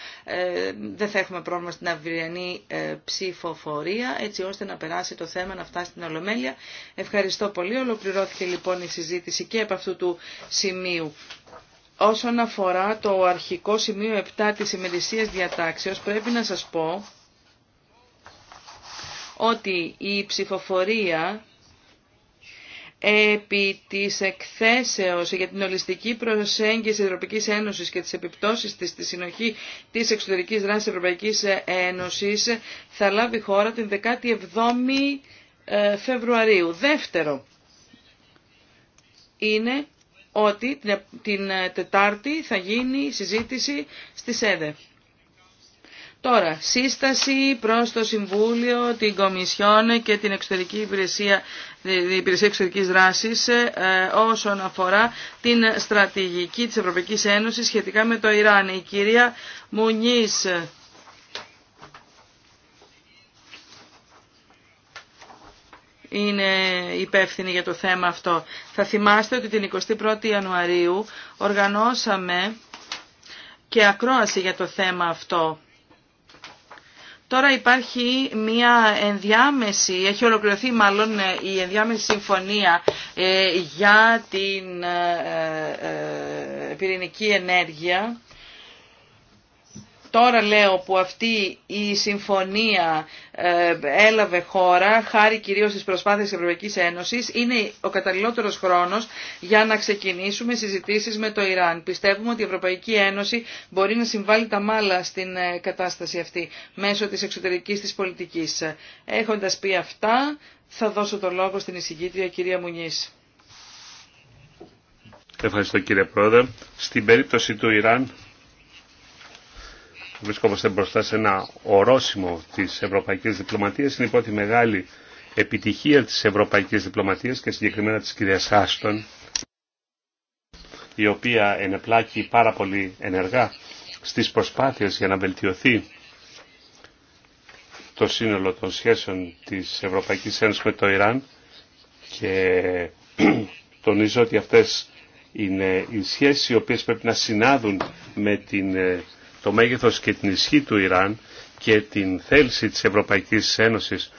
δεν θα έχουμε πρόβλημα στην αυριανή ψηφοφορία έτσι ώστε να περάσει το θέμα να φτάσει στην Ολομέλεια. Ευχαριστώ πολύ. Ολοκληρώθηκε λοιπόν η συζήτηση και από αυτού του σημείου. Όσον αφορά το αρχικό σημείο 7 της ημερησίας διατάξεως, πρέπει να σας πω ότι η ψηφοφορία επί της εκθέσεως για την ολιστική προσέγγιση Ευρωπαϊκής Ένωσης και τις επιπτώσεις της στη συνοχή της εξωτερικής δράσης Ευρωπαϊκής Ένωσης θα λάβει χώρα την 17η ε, Φεβρουαρίου. Δεύτερο είναι ότι την ε, Τετάρτη θα γίνει συζήτηση στη ΣΕΔΕ. Τώρα, σύσταση προς το Συμβούλιο, την Κομισιόν και την Εξωτερική Υπηρεσία, την ε, Υπηρεσία Εξωτερικής Δράσης ε, όσον αφορά την στρατηγική της Ευρωπαϊκής Ένωσης σχετικά με το Ιράν. Η κυρία Μουνής είναι υπεύθυνη για το θέμα αυτό. Θα θυμάστε ότι την 21η Ιανουαρίου οργανώσαμε και ακρόαση για το θέμα αυτό. Τώρα υπάρχει μια ενδιάμεση, έχει ολοκληρωθεί μάλλον ε, η ενδιάμεση συμφωνία ε, για την ε, πυρηνική ενέργεια τώρα λέω που αυτή η συμφωνία ε, έλαβε χώρα, χάρη κυρίως στις προσπάθειες της Ευρωπαϊκής Ένωσης, είναι ο καταλληλότερος χρόνος για να ξεκινήσουμε συζητήσεις με το Ιράν. Πιστεύουμε ότι η Ευρωπαϊκή Ένωση μπορεί να συμβάλλει τα μάλα στην ε, κατάσταση αυτή μέσω της εξωτερικής της πολιτικής. Έχοντας πει αυτά, θα δώσω το λόγο στην εισηγήτρια κυρία Μουνής. Ευχαριστώ κύριε Πρόεδρε. Στην περίπτωση του Ιράν βρισκόμαστε μπροστά σε ένα ορόσημο της ευρωπαϊκής διπλωματίας. Είναι η πρώτη μεγάλη επιτυχία της ευρωπαϊκής διπλωματίας και συγκεκριμένα της κυρίας Άστον, η οποία ενεπλάκει πάρα πολύ ενεργά στις προσπάθειες για να βελτιωθεί το σύνολο των σχέσεων της Ευρωπαϊκής Ένωσης με το Ιράν και τονίζω ότι αυτές είναι οι σχέσεις οι οποίες πρέπει να συνάδουν με την ε, το μέγεθος και την ισχύ του Ιράν και την θέληση της Ευρωπαϊκής Ένωσης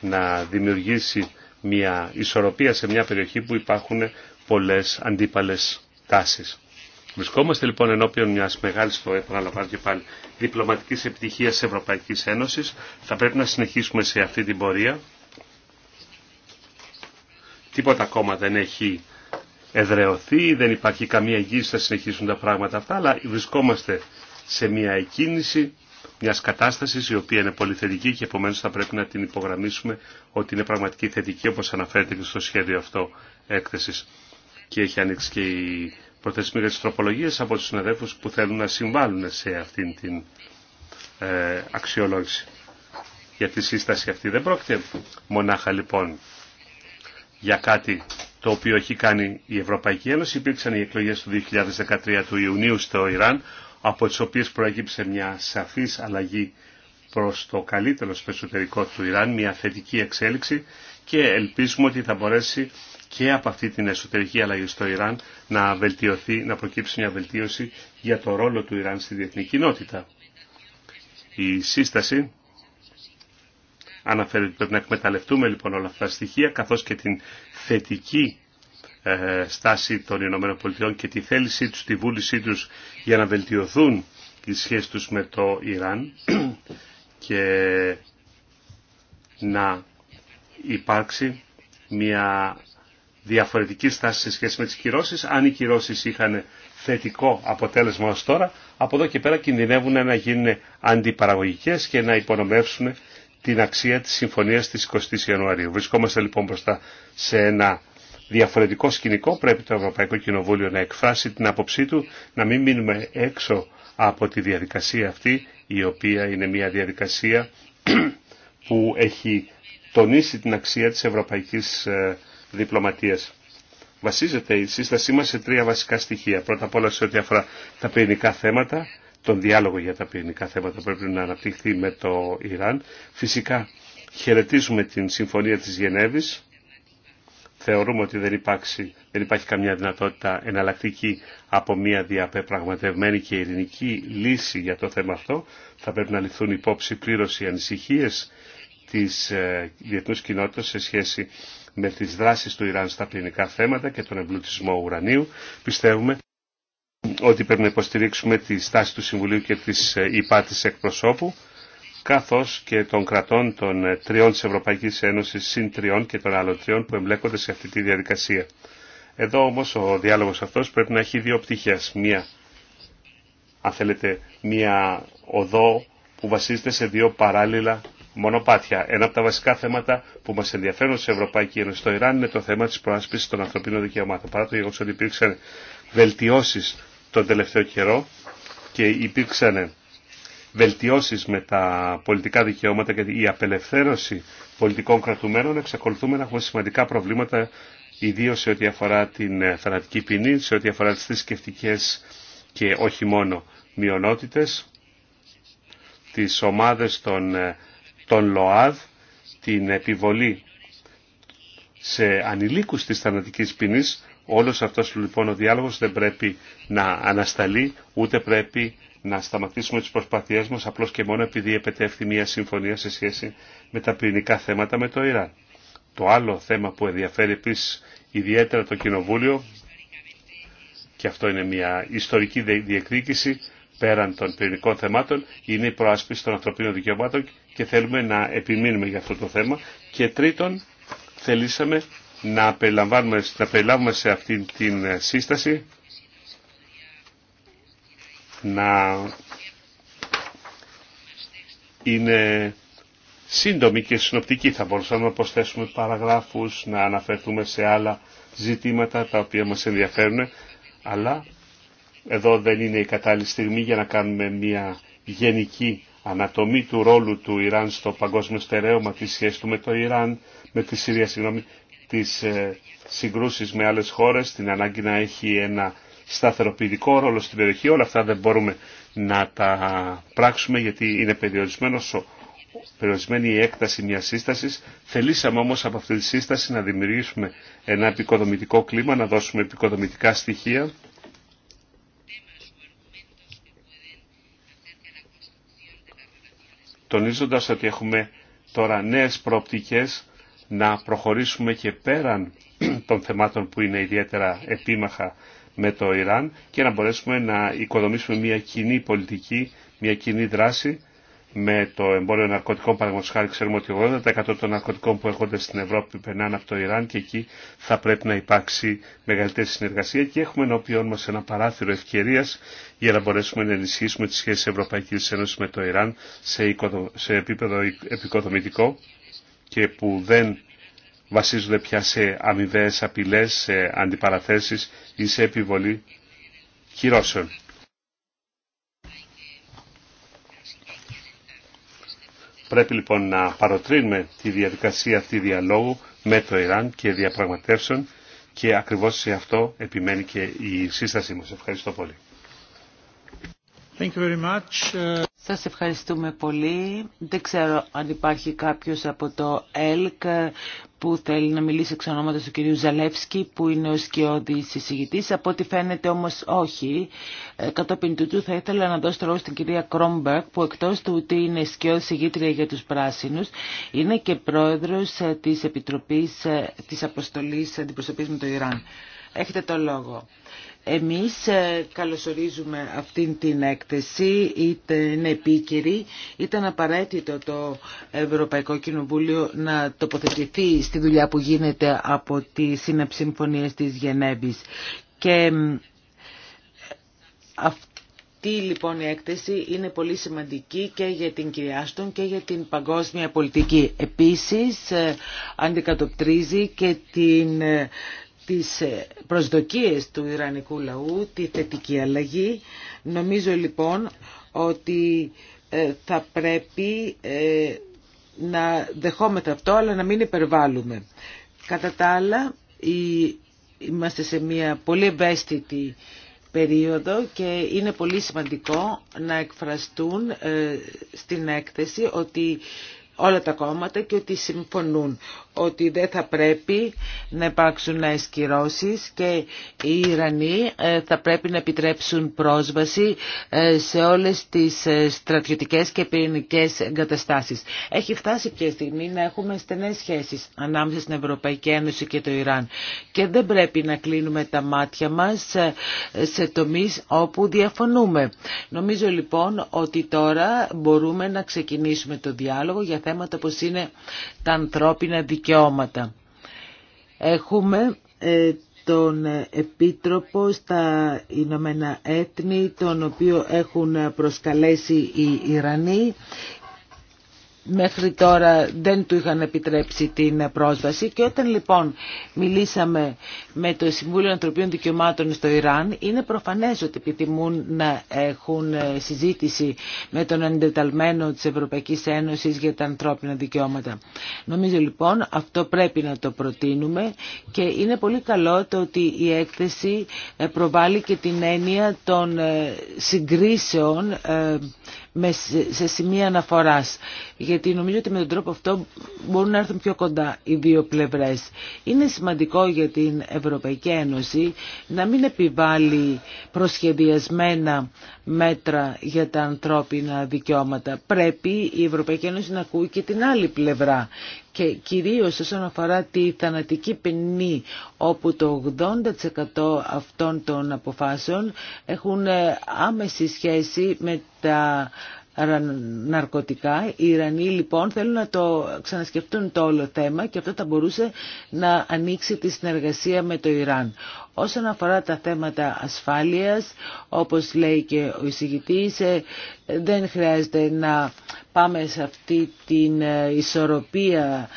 να δημιουργήσει μια ισορροπία σε μια περιοχή που υπάρχουν πολλές αντίπαλες τάσεις. Βρισκόμαστε λοιπόν ενώπιον μιας μεγάλης, το επαναλαμβάνω και πάλι, διπλωματικής επιτυχίας της Ευρωπαϊκής Ένωσης. Θα πρέπει να συνεχίσουμε σε αυτή την πορεία. Τίποτα ακόμα δεν έχει εδρεωθεί, δεν υπάρχει καμία εγγύηση να συνεχίσουν τα πράγματα αυτά, αλλά βρισκόμαστε σε μια εκκίνηση μια κατάσταση η οποία είναι πολύ θετική και επομένω θα πρέπει να την υπογραμμίσουμε ότι είναι πραγματική θετική όπω αναφέρεται και στο σχέδιο αυτό έκθεση. Και έχει ανοίξει και η προθεσμία για τι τροπολογίε από του συναδέλφου που θέλουν να συμβάλλουν σε αυτήν την ε, αξιολόγηση. Για τη σύσταση αυτή δεν πρόκειται μονάχα λοιπόν για κάτι το οποίο έχει κάνει η Ευρωπαϊκή Ένωση. Υπήρξαν οι εκλογέ του 2013 του Ιουνίου στο Ιράν, από τις οποίες προέκυψε μια σαφής αλλαγή προς το καλύτερο στο εσωτερικό του Ιράν, μια θετική εξέλιξη και ελπίζουμε ότι θα μπορέσει και από αυτή την εσωτερική αλλαγή στο Ιράν να βελτιωθεί, να προκύψει μια βελτίωση για το ρόλο του Ιράν στη διεθνή κοινότητα. Η σύσταση αναφέρει ότι πρέπει να εκμεταλλευτούμε λοιπόν όλα αυτά τα στοιχεία καθώς και την θετική ε, στάση των ΗΠΑ και τη θέλησή τους, τη βούλησή τους για να βελτιωθούν οι σχέσεις τους με το Ιράν και να υπάρξει μια διαφορετική στάση σε σχέση με τις κυρώσεις. Αν οι κυρώσεις είχαν θετικό αποτέλεσμα ως τώρα, από εδώ και πέρα κινδυνεύουν να γίνουν αντιπαραγωγικές και να υπονομεύσουν την αξία της συμφωνίας της 20 Ιανουαρίου. Βρισκόμαστε λοιπόν μπροστά σε ένα διαφορετικό σκηνικό πρέπει το Ευρωπαϊκό Κοινοβούλιο να εκφράσει την άποψή του, να μην μείνουμε έξω από τη διαδικασία αυτή, η οποία είναι μια διαδικασία που έχει τονίσει την αξία της ευρωπαϊκής ε, διπλωματίας. Βασίζεται η σύστασή μας σε τρία βασικά στοιχεία. Πρώτα απ' όλα σε ό,τι αφορά τα ποινικά θέματα, τον διάλογο για τα ποινικά θέματα πρέπει να αναπτυχθεί με το Ιράν. Φυσικά χαιρετίζουμε την Συμφωνία της Γενέβης, θεωρούμε ότι δεν, δεν υπάρχει καμιά δυνατότητα εναλλακτική από μια διαπραγματευμένη και ειρηνική λύση για το θέμα αυτό. Θα πρέπει να ληφθούν υπόψη πλήρως οι ανησυχίες της ε, διεθνούς κοινότητας σε σχέση με τις δράσεις του Ιράν στα πληνικά θέματα και τον εμπλουτισμό ουρανίου. Πιστεύουμε ότι πρέπει να υποστηρίξουμε τη στάση του Συμβουλίου και της ε, ΥΠΑ εκπροσώπου καθώς και των κρατών των ε, τριών της Ευρωπαϊκής Ένωσης, συν τριών και των άλλων τριών που εμπλέκονται σε αυτή τη διαδικασία. Εδώ όμως ο διάλογος αυτός πρέπει να έχει δύο πτυχές. Μία, αν θέλετε, μία οδό που βασίζεται σε δύο παράλληλα μονοπάτια. Ένα από τα βασικά θέματα που μα ενδιαφέρουν στην Ευρωπαϊκή Ένωση στο Ιράν είναι το θέμα τη προάσπιση των ανθρωπίνων δικαιωμάτων. Παρά το γεγονό ότι υπήρξαν βελτιώσει τον τελευταίο καιρό και υπήρξαν βελτιώσεις με τα πολιτικά δικαιώματα και η απελευθέρωση πολιτικών κρατουμένων εξακολουθούμε να έχουμε σημαντικά προβλήματα ιδίω σε ό,τι αφορά την ε, θανατική ποινή, σε ό,τι αφορά τις θρησκευτικέ και όχι μόνο μειονότητες, τις ομάδες των, ε, των ΛΟΑΔ, την επιβολή σε ανηλίκους της θανατικής ποινής, όλος αυτός λοιπόν ο διάλογος δεν πρέπει να ανασταλεί, ούτε πρέπει να σταματήσουμε τις προσπάθειές μας απλώς και μόνο επειδή επετεύχθη μια συμφωνία σε σχέση με τα ποινικά θέματα με το Ιράν. Το άλλο θέμα που ενδιαφέρει επίσης ιδιαίτερα το Κοινοβούλιο και αυτό είναι μια ιστορική διεκδίκηση πέραν των πυρηνικών θεμάτων είναι η προάσπιση των ανθρωπίνων δικαιωμάτων και θέλουμε να επιμείνουμε για αυτό το θέμα. Και τρίτον, θελήσαμε να, να περιλάβουμε σε αυτή την ε, σύσταση να είναι σύντομη και συνοπτική. Θα μπορούσαμε να προσθέσουμε παραγράφους, να αναφερθούμε σε άλλα ζητήματα τα οποία μας ενδιαφέρουν, αλλά εδώ δεν είναι η κατάλληλη στιγμή για να κάνουμε μια γενική ανατομή του ρόλου του Ιράν στο παγκόσμιο στερέωμα, τη σχέση του με το Ιράν, με τη Συρία, συγγνώμη, τις ε, συγκρούσεις με άλλες χώρες, την ανάγκη να έχει ένα σταθεροποιητικό ρόλο στην περιοχή. Όλα αυτά δεν μπορούμε να τα πράξουμε γιατί είναι περιορισμένος περιορισμένη η έκταση μιας σύστασης. Θελήσαμε όμως από αυτή τη σύσταση να δημιουργήσουμε ένα επικοδομητικό κλίμα, να δώσουμε επικοδομητικά στοιχεία. Τονίζοντας ότι έχουμε τώρα νέες προοπτικές να προχωρήσουμε και πέραν των θεμάτων που είναι ιδιαίτερα επίμαχα με το Ιράν και να μπορέσουμε να οικοδομήσουμε μια κοινή πολιτική, μια κοινή δράση με το εμπόριο ναρκωτικών. Παραδείγματο χάρη ξέρουμε ότι 80% των ναρκωτικών που έρχονται στην Ευρώπη περνάνε από το Ιράν και εκεί θα πρέπει να υπάρξει μεγαλύτερη συνεργασία και έχουμε ενώπιον μα ένα παράθυρο ευκαιρία για να μπορέσουμε να ενισχύσουμε τι σχέσει Ευρωπαϊκή Ένωση με το Ιράν σε επίπεδο επικοδομητικό και που δεν βασίζονται πια σε αμοιβέ απειλέ, σε αντιπαραθέσεις ή σε επιβολή κυρώσεων. Πρέπει λοιπόν να παροτρύνουμε τη διαδικασία αυτή διαλόγου με το Ιράν και διαπραγματεύσεων και ακριβώς σε αυτό επιμένει και η σύστασή μας. Ευχαριστώ πολύ. Thank Σας ευχαριστούμε πολύ. Δεν ξέρω αν υπάρχει κάποιος από το ΕΛΚ που θέλει να μιλήσει εξ ονόματος του κυρίου Ζαλεύσκη που είναι ο σκιώδης εισηγητής. Από ό,τι φαίνεται όμως όχι. Ε, κατόπιν τούτου θα ήθελα να δώσω λόγο στην κυρία Κρόμπερκ που εκτός του ότι είναι σκιώδης εισηγήτρια για τους πράσινους είναι και πρόεδρος ε, της Επιτροπής ε, της Αποστολής Αντιπροσωπής με το Ιράν. Έχετε το λόγο. Εμείς ε, καλωσορίζουμε αυτήν την έκθεση, είναι επίκαιρη. Ήταν απαραίτητο το Ευρωπαϊκό Κοινοβούλιο να τοποθετηθεί στη δουλειά που γίνεται από τη Σύναψη της Γενέβης. Και αυτή λοιπόν η έκθεση είναι πολύ σημαντική και για την κυρίαστον και για την παγκόσμια πολιτική. Επίσης ε, αντικατοπτρίζει και την ε, τις ε, προσδοκίες του Ιρανικού λαού, τη θετική αλλαγή. Νομίζω λοιπόν ότι ε, θα πρέπει ε, να δεχόμεθα αυτό, αλλά να μην υπερβάλλουμε. Κατά τα άλλα, είμαστε σε μια πολύ ευαίσθητη περίοδο και είναι πολύ σημαντικό να εκφραστούν στην έκθεση ότι όλα τα κόμματα και ότι συμφωνούν ότι δεν θα πρέπει να υπάρξουν εσκυρώσεις και οι Ιρανοί ε, θα πρέπει να επιτρέψουν πρόσβαση ε, σε όλες τις ε, στρατιωτικές και πυρηνικές εγκαταστάσεις. Έχει φτάσει ποια στιγμή να έχουμε στενές σχέσεις ανάμεσα στην Ευρωπαϊκή Ένωση και το Ιράν και δεν πρέπει να κλείνουμε τα μάτια μας σε τομείς όπου διαφωνούμε. Νομίζω λοιπόν ότι τώρα μπορούμε να ξεκινήσουμε το διάλογο για θέματα όπως είναι τα ανθρώπινα δικαιώματα δικαιώματα. Έχουμε ε, τον Επίτροπο στα Ηνωμένα Έθνη, τον οποίο έχουν προσκαλέσει οι Ιρανοί μέχρι τώρα δεν του είχαν επιτρέψει την πρόσβαση και όταν λοιπόν μιλήσαμε με το Συμβούλιο Ανθρωπίνων Δικαιωμάτων στο Ιράν είναι προφανές ότι επιθυμούν να έχουν συζήτηση με τον εντεταλμένο της Ευρωπαϊκής Ένωσης για τα ανθρώπινα δικαιώματα. Νομίζω λοιπόν αυτό πρέπει να το προτείνουμε και είναι πολύ καλό το ότι η έκθεση ε, προβάλλει και την έννοια των ε, συγκρίσεων ε, σε σημεία αναφοράς γιατί νομίζω ότι με τον τρόπο αυτό μπορούν να έρθουν πιο κοντά οι δύο πλευρές. Είναι σημαντικό για την Ευρωπαϊκή Ένωση να μην επιβάλλει προσχεδιασμένα μέτρα για τα ανθρώπινα δικαιώματα. Πρέπει η Ευρωπαϊκή Ένωση να ακούει και την άλλη πλευρά και κυρίως όσον αφορά τη θανατική ποινή όπου το 80% αυτών των αποφάσεων έχουν ε, άμεση σχέση με τα ναρκωτικά. Οι Ιρανοί λοιπόν θέλουν να το ξανασκεφτούν το όλο θέμα και αυτό θα μπορούσε να ανοίξει τη συνεργασία με το Ιράν. Όσον αφορά τα θέματα ασφάλειας, όπως λέει και ο εισηγητής, ε, δεν χρειάζεται να πάμε σε αυτή την ε, ισορροπία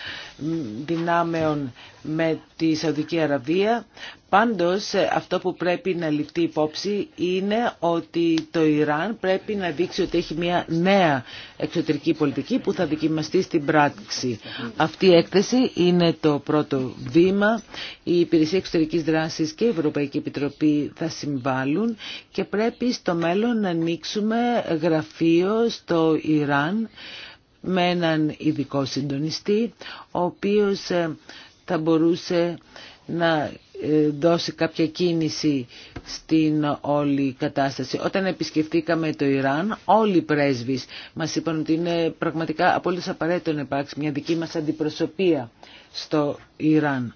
δυνάμεων με τη Σαουδική Αραβία. Πάντως αυτό που πρέπει να ληφθεί υπόψη είναι ότι το Ιράν πρέπει να δείξει ότι έχει μια νέα εξωτερική πολιτική που θα δοκιμαστεί στην πράξη. Αυτή η έκθεση είναι το πρώτο βήμα. Η Υπηρεσία Εξωτερικής Δράσης και η Ευρωπαϊκή Επιτροπή θα συμβάλλουν και πρέπει στο μέλλον να ανοίξουμε γραφείο στο Ιράν με έναν ειδικό συντονιστή ο οποίος ε, θα μπορούσε να ε, δώσει κάποια κίνηση στην όλη κατάσταση. Όταν επισκεφτήκαμε το Ιράν, όλοι οι πρέσβεις μας είπαν ότι είναι πραγματικά απόλυτα απαραίτητο να υπάρξει μια δική μας αντιπροσωπεία στο Ιράν.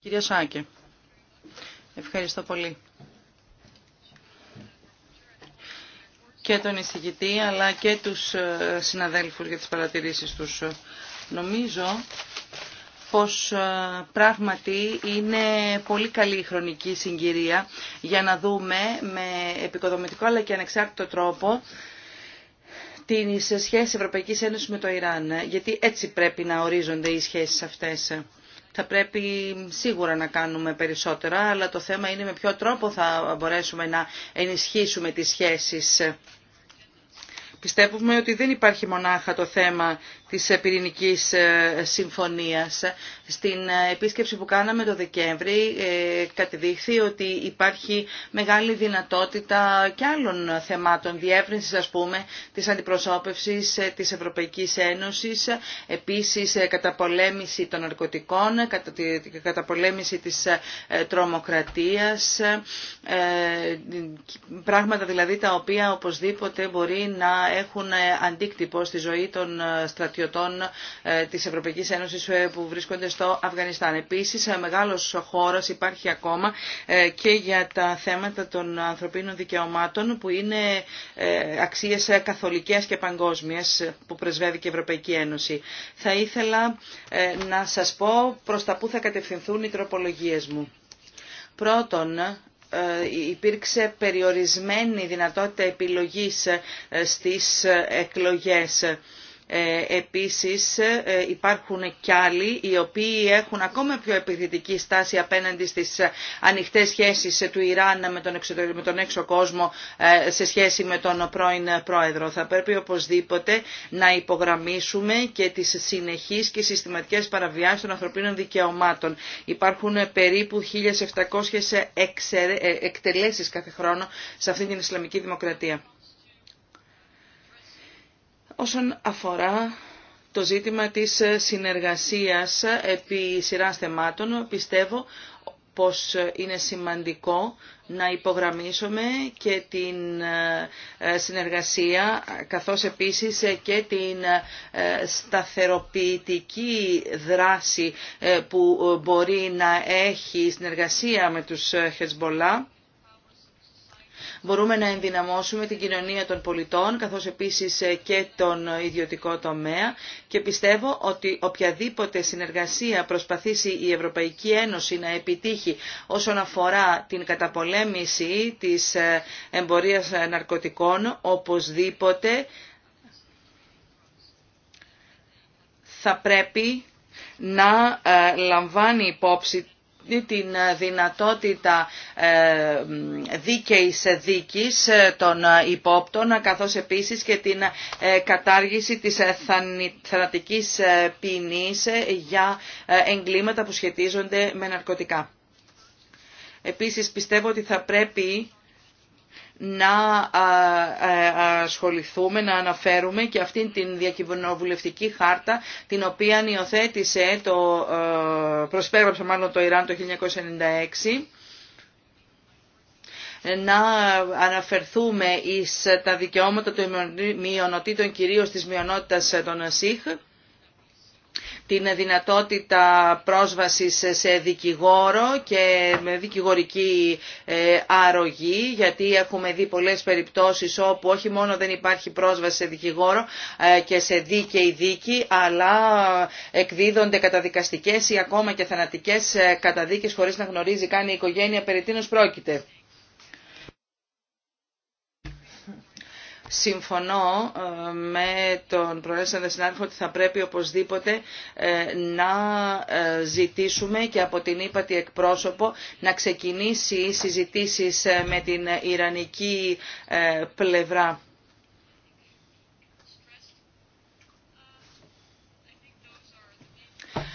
Κυρία Σάκη, ευχαριστώ πολύ. και τον εισηγητή αλλά και τους ε, συναδέλφους για τις παρατηρήσεις τους. Νομίζω πως ε, πράγματι είναι πολύ καλή η χρονική συγκυρία για να δούμε με επικοδομητικό αλλά και ανεξάρτητο τρόπο την σχέση Ευρωπαϊκής Ένωσης με το Ιράν, ε, γιατί έτσι πρέπει να ορίζονται οι σχέσεις αυτές. Θα πρέπει σίγουρα να κάνουμε περισσότερα, αλλά το θέμα είναι με ποιο τρόπο θα μπορέσουμε να ενισχύσουμε τις σχέσεις Πιστεύουμε ότι δεν υπάρχει μονάχα το θέμα της πυρηνικής ε, συμφωνίας. Στην ε, επίσκεψη που κάναμε το Δεκέμβρη ε, κατηδείχθη ότι υπάρχει μεγάλη δυνατότητα και άλλων θεμάτων διεύρυνσης ας πούμε της αντιπροσώπευσης της Ευρωπαϊκής Ένωσης, επίσης καταπολέμηση των ναρκωτικών, καταπολέμηση της τρομοκρατίας, πράγματα δηλαδή τα οποία οπωσδήποτε μπορεί να έχουν αντίκτυπο στη ζωή των ε, στρατιωτών ε, της Ευρωπαϊκής Ένωσης ε, που βρίσκονται στο Αφγανιστάν. Επίσης, μεγάλος χώρος υπάρχει ακόμα και για τα θέματα των ανθρωπίνων δικαιωμάτων που είναι αξίες καθολικές και παγκόσμιες που πρεσβεύει και η Ευρωπαϊκή Ένωση. Θα ήθελα να σας πω προς τα που θα κατευθυνθούν οι τροπολογίες μου. Πρώτον, ε, υπήρξε περιορισμένη δυνατότητα επιλογής ε, στις ε, εκλογές. Ε, επίσης ε, υπάρχουν κι άλλοι οι οποίοι έχουν ακόμα πιο επιθετική στάση απέναντι στις ε, ανοιχτές σχέσεις του Ιράν με τον, εξω, τον κόσμο σε σχέση με τον πρώην πρόεδρο. Θα πρέπει οπωσδήποτε να υπογραμμίσουμε και τις συνεχείς και συστηματικές παραβιάσεις των ανθρωπίνων δικαιωμάτων. Υπάρχουν περίπου 1.700 εκτελέσεις κάθε χρόνο σε αυτή την Ισλαμική Δημοκρατία όσον αφορά το ζήτημα της συνεργασίας επί σειράς θεμάτων, πιστεύω πως είναι σημαντικό να υπογραμμίσουμε και την ε, συνεργασία καθώς επίσης και την ε, σταθεροποιητική δράση ε, που μπορεί να έχει η συνεργασία με τους Χεσμπολά Μπορούμε να ενδυναμώσουμε την κοινωνία των πολιτών καθώς επίσης ε, και τον ιδιωτικό τομέα και πιστεύω ότι οποιαδήποτε συνεργασία προσπαθήσει η Ευρωπαϊκή Ένωση να επιτύχει όσον αφορά την καταπολέμηση της ε, εμπορίας ε, ναρκωτικών οπωσδήποτε θα πρέπει να λαμβάνει υπόψη την ε, δυνατότητα ε, δίκαιης δίκης ε, των υπόπτων καθώς επίσης και την κατάργηση της θανατικής ποινής για εγκλήματα που σχετίζονται με ναρκωτικά. Επίσης πιστεύω ότι θα πρέπει να ε, ασχοληθούμε, να αναφέρουμε και αυτήν την διακυβερνοβουλευτική χάρτα την οποία υιοθέτησε το, ε, προσπέγραψε μάλλον το Ιράν το 1996 να αναφερθούμε εις τα δικαιώματα των μειονοτήτων, κυρίως της μειονότητας των ΣΥΧ, την δυνατότητα πρόσβασης σε δικηγόρο και με δικηγορική ε, αρρωγή, γιατί έχουμε δει πολλές περιπτώσεις όπου όχι μόνο δεν υπάρχει πρόσβαση σε δικηγόρο ε, και σε δίκαιη δίκη, αλλά εκδίδονται καταδικαστικές ή ακόμα και θανατικές ε, καταδίκες χωρίς να γνωρίζει καν η οικογένεια περί τίνος πρόκειται. Συμφωνώ ε, με τον προέστατο συνάδελφο ότι θα πρέπει οπωσδήποτε ε, να ε, ζητήσουμε και από την ύπατη εκπρόσωπο να ξεκινήσει συζητήσεις με την Ιρανική πλευρά.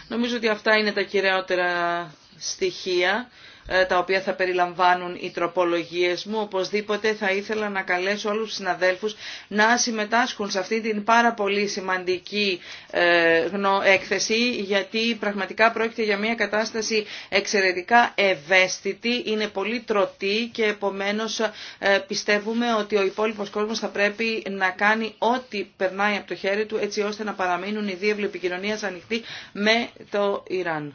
Νομίζω ότι αυτά είναι τα κυριότερα στοιχεία. Ε, τα οποία θα περιλαμβάνουν οι τροπολογίες μου. Οπωσδήποτε θα ήθελα να καλέσω όλους τους συναδέλφους να συμμετάσχουν σε αυτή την πάρα πολύ σημαντική ε, έκθεση γιατί πραγματικά πρόκειται για μια κατάσταση εξαιρετικά ευαίσθητη, είναι πολύ τρωτή και επομένως ε, πιστεύουμε ότι ο υπόλοιπος κόσμος θα πρέπει να κάνει ό,τι περνάει από το χέρι του έτσι ώστε να παραμείνουν οι δύο επικοινωνία ανοιχτοί με το Ιράν.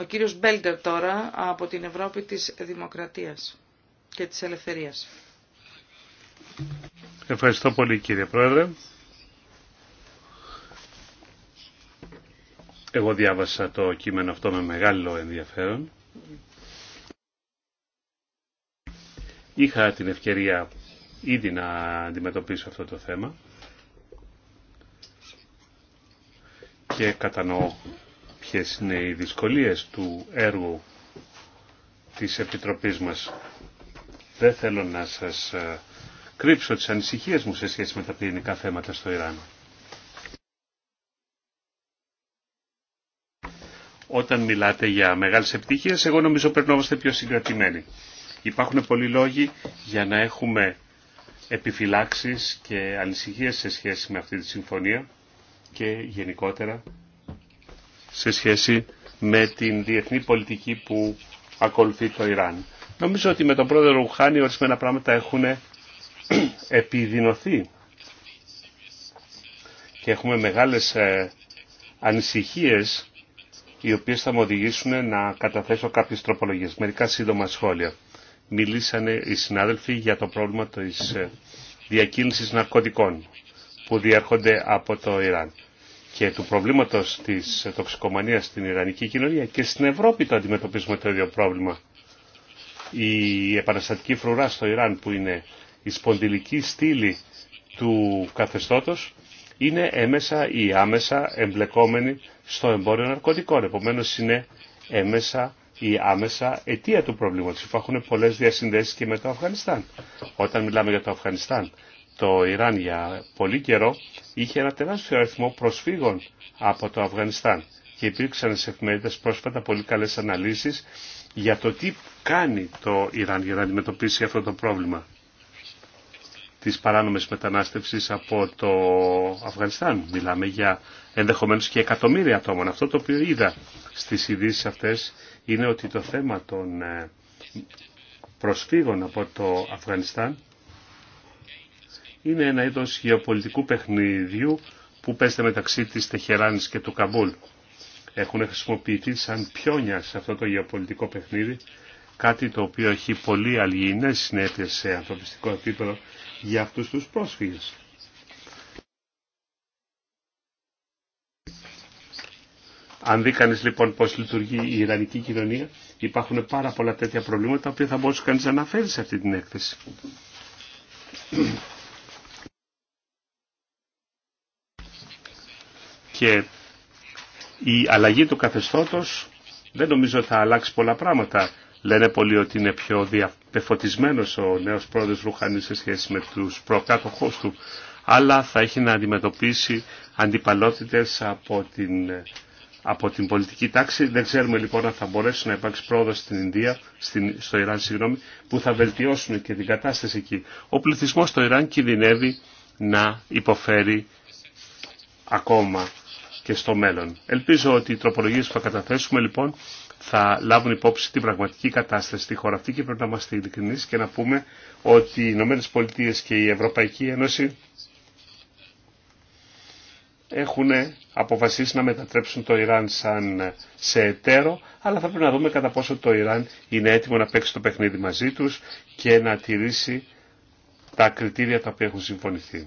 Ο κύριος Μπέλτερ τώρα από την Ευρώπη της Δημοκρατίας και της Ελευθερίας. Ευχαριστώ πολύ κύριε Πρόεδρε. Εγώ διάβασα το κείμενο αυτό με μεγάλο ενδιαφέρον. Είχα την ευκαιρία ήδη να αντιμετωπίσω αυτό το θέμα και κατανοώ ποιες είναι οι δυσκολίες του έργου της Επιτροπής μας. Δεν θέλω να σας ε, κρύψω τις ανησυχίες μου σε σχέση με τα πυρηνικά θέματα στο Ιράν. Όταν μιλάτε για μεγάλες επιτυχίες, εγώ νομίζω πρέπει να είμαστε πιο συγκρατημένοι. Υπάρχουν πολλοί λόγοι για να έχουμε επιφυλάξεις και ανησυχίες σε σχέση με αυτή τη συμφωνία και γενικότερα σε σχέση με την διεθνή πολιτική που ακολουθεί το Ιράν. Νομίζω ότι με τον πρόεδρο Ρουχάνη ορισμένα πράγματα έχουν επιδεινωθεί και έχουμε μεγάλες ε, ανησυχίες οι οποίες θα μου οδηγήσουν να καταθέσω κάποιες τροπολογίες. Μερικά σύντομα σχόλια. Μιλήσανε οι συνάδελφοι για το πρόβλημα της ε, διακίνησης ναρκωτικών που διέρχονται από το Ιράν και του προβλήματος της ε, τοξικομανίας στην Ιρανική κοινωνία και στην Ευρώπη το αντιμετωπίζουμε το ίδιο πρόβλημα. Η επαναστατική φρουρά στο Ιράν που είναι η σπονδυλική στήλη του καθεστώτος είναι έμεσα ή άμεσα εμπλεκόμενοι στο εμπόριο ναρκωτικών. Επομένως είναι έμεσα η αμεσα εμπλεκόμενη στο εμποριο ναρκωτικων επομενως αιτία του προβλήματος. Υπάρχουν πολλές διασυνδέσεις και με το Αφγανιστάν. Όταν μιλάμε για το Αφγανιστάν το Ιράν για πολύ καιρό είχε ένα τεράστιο αριθμό προσφύγων από το Αφγανιστάν και υπήρξαν σε εφημερίδες πρόσφατα πολύ καλές αναλύσεις για το τι κάνει το Ιράν για να αντιμετωπίσει αυτό το πρόβλημα της παράνομης μετανάστευσης από το Αφγανιστάν. Μιλάμε για ενδεχομένως και εκατομμύρια ατόμων. Αυτό το οποίο είδα στις ειδήσει αυτές είναι ότι το θέμα των ε, προσφύγων από το Αφγανιστάν είναι ένα είδος γεωπολιτικού παιχνιδιού που παίζεται μεταξύ της Τεχεράνης και του Καμπούλ. Έχουν χρησιμοποιηθεί σαν πιόνια σε αυτό το γεωπολιτικό παιχνίδι, κάτι το οποίο έχει πολύ αλληλεγγύες συνέπειες σε ανθρωπιστικό επίπεδο για αυτούς τους πρόσφυγες. Αν δει κανεί λοιπόν πώ λειτουργεί η Ιρανική κοινωνία, υπάρχουν πάρα πολλά τέτοια προβλήματα τα οποία θα μπορούσε κανεί να αναφέρει σε αυτή την έκθεση. και η αλλαγή του καθεστώτος δεν νομίζω θα αλλάξει πολλά πράγματα. Λένε πολλοί ότι είναι πιο διαπεφωτισμένος ο νέος πρόεδρος Ρουχανή σε σχέση με τους προκάτοχούς του, αλλά θα έχει να αντιμετωπίσει αντιπαλότητες από την, από την πολιτική τάξη. Δεν ξέρουμε λοιπόν αν θα μπορέσει να υπάρξει πρόοδος στην Ινδία, στην, στο Ιράν συγγνώμη, που θα βελτιώσουν και την κατάσταση εκεί. Ο πληθυσμός στο Ιράν κινδυνεύει να υποφέρει ακόμα και στο μέλλον. Ελπίζω ότι οι τροπολογίες που θα καταθέσουμε λοιπόν θα λάβουν υπόψη την πραγματική κατάσταση στη χώρα αυτή και πρέπει να είμαστε ειλικρινεί και να πούμε ότι οι ΗΠΑ και η Ευρωπαϊκή Ένωση έχουν αποφασίσει να μετατρέψουν το Ιράν σαν σε εταίρο, αλλά θα πρέπει να δούμε κατά πόσο το Ιράν είναι έτοιμο να παίξει το παιχνίδι μαζί τους και να τηρήσει τα κριτήρια τα οποία έχουν συμφωνηθεί.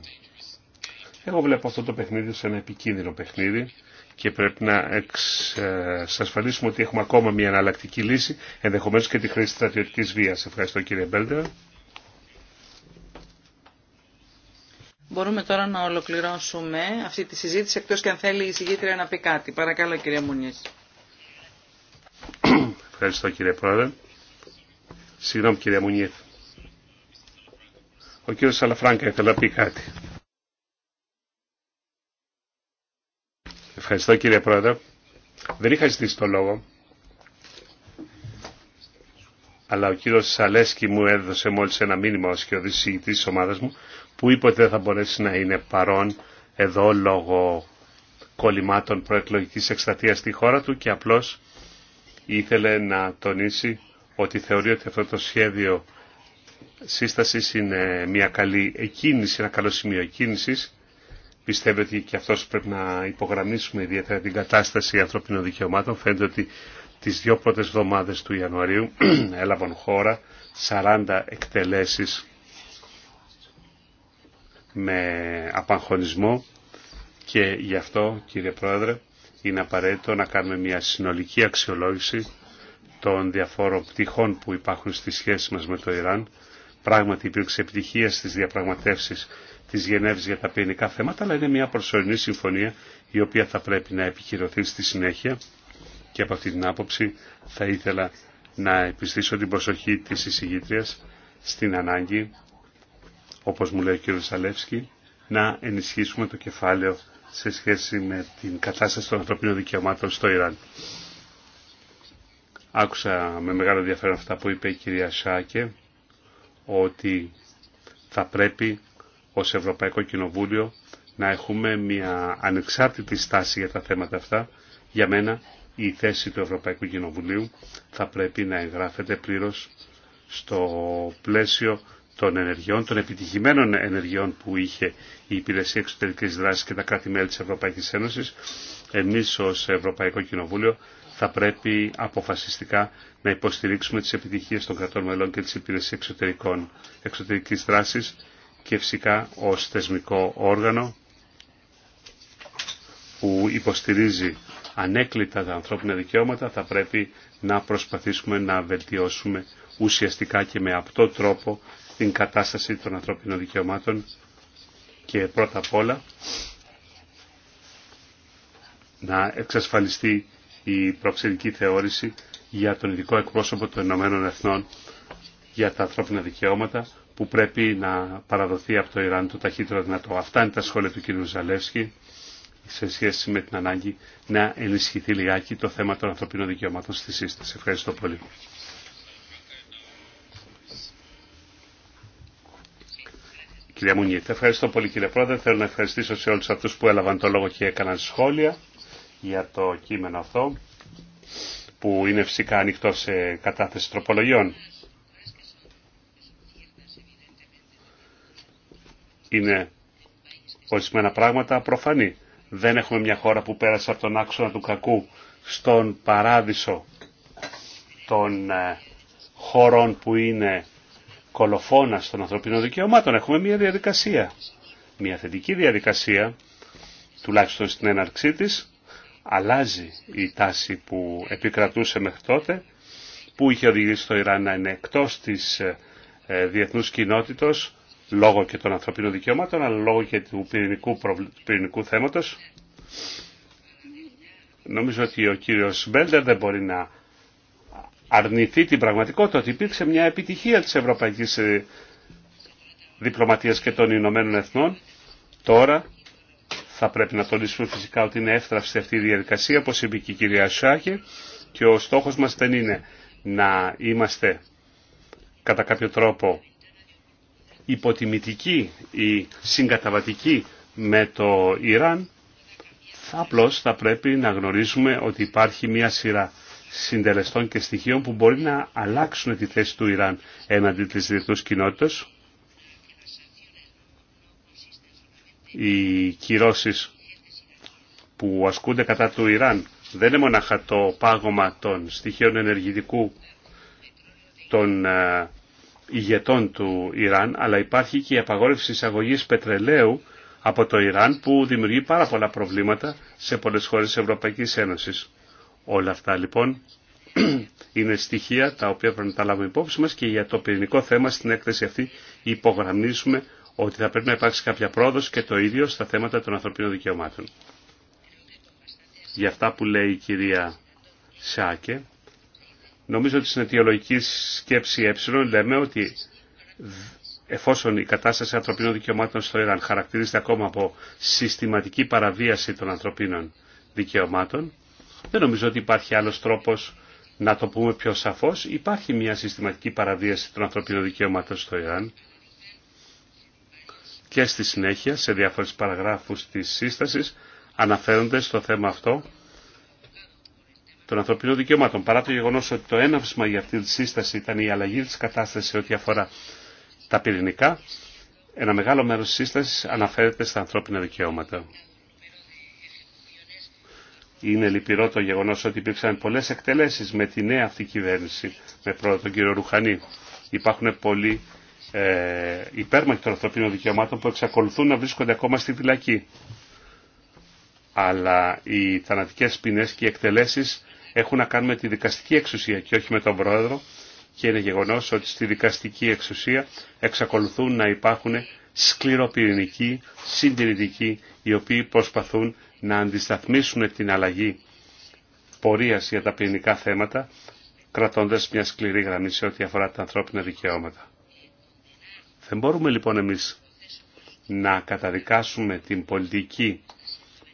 Εγώ βλέπω αυτό το παιχνίδι σαν ένα επικίνδυνο παιχνίδι και πρέπει να εξασφαλίσουμε ότι έχουμε ακόμα μια αναλλακτική λύση, ενδεχομένως και τη χρήση στρατιωτικής βίας. Ευχαριστώ κύριε Μπέλτερ. Μπορούμε τώρα να ολοκληρώσουμε αυτή τη συζήτηση, εκτός και αν θέλει η συγγήτρια να πει κάτι. Παρακαλώ κύριε Μουνιές. Ευχαριστώ κύριε Πρόεδρε. Συγγνώμη κύριε Μουνιέ. Ο κύριος Σαλαφράγκα ήθελε να πει κάτι. Ευχαριστώ κύριε Πρόεδρε. Δεν είχα ζητήσει το λόγο. Αλλά ο κύριος Σαλέσκι μου έδωσε μόλις ένα μήνυμα ως και ο της ομάδας μου που είπε ότι δεν θα μπορέσει να είναι παρόν εδώ λόγω κολλημάτων προεκλογικής εκστατείας στη χώρα του και απλώς ήθελε να τονίσει ότι θεωρεί ότι αυτό το σχέδιο σύστασης είναι μια καλή εκκίνηση, ένα καλό σημείο εκκίνησης Πιστεύω ότι και αυτός πρέπει να υπογραμμίσουμε ιδιαίτερα την κατάσταση ανθρωπίνων δικαιωμάτων. Φαίνεται ότι τις δύο πρώτες εβδομάδες του Ιανουαρίου έλαβαν χώρα 40 εκτελέσεις με απαγχωνισμό και γι' αυτό κύριε Πρόεδρε είναι απαραίτητο να κάνουμε μια συνολική αξιολόγηση των διαφόρων πτυχών που υπάρχουν στη σχέση μας με το Ιράν. Πράγματι υπήρξε επιτυχία στις διαπραγματεύσεις Τη Γενέβη για τα ποινικά θέματα, αλλά είναι μια προσωρινή συμφωνία η οποία θα πρέπει να επιχειρωθεί στη συνέχεια και από αυτή την άποψη θα ήθελα να επιστήσω την προσοχή της εισηγήτριας στην ανάγκη, όπως μου λέει ο κ. Σαλεύσκη, να ενισχύσουμε το κεφάλαιο σε σχέση με την κατάσταση των ανθρωπίνων δικαιωμάτων στο Ιράν. Άκουσα με μεγάλο ενδιαφέρον αυτά που είπε η κυρία Σάκε, ότι θα πρέπει ως Ευρωπαϊκό Κοινοβούλιο να έχουμε μια ανεξάρτητη στάση για τα θέματα αυτά. Για μένα η θέση του Ευρωπαϊκού Κοινοβουλίου θα πρέπει να εγγράφεται πλήρως στο πλαίσιο των ενεργειών, των επιτυχημένων ενεργειών που είχε η Υπηρεσία Εξωτερική Δράση και τα κράτη-μέλη τη Ευρωπαϊκή Ένωση, εμεί ω Ευρωπαϊκό Κοινοβούλιο θα πρέπει αποφασιστικά να υποστηρίξουμε τι επιτυχίε των κρατών μελών και τη Υπηρεσία Εξωτερικών Εξωτερική Δράση και φυσικά ως θεσμικό όργανο που υποστηρίζει ανέκλητα τα ανθρώπινα δικαιώματα θα πρέπει να προσπαθήσουμε να βελτιώσουμε ουσιαστικά και με αυτό τρόπο την κατάσταση των ανθρώπινων δικαιωμάτων και πρώτα απ' όλα να εξασφαλιστεί η προξενική θεώρηση για τον ειδικό εκπρόσωπο των Ηνωμένων Εθνών για τα ανθρώπινα δικαιώματα που πρέπει να παραδοθεί από το Ιράν το ταχύτερο δυνατό. Αυτά είναι τα σχόλια του κ. Ζαλεύσκη σε σχέση με την ανάγκη να ενισχυθεί λιγάκι το θέμα των ανθρωπίνων δικαιωμάτων στη σύσταση. Ευχαριστώ πολύ. Κυρία Μουνίτη, ευχαριστώ πολύ κύριε Πρόεδρε. Θέλω να ευχαριστήσω σε όλους αυτούς που έλαβαν το λόγο και έκαναν σχόλια για το κείμενο αυτό που είναι φυσικά ανοιχτό σε κατάθεση τροπολογιών. είναι ορισμένα πράγματα προφανή. Δεν έχουμε μια χώρα που πέρασε από τον άξονα του κακού στον παράδεισο των ε, χωρών που είναι κολοφόνα των ανθρωπίνων δικαιωμάτων. Έχουμε μια διαδικασία, μια θετική διαδικασία, τουλάχιστον στην έναρξή της, αλλάζει η τάση που επικρατούσε μέχρι τότε, που είχε οδηγήσει το Ιράν να είναι εκτός της ε, ε, διεθνούς κοινότητος, λόγω και των ανθρωπίνων δικαιωμάτων, αλλά λόγω και του πυρηνικού, προβλ... πυρηνικού θέματος. Νομίζω ότι ο κύριος Μπέλτερ δεν μπορεί να αρνηθεί την πραγματικότητα ότι υπήρξε μια επιτυχία της Ευρωπαϊκής ε, Διπλωματίας και των Ηνωμένων Εθνών. Τώρα θα πρέπει να τονίσουμε φυσικά ότι είναι εύθραυστη αυτή η διαδικασία, όπως είπε και η κυρία Σάχη, και ο στόχος μας δεν είναι να είμαστε κατά κάποιο τρόπο υποτιμητική ή συγκαταβατική με το Ιράν, απλώς θα πρέπει να γνωρίζουμε ότι υπάρχει μια σειρά συντελεστών και στοιχείων που μπορεί να αλλάξουν τη θέση του Ιράν έναντι της διεθνούς κοινότητας. Οι κυρώσεις που ασκούνται κατά του Ιράν δεν είναι μονάχα το πάγωμα των στοιχείων ενεργητικού των ε, ηγετών του Ιράν, αλλά υπάρχει και η απαγόρευση εισαγωγή πετρελαίου από το Ιράν που δημιουργεί πάρα πολλά προβλήματα σε πολλές χώρες της Ευρωπαϊκής Ένωσης. Όλα αυτά λοιπόν είναι στοιχεία τα οποία πρέπει να τα λάβουμε υπόψη μας και για το πυρηνικό θέμα στην έκθεση αυτή υπογραμμίζουμε ότι θα πρέπει να υπάρξει κάποια πρόοδος και το ίδιο στα θέματα των ανθρωπίνων δικαιωμάτων. Για αυτά που λέει η κυρία Σάκε, Νομίζω ότι στην αιτιολογική σκέψη ε λέμε ότι εφόσον η κατάσταση ανθρωπίνων δικαιωμάτων στο Ιράν χαρακτηρίζεται ακόμα από συστηματική παραβίαση των ανθρωπίνων δικαιωμάτων, δεν νομίζω ότι υπάρχει άλλος τρόπος να το πούμε πιο σαφώς. Υπάρχει μια συστηματική παραβίαση των ανθρωπίνων δικαιωμάτων στο Ιράν και στη συνέχεια σε διάφορες παραγράφους της σύστασης αναφέρονται στο θέμα αυτό των ανθρωπίνων δικαιωμάτων. Παρά το γεγονό ότι το έναυσμα για αυτή τη σύσταση ήταν η αλλαγή τη κατάσταση σε ό,τι αφορά τα πυρηνικά, ένα μεγάλο μέρο τη σύσταση αναφέρεται στα ανθρώπινα δικαιώματα. Είναι λυπηρό το γεγονό ότι υπήρξαν πολλέ εκτελέσει με τη νέα αυτή κυβέρνηση, με πρώτα τον κύριο Ρουχανή. Υπάρχουν πολλοί ε, υπέρμαχοι των ανθρωπίνων δικαιωμάτων που εξακολουθούν να βρίσκονται ακόμα στη φυλακή. Αλλά οι θανατικές ποινές και οι εκτελέσεις έχουν να κάνουν με τη δικαστική εξουσία και όχι με τον πρόεδρο και είναι γεγονός ότι στη δικαστική εξουσία εξακολουθούν να υπάρχουν σκληροπυρηνικοί, συντηρητικοί, οι οποίοι προσπαθούν να αντισταθμίσουν την αλλαγή πορείας για τα πυρηνικά θέματα, κρατώντας μια σκληρή γραμμή σε ό,τι αφορά τα ανθρώπινα δικαιώματα. Δεν μπορούμε λοιπόν εμείς να καταδικάσουμε την πολιτική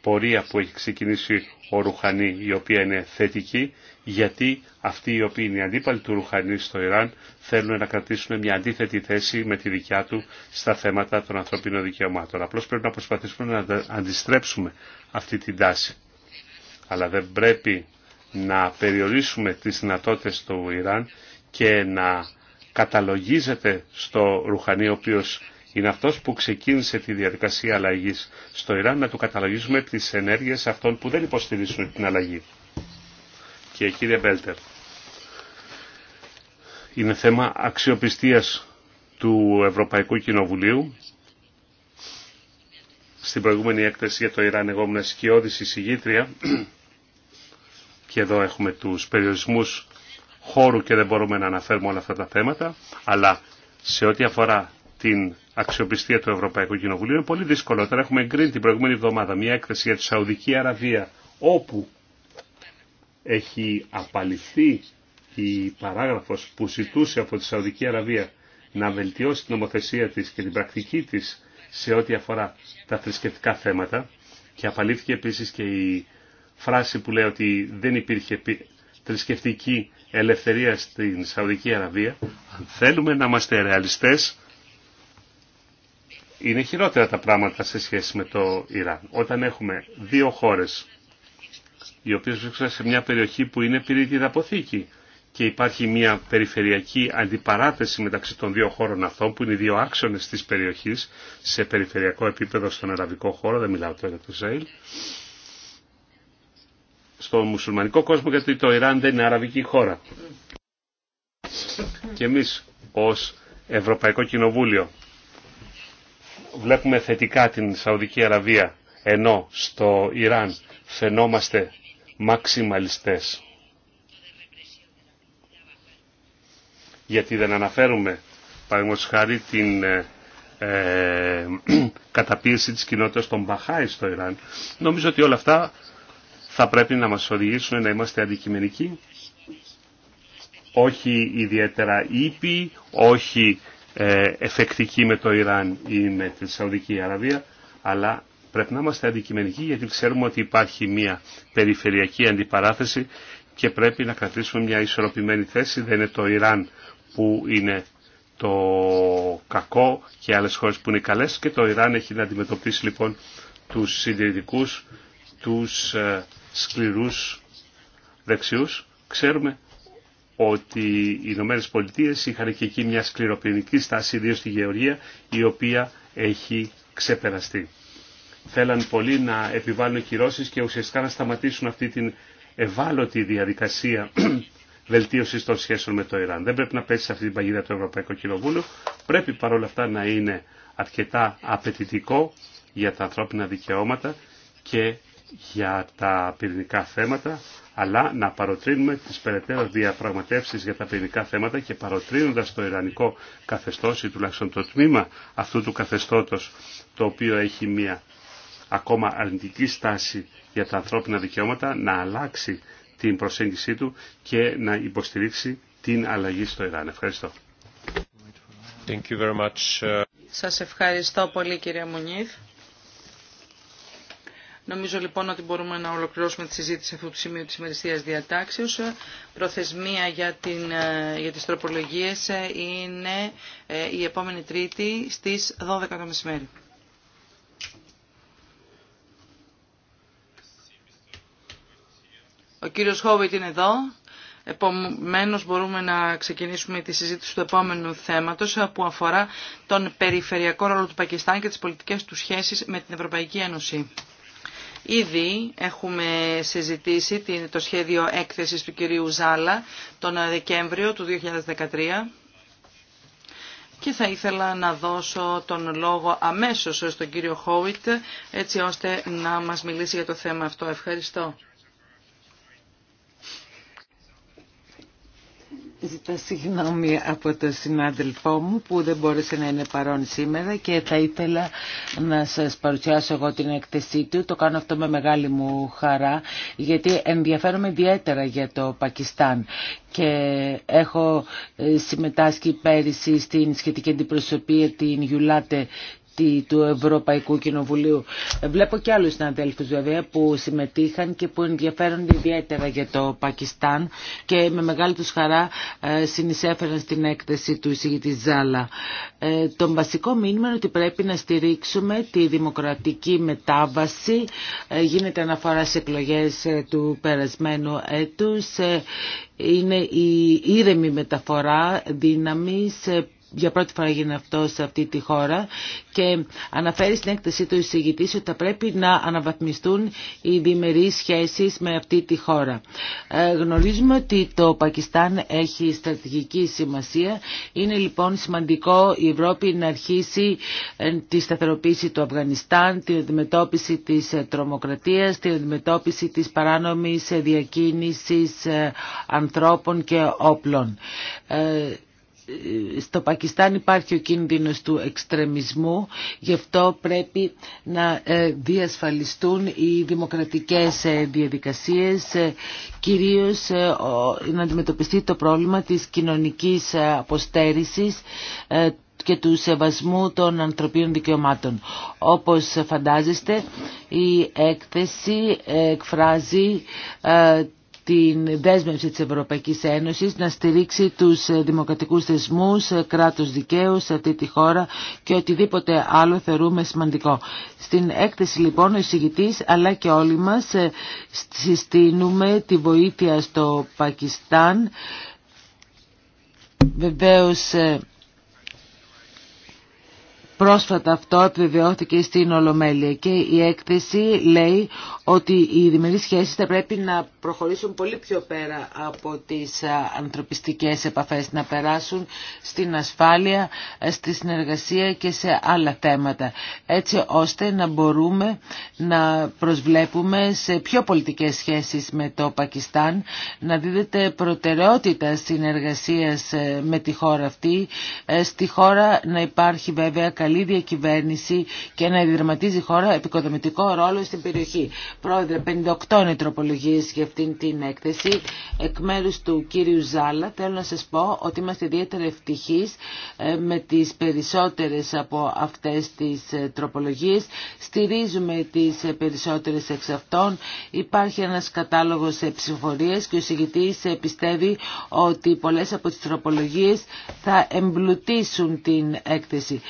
πορεία που έχει ξεκινήσει ο Ρουχανή η οποία είναι θετική γιατί αυτοί οι οποίοι είναι οι αντίπαλοι του Ρουχανί στο Ιράν θέλουν να κρατήσουν μια αντίθετη θέση με τη δικιά του στα θέματα των ανθρωπίνων δικαιωμάτων. Απλώς πρέπει να προσπαθήσουμε να αντιστρέψουμε αυτή την τάση. Αλλά δεν πρέπει να περιορίσουμε τις δυνατότητες του Ιράν και να καταλογίζεται στο Ρουχανή ο οποίος είναι αυτός που ξεκίνησε τη διαδικασία αλλαγής στο Ιράν να του καταλογίζουμε τις ενέργειες αυτών που δεν υποστηρίζουν την αλλαγή. Και κύριε Μπέλτερ, είναι θέμα αξιοπιστίας του Ευρωπαϊκού Κοινοβουλίου. Στην προηγούμενη έκθεση για το Ιράν εγώ ήμουν σκιώδης εισηγήτρια και εδώ έχουμε τους περιορισμούς χώρου και δεν μπορούμε να αναφέρουμε όλα αυτά τα θέματα, αλλά σε ό,τι αφορά την αξιοπιστία του Ευρωπαϊκού Κοινοβουλίου. Είναι πολύ δύσκολο. Τώρα έχουμε εγκρίνει την προηγούμενη εβδομάδα μια έκθεση για τη Σαουδική Αραβία όπου έχει απαλληφθεί η παράγραφος που ζητούσε από τη Σαουδική Αραβία να βελτιώσει την νομοθεσία της και την πρακτική της σε ό,τι αφορά τα θρησκευτικά θέματα και απαλήφθηκε επίσης και η φράση που λέει ότι δεν υπήρχε θρησκευτική ελευθερία στην Σαουδική Αραβία. Αν θέλουμε να είμαστε ρεαλιστές είναι χειρότερα τα πράγματα σε σχέση με το Ιράν. Όταν έχουμε δύο χώρες οι οποίες βρίσκονται σε μια περιοχή που είναι πυρίτιδα αποθήκη και υπάρχει μια περιφερειακή αντιπαράθεση μεταξύ των δύο χώρων αυτών που είναι οι δύο άξονες της περιοχής σε περιφερειακό επίπεδο στον αραβικό χώρο, δεν μιλάω τώρα για το Ισραήλ, στο μουσουλμανικό κόσμο γιατί το Ιράν δεν είναι αραβική χώρα. Και εμείς ως Ευρωπαϊκό Κοινοβούλιο βλέπουμε θετικά την Σαουδική Αραβία, ενώ στο Ιράν φαινόμαστε μαξιμαλιστές. Γιατί δεν αναφέρουμε, παραδείγματος χάρη, την ε, ε, καταπίεση της κοινότητας των Μπαχάη στο Ιράν. Νομίζω ότι όλα αυτά θα πρέπει να μας οδηγήσουν να είμαστε αντικειμενικοί, όχι ιδιαίτερα ήπιοι, όχι ε, εφεκτική με το Ιράν ή με τη Σαουδική Αραβία, αλλά πρέπει να είμαστε αντικειμενικοί γιατί ξέρουμε ότι υπάρχει μια περιφερειακή αντιπαράθεση και πρέπει να κρατήσουμε μια ισορροπημένη θέση. Δεν είναι το Ιράν που είναι το κακό και άλλες χώρες που είναι καλές και το Ιράν έχει να αντιμετωπίσει λοιπόν τους συντηρητικούς, τους ε, σκληρούς δεξιούς. Ξέρουμε ότι οι Ηνωμένε Πολιτείε είχαν και εκεί μια σκληροπυρηνική στάση, ιδίω στη Γεωργία, η οποία έχει ξεπεραστεί. Θέλαν πολλοί να επιβάλλουν κυρώσεις και ουσιαστικά να σταματήσουν αυτή την ευάλωτη διαδικασία βελτίωση των σχέσεων με το Ιράν. Δεν πρέπει να πέσει σε αυτή την παγίδα του Ευρωπαϊκό Κοινοβούλου. Πρέπει παρόλα αυτά να είναι αρκετά απαιτητικό για τα ανθρώπινα δικαιώματα και για τα πυρηνικά θέματα, αλλά να παροτρύνουμε τις περαιτέρω διαπραγματεύσεις για τα ποινικά θέματα και παροτρύνοντας το Ιρανικό καθεστώς ή τουλάχιστον το τμήμα αυτού του καθεστώτος το οποίο έχει μια ακόμα αρνητική στάση για τα ανθρώπινα δικαιώματα να αλλάξει την προσέγγιση του και να υποστηρίξει την αλλαγή στο Ιράν. Ευχαριστώ. Thank uh, Σας ευχαριστώ πολύ κύριε Μουνίθ. Νομίζω λοιπόν ότι μπορούμε να ολοκληρώσουμε τη συζήτηση αυτού του σημείου της μεριστείας διατάξεως. Προθεσμία για, την, ε, για τις τροπολογίες ε, είναι ε, η επόμενη Τρίτη στις 12 το μεσημέρι. Ο κύριος Χόβιτ είναι εδώ. Επομένω μπορούμε να ξεκινήσουμε τη συζήτηση του επόμενου θέματο που αφορά τον περιφερειακό ρόλο του Πακιστάν και τι πολιτικέ του σχέσει με την Ευρωπαϊκή Ένωση. Ήδη έχουμε συζητήσει το σχέδιο έκθεσης του κυρίου Ζάλα τον Δεκέμβριο του 2013 και θα ήθελα να δώσω τον λόγο αμέσως στον κύριο Χόουιτ έτσι ώστε να μας μιλήσει για το θέμα αυτό. Ευχαριστώ. Ζητά συγγνώμη από τον συνάδελφό μου που δεν μπόρεσε να είναι παρόν σήμερα και θα ήθελα να σας παρουσιάσω εγώ την εκθεσή του. Το κάνω αυτό με μεγάλη μου χαρά γιατί ενδιαφέρομαι ιδιαίτερα για το Πακιστάν και έχω ε, συμμετάσχει πέρυσι στην σχετική αντιπροσωπεία την Γιουλάτε του Ευρωπαϊκού Κοινοβουλίου. Βλέπω και άλλους συναδέλφους βέβαια που συμμετείχαν και που ενδιαφέρονται ιδιαίτερα για το Πακιστάν και με μεγάλη τους χαρά ε, συνεισέφεραν στην έκθεση του εισηγητή Ζάλα. Ε, το βασικό μήνυμα είναι ότι πρέπει να στηρίξουμε τη δημοκρατική μετάβαση. Ε, γίνεται αναφορά σε εκλογές του περασμένου έτους. Είναι η ήρεμη μεταφορά δύναμης για πρώτη φορά γίνει αυτό σε αυτή τη χώρα και αναφέρει στην έκθεσή του εισηγητή ότι θα πρέπει να αναβαθμιστούν οι διμερείς σχέσεις με αυτή τη χώρα. Ε, γνωρίζουμε ότι το Πακιστάν έχει στρατηγική σημασία. Είναι λοιπόν σημαντικό η Ευρώπη να αρχίσει ε, τη σταθεροποίηση του Αφγανιστάν, την αντιμετώπιση της ε, τρομοκρατίας, την αντιμετώπιση της παράνομης διακίνησης ανθρώπων και όπλων στο Πακιστάν υπάρχει ο κίνδυνος του εξτρεμισμού, γι' αυτό πρέπει να ε, διασφαλιστούν οι δημοκρατικές ε, διαδικασίες, ε, κυρίως να αντιμετωπιστεί το πρόβλημα της κοινωνικής αποστέρησης, και του σεβασμού των ανθρωπίνων δικαιωμάτων. Όπως φαντάζεστε, η έκθεση εκφράζει την δέσμευση της Ευρωπαϊκής Ένωσης να στηρίξει τους δημοκρατικούς θεσμούς, κράτος δικαίου σε αυτή τη χώρα και οτιδήποτε άλλο θεωρούμε σημαντικό. Στην έκθεση λοιπόν ο εισηγητής αλλά και όλοι μας ε, συστήνουμε τη βοήθεια στο Πακιστάν. Βεβαίως ε, Πρόσφατα αυτό επιβεβαιώθηκε στην Ολομέλεια και η έκθεση λέει ότι οι διμερείς σχέσεις θα πρέπει να προχωρήσουν πολύ πιο πέρα από τις ανθρωπιστικές επαφές, να περάσουν στην ασφάλεια, στη συνεργασία και σε άλλα θέματα, έτσι ώστε να μπορούμε να προσβλέπουμε σε πιο πολιτικές σχέσεις με το Πακιστάν, να δίδεται προτεραιότητα συνεργασίας ε, με τη χώρα αυτή, ε, στη χώρα να υπάρχει βέβαια καλή διακυβέρνηση και να διδραματίζει χώρα επικοδομητικό ρόλο στην περιοχή. Πρόεδρε, 58 είναι τροπολογίες για αυτήν την έκθεση. Εκ μέρους του κύριου Ζάλα θέλω να σας πω ότι είμαστε ιδιαίτερα ευτυχείς ε, με τις περισσότερες από αυτές τις ε, τροπολογίες. Στηρίζουμε τις ε, περισσότερες εξ αυτών. Υπάρχει ένας κατάλογος ψηφορίας και ο συγκητής πιστεύει ότι πολλές από τις τροπολογίες θα εμπλουτίσουν την έκθεση.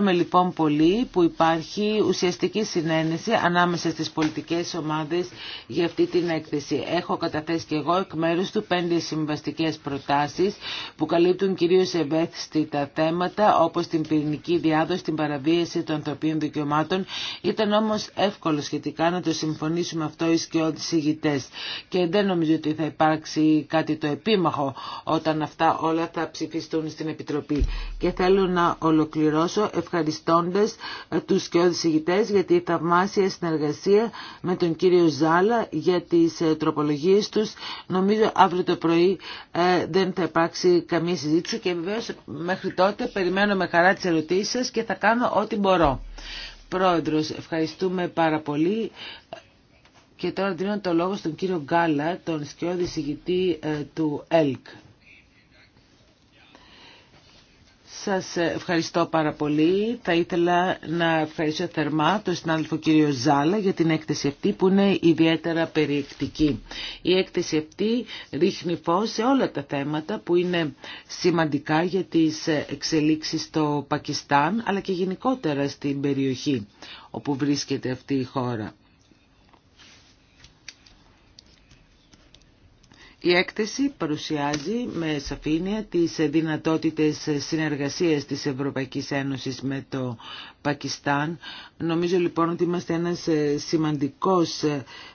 Χαίρομαι λοιπόν πολύ που υπάρχει ουσιαστική συνένεση ανάμεσα στις πολιτικές ομάδες για αυτή την έκθεση. Έχω καταθέσει και εγώ εκ μέρου του πέντε συμβαστικέ προτάσεις που καλύπτουν κυρίως ευαίσθητα θέματα όπως την πυρηνική διάδοση, την παραβίαση των ανθρωπίνων δικαιωμάτων. Ήταν όμως εύκολο σχετικά να το συμφωνήσουμε αυτό οι σκιώδεις ηγητές. Και δεν νομίζω ότι θα υπάρξει κάτι το επίμαχο όταν αυτά όλα θα ψηφιστούν στην Επιτροπή. Και θέλω να ολοκληρώσω ευχαριστώντας ε, τους και ηγητές για τη θαυμάσια συνεργασία με τον κύριο Ζάλα για τις ε, τροπολογίες τους. Νομίζω αύριο το πρωί ε, δεν θα υπάρξει καμία συζήτηση και βεβαίως μέχρι τότε περιμένω με χαρά τις ερωτήσεις σας και θα κάνω ό,τι μπορώ. Πρόεδρος, ευχαριστούμε πάρα πολύ. Και τώρα δίνω το λόγο στον κύριο Γκάλα, τον σκιώδη συγητή του ΕΛΚ. Σας ευχαριστώ πάρα πολύ. Θα ήθελα να ευχαριστώ θερμά τον συνάδελφο κύριο Ζάλα για την έκθεση αυτή που είναι ιδιαίτερα περιεκτική. Η έκθεση αυτή ρίχνει φως σε όλα τα θέματα που είναι σημαντικά για τις εξελίξεις στο Πακιστάν αλλά και γενικότερα στην περιοχή όπου βρίσκεται αυτή η χώρα. Η έκθεση παρουσιάζει με σαφήνεια τις δυνατότητες συνεργασίας της Ευρωπαϊκής Ένωσης με το Πακιστάν. Νομίζω λοιπόν ότι είμαστε ένας σημαντικός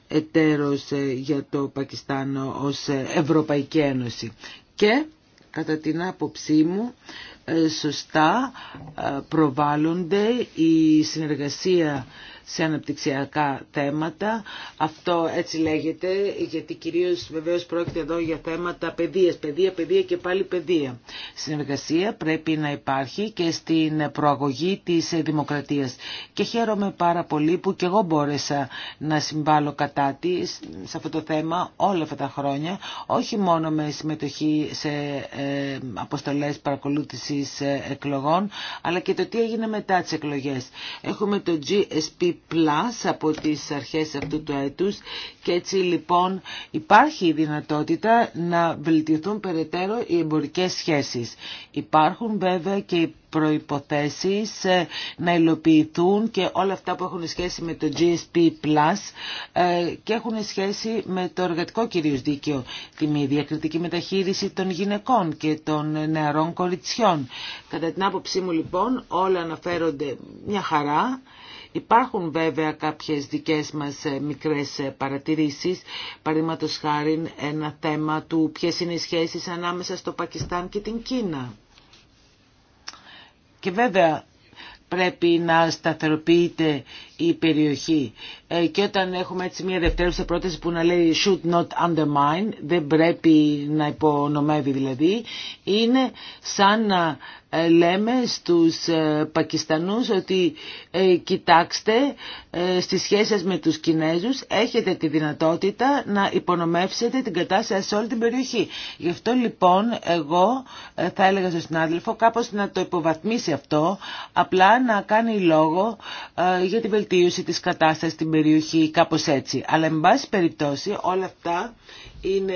εταίρος για το Πακιστάν ως Ευρωπαϊκή Ένωση. Και κατά την άποψή μου ε, σωστά ε, προβάλλονται η συνεργασία σε αναπτυξιακά θέματα. Αυτό έτσι λέγεται γιατί κυρίως βεβαίως πρόκειται εδώ για θέματα παιδείας, παιδεία, παιδεία και πάλι παιδεία. Συνεργασία πρέπει να υπάρχει και στην προαγωγή της δημοκρατίας. Και χαίρομαι πάρα πολύ που και εγώ μπόρεσα να συμβάλλω κατά τη σε αυτό το θέμα όλα αυτά τα χρόνια, όχι μόνο με συμμετοχή σε ε, αποστολές παρακολούθησης ε, εκλογών, αλλά και το τι έγινε μετά τις εκλογές. Έχουμε το GSP από τις αρχές αυτού του έτους και έτσι λοιπόν υπάρχει η δυνατότητα να βελτιωθούν περαιτέρω οι εμπορικές σχέσεις. Υπάρχουν βέβαια και οι προϋποθέσεις ε, να υλοποιηθούν και όλα αυτά που έχουν σχέση με το GSP Plus ε, και έχουν σχέση με το εργατικό κυρίως δίκαιο, τη μη διακριτική μεταχείριση των γυναικών και των νεαρών κοριτσιών. Κατά την άποψή μου λοιπόν όλα αναφέρονται μια χαρά Υπάρχουν βέβαια κάποιες δικές μας ε, μικρές ε, παρατηρήσεις, παραδείγματο χάρη ένα θέμα του ποιες είναι οι σχέσεις ανάμεσα στο Πακιστάν και την Κίνα. Και βέβαια πρέπει να σταθεροποιείται η περιοχή. Ε, και όταν έχουμε έτσι μια δευτερεύουσα πρόταση που να λέει should not undermine, δεν πρέπει να υπονομεύει δηλαδή, είναι σαν να ε, λέμε στους ε, Πακιστανούς ότι κοιτάξτε στις σχέσεις με τους Κινέζους έχετε τη δυνατότητα να υπονομεύσετε την κατάσταση σε όλη την περιοχή. Γι' αυτό λοιπόν εγώ θα έλεγα στον συνάδελφο κάπως να το υποβαθμίσει αυτό, απλά να κάνει λόγο για την βελτίωση της κατάστασης στην περιοχή, κάπως έτσι. Αλλά, εν πάση περιπτώσει, όλα αυτά είναι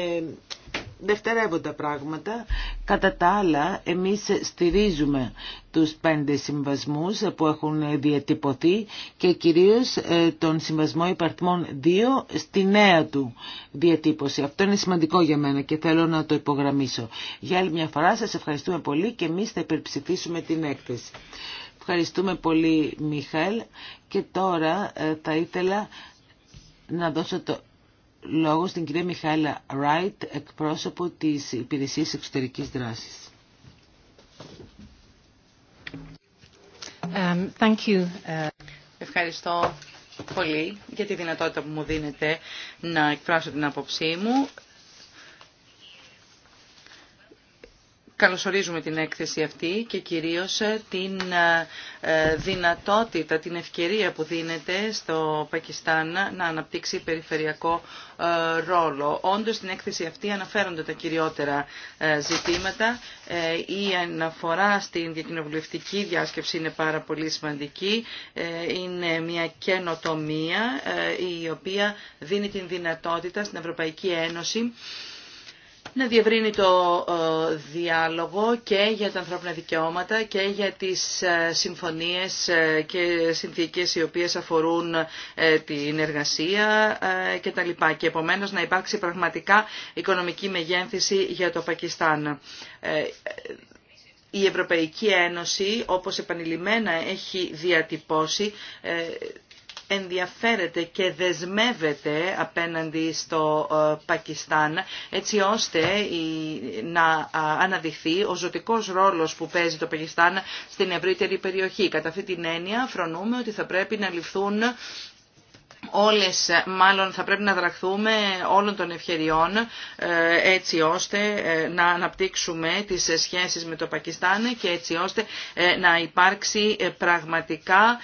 δευτερεύοντα πράγματα. Κατά τα άλλα, εμείς στηρίζουμε τους πέντε συμβασμούς που έχουν διατυπωθεί και κυρίως ε, τον συμβασμό υπαρθμών 2 στη νέα του διατύπωση. Αυτό είναι σημαντικό για μένα και θέλω να το υπογραμμίσω. Για άλλη μια φορά σας ευχαριστούμε πολύ και εμείς θα υπερψηφίσουμε την έκθεση. Ευχαριστούμε πολύ Μιχαήλ. Και τώρα ε, θα ήθελα να δώσω το λόγο στην κυρία Μιχάλα Ράιτ, εκπρόσωπο της Υπηρεσίας Εξωτερικής Δράσης. Um, uh, Ευχαριστώ πολύ για τη δυνατότητα που μου δίνετε να εκφράσω την άποψή μου. Καλωσορίζουμε την έκθεση αυτή και κυρίως ε, την ε, ε, δυνατότητα, την ευκαιρία που δίνεται στο Πακιστάν να αναπτύξει περιφερειακό ρόλο. Όντως στην έκθεση αυτή αναφέρονται τα κυριότερα ζητήματα. Η αναφορά στην διακοινοβουλευτική διάσκεψη είναι πάρα πολύ σημαντική. Είναι μια καινοτομία η οποία δίνει την δυνατότητα στην Ευρωπαϊκή Ένωση να διευρύνει το ε, διάλογο και για τα ανθρώπινα δικαιώματα και για τις ε, συμφωνίες ε, και συνθήκες οι οποίες αφορούν την εργασία και τα λοιπά. Και επομένως να υπάρξει πραγματικά οικονομική μεγένθηση για το Πακιστάν. Η Ευρωπαϊκή Ένωση, όπως επανειλημμένα έχει διατυπώσει, ενδιαφέρεται και δεσμεύεται απέναντι στο ε, Πακιστάν έτσι ώστε να αναδειχθεί ο ζωτικός ρόλος που παίζει το Πακιστάν στην ευρύτερη περιοχή. Κατά αυτή την έννοια φρονούμε ότι θα πρέπει να ληφθούν όλες μάλλον θα πρέπει να δραχθούμε όλων των ευκαιριών ε, έτσι ώστε ε, να αναπτύξουμε τις σχέσεις με το Πακιστάν και έτσι ώστε ε, να υπάρξει πραγματικά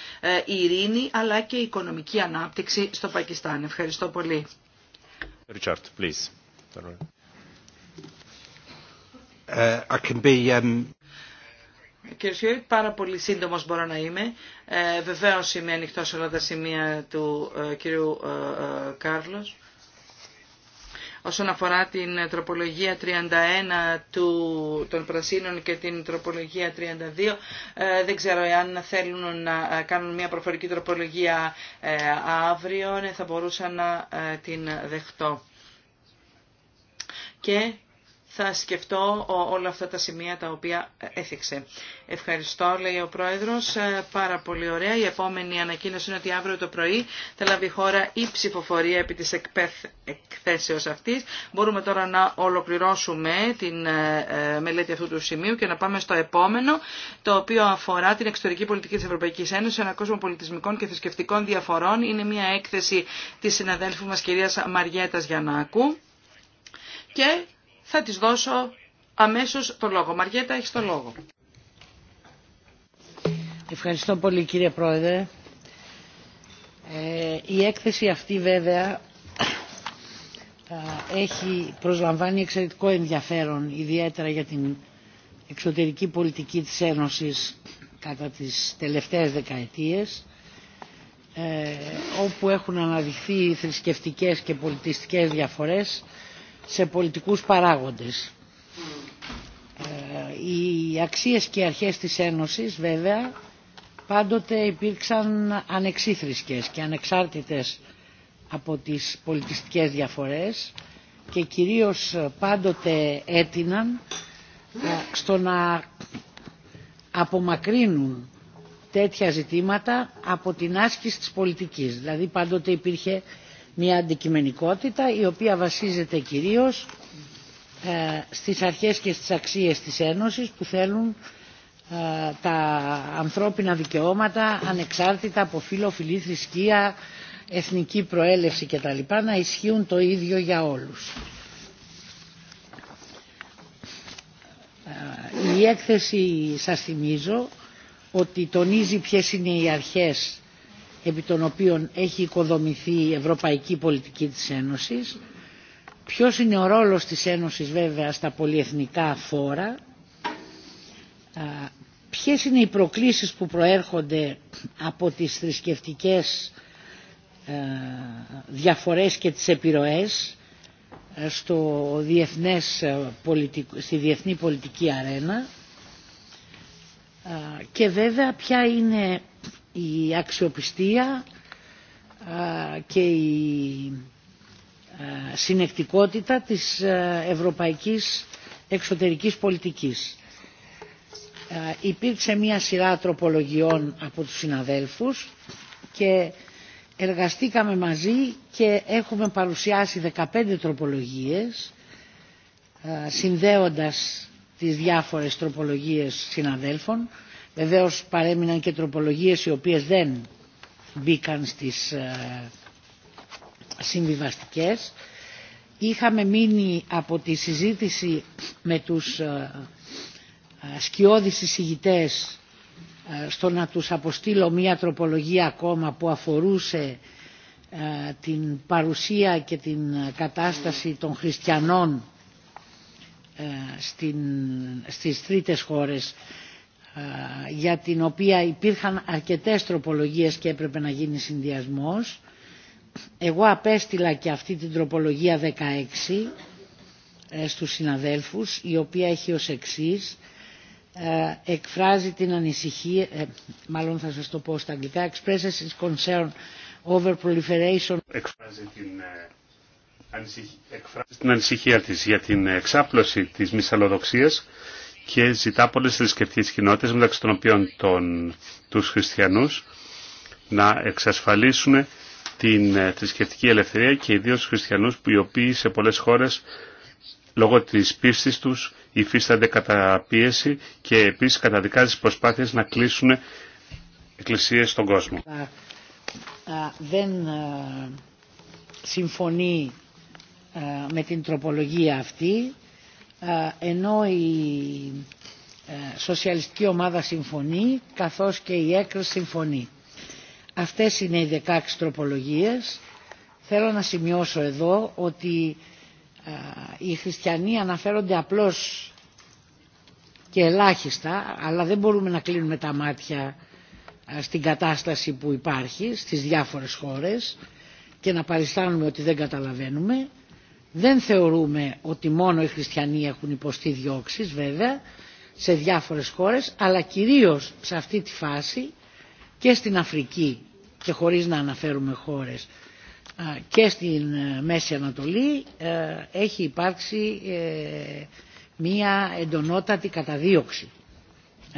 ειρήνη αλλά και οικονομική ανάπτυξη στο Πακιστάν. Ευχαριστώ πολύ. Richard, um, Κύριε Σιώη, πάρα πολύ σύντομος μπορώ να είμαι. Ε, βεβαίως είμαι ανοιχτό σε όλα τα σημεία του ε, κύριου ε, ε, Κάρλος. Όσον αφορά την τροπολογία 31 του, των Πρασίνων και την τροπολογία 32, ε, δεν ξέρω αν θέλουν να κάνουν μια προφορική τροπολογία αύριο, ναι, θα μπορούσα να την δεχτώ. Και θα σκεφτώ όλα αυτά τα σημεία τα οποία έθιξε. Ευχαριστώ, λέει ο Πρόεδρος. Ε, πάρα πολύ ωραία. Η επόμενη ανακοίνωση είναι ότι αύριο το πρωί θα λάβει η χώρα η ψηφοφορία επί της εκθέσεως αυτής. Μπορούμε τώρα να ολοκληρώσουμε την ε, ε, μελέτη αυτού του σημείου και να πάμε στο επόμενο, το οποίο αφορά την εξωτερική πολιτική της Ευρωπαϊκής Ένωσης, ένα κόσμο πολιτισμικών και θρησκευτικών διαφορών. Είναι μια έκθεση της συναδέλφου μας κυρίας Μαριέτας Γιαννάκου. Και θα της δώσω αμέσως το λόγο. Μαριέτα, έχει το λόγο. Ευχαριστώ πολύ κύριε Πρόεδρε. Ε, η έκθεση αυτή βέβαια ε, έχει προσλαμβάνει εξαιρετικό ενδιαφέρον ιδιαίτερα για την εξωτερική πολιτική της Ένωσης κατά τις τελευταίες δεκαετίες ε, όπου έχουν αναδειχθεί θρησκευτικές και πολιτιστικές διαφορές σε πολιτικούς παράγοντες. Ε, οι αξίες και οι αρχές της Ένωσης βέβαια πάντοτε υπήρξαν ανεξίθρησκες και ανεξάρτητες από τις πολιτιστικές διαφορές και κυρίως πάντοτε έτειναν ε, στο να απομακρύνουν τέτοια ζητήματα από την άσκηση της πολιτικής. Δηλαδή πάντοτε υπήρχε μια αντικειμενικότητα η οποία βασίζεται κυρίως ε, στις αρχές και στις αξίες της Ένωσης που θέλουν ε, τα ανθρώπινα δικαιώματα ανεξάρτητα από φύλλο, φιλή, θρησκεία, εθνική προέλευση κτλ. να ισχύουν το ίδιο για όλους. Ε, η έκθεση σας θυμίζω ότι τονίζει ποιες είναι οι αρχές επί των οποίων έχει οικοδομηθεί η ευρωπαϊκή πολιτική της Ένωσης. Ποιος είναι ο ρόλος της Ένωσης βέβαια στα πολυεθνικά φόρα. Ποιες είναι οι προκλήσεις που προέρχονται από τις θρησκευτικές ε, διαφορές και τις επιρροές ε, στο διεθνές, ε, στη διεθνή πολιτική αρένα και βέβαια ποια είναι η αξιοπιστία και η συνεκτικότητα της ευρωπαϊκής εξωτερικής πολιτικής. Υπήρξε μία σειρά τροπολογιών από τους συναδέλφους και εργαστήκαμε μαζί και έχουμε παρουσιάσει 15 τροπολογίες συνδέοντας τις διάφορες τροπολογίες συναδέλφων Βεβαίως παρέμειναν και τροπολογίες οι οποίες δεν μπήκαν στις ε, συμβιβαστικές. Είχαμε μείνει από τη συζήτηση με τους ε, ε, σκιώδεις εισηγητές στο να τους αποστείλω μία τροπολογία ακόμα που αφορούσε την παρουσία και την κατάσταση των χριστιανών στις τρίτες χώρες ε, για την οποία υπήρχαν αρκετές τροπολογίες και έπρεπε να γίνει συνδυασμός. Εγώ απέστειλα και αυτή την τροπολογία 16 ε, στους συναδέλφους, η οποία έχει ως εξής ε, εκφράζει την ανησυχία, μάλλον θα σας το πω στα αγγλικά, expresses its concern over proliferation. Εκφράζει την, ανησυχία, εκφράζει την ανησυχία της για την εξάπλωση της μυσαλλοδοξίας και ζητά πολλέ θρησκευτικέ κοινότητε μεταξύ των οποίων τον, τους χριστιανούς να εξασφαλίσουν την ε, θρησκευτική ελευθερία και ιδίως χριστιανούς που οι οποίοι σε πολλές χώρες λόγω της πίστης τους υφίστανται κατά πίεση και επίσης καταδικάζει τις προσπάθειες να κλείσουν εκκλησίες στον κόσμο. Ε, ε, δεν συμφωνεί με την τροπολογία αυτή ε, ενώ η ε, σοσιαλιστική ομάδα συμφωνεί καθώς και η Έκρες συμφωνεί. Αυτές είναι οι 16 τροπολογίες. Θέλω να σημειώσω εδώ ότι ε, οι χριστιανοί αναφέρονται απλώς και ελάχιστα, αλλά δεν μπορούμε να κλείνουμε τα μάτια στην κατάσταση που υπάρχει στις διάφορες χώρες και να παριστάνουμε ότι δεν καταλαβαίνουμε. Δεν θεωρούμε ότι μόνο οι χριστιανοί έχουν υποστεί διώξεις βέβαια σε διάφορες χώρες αλλά κυρίως σε αυτή τη φάση και στην Αφρική και χωρίς να αναφέρουμε χώρες και στην ε, Μέση Ανατολή ε, έχει υπάρξει ε, μία εντονότατη καταδίωξη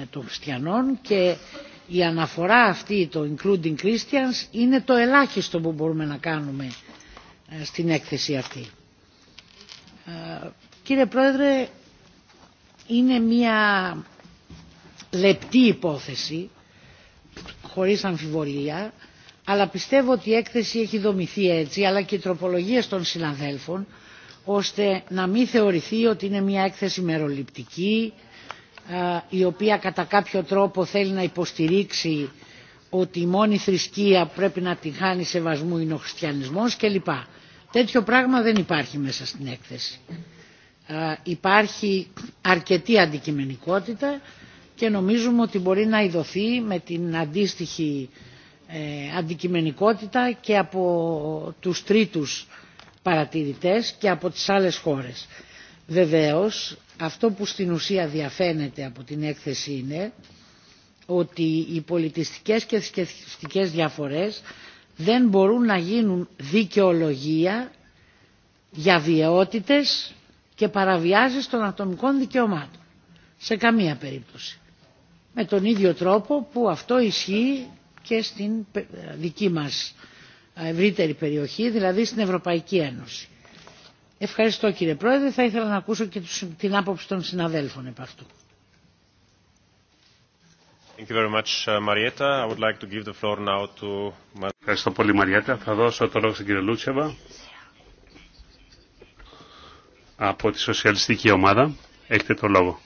των χριστιανών και η αναφορά αυτή το Including Christians είναι το ελάχιστο που μπορούμε να κάνουμε στην έκθεση αυτή. Κύριε Πρόεδρε, είναι μια λεπτή υπόθεση, χωρίς αμφιβολία, αλλά πιστεύω ότι η έκθεση έχει δομηθεί έτσι, αλλά και οι τροπολογίες των συναδέλφων, ώστε να μην θεωρηθεί ότι είναι μια έκθεση μεροληπτική, η οποία κατά κάποιο τρόπο θέλει να υποστηρίξει ότι η μόνη θρησκεία πρέπει να την χάνει σεβασμού είναι ο χριστιανισμός κλπ. Τέτοιο πράγμα δεν υπάρχει μέσα στην έκθεση. Υπάρχει αρκετή αντικειμενικότητα και νομίζουμε ότι μπορεί να ειδωθεί με την αντίστοιχη ε, αντικειμενικότητα και από τους τρίτους παρατηρητές και από τις άλλες χώρες. Βεβαίως, αυτό που στην ουσία διαφαίνεται από την έκθεση είναι ότι οι πολιτιστικές και θρησκευτικέ διαφορές δεν μπορούν να γίνουν δικαιολογία για βιαιότητες και παραβιάζεις των ατομικών δικαιωμάτων. Σε καμία περίπτωση. Με τον ίδιο τρόπο που αυτό ισχύει και στην δική μας ευρύτερη περιοχή, δηλαδή στην Ευρωπαϊκή Ένωση. Ευχαριστώ κύριε Πρόεδρε. Θα ήθελα να ακούσω και την άποψη των συναδέλφων επ' αυτού. Ευχαριστώ πολύ Μαριέτα. Θα δώσω το λόγο στην κύριε Λούτσεβα από τη Σοσιαλιστική Ομάδα. Έχετε το λόγο.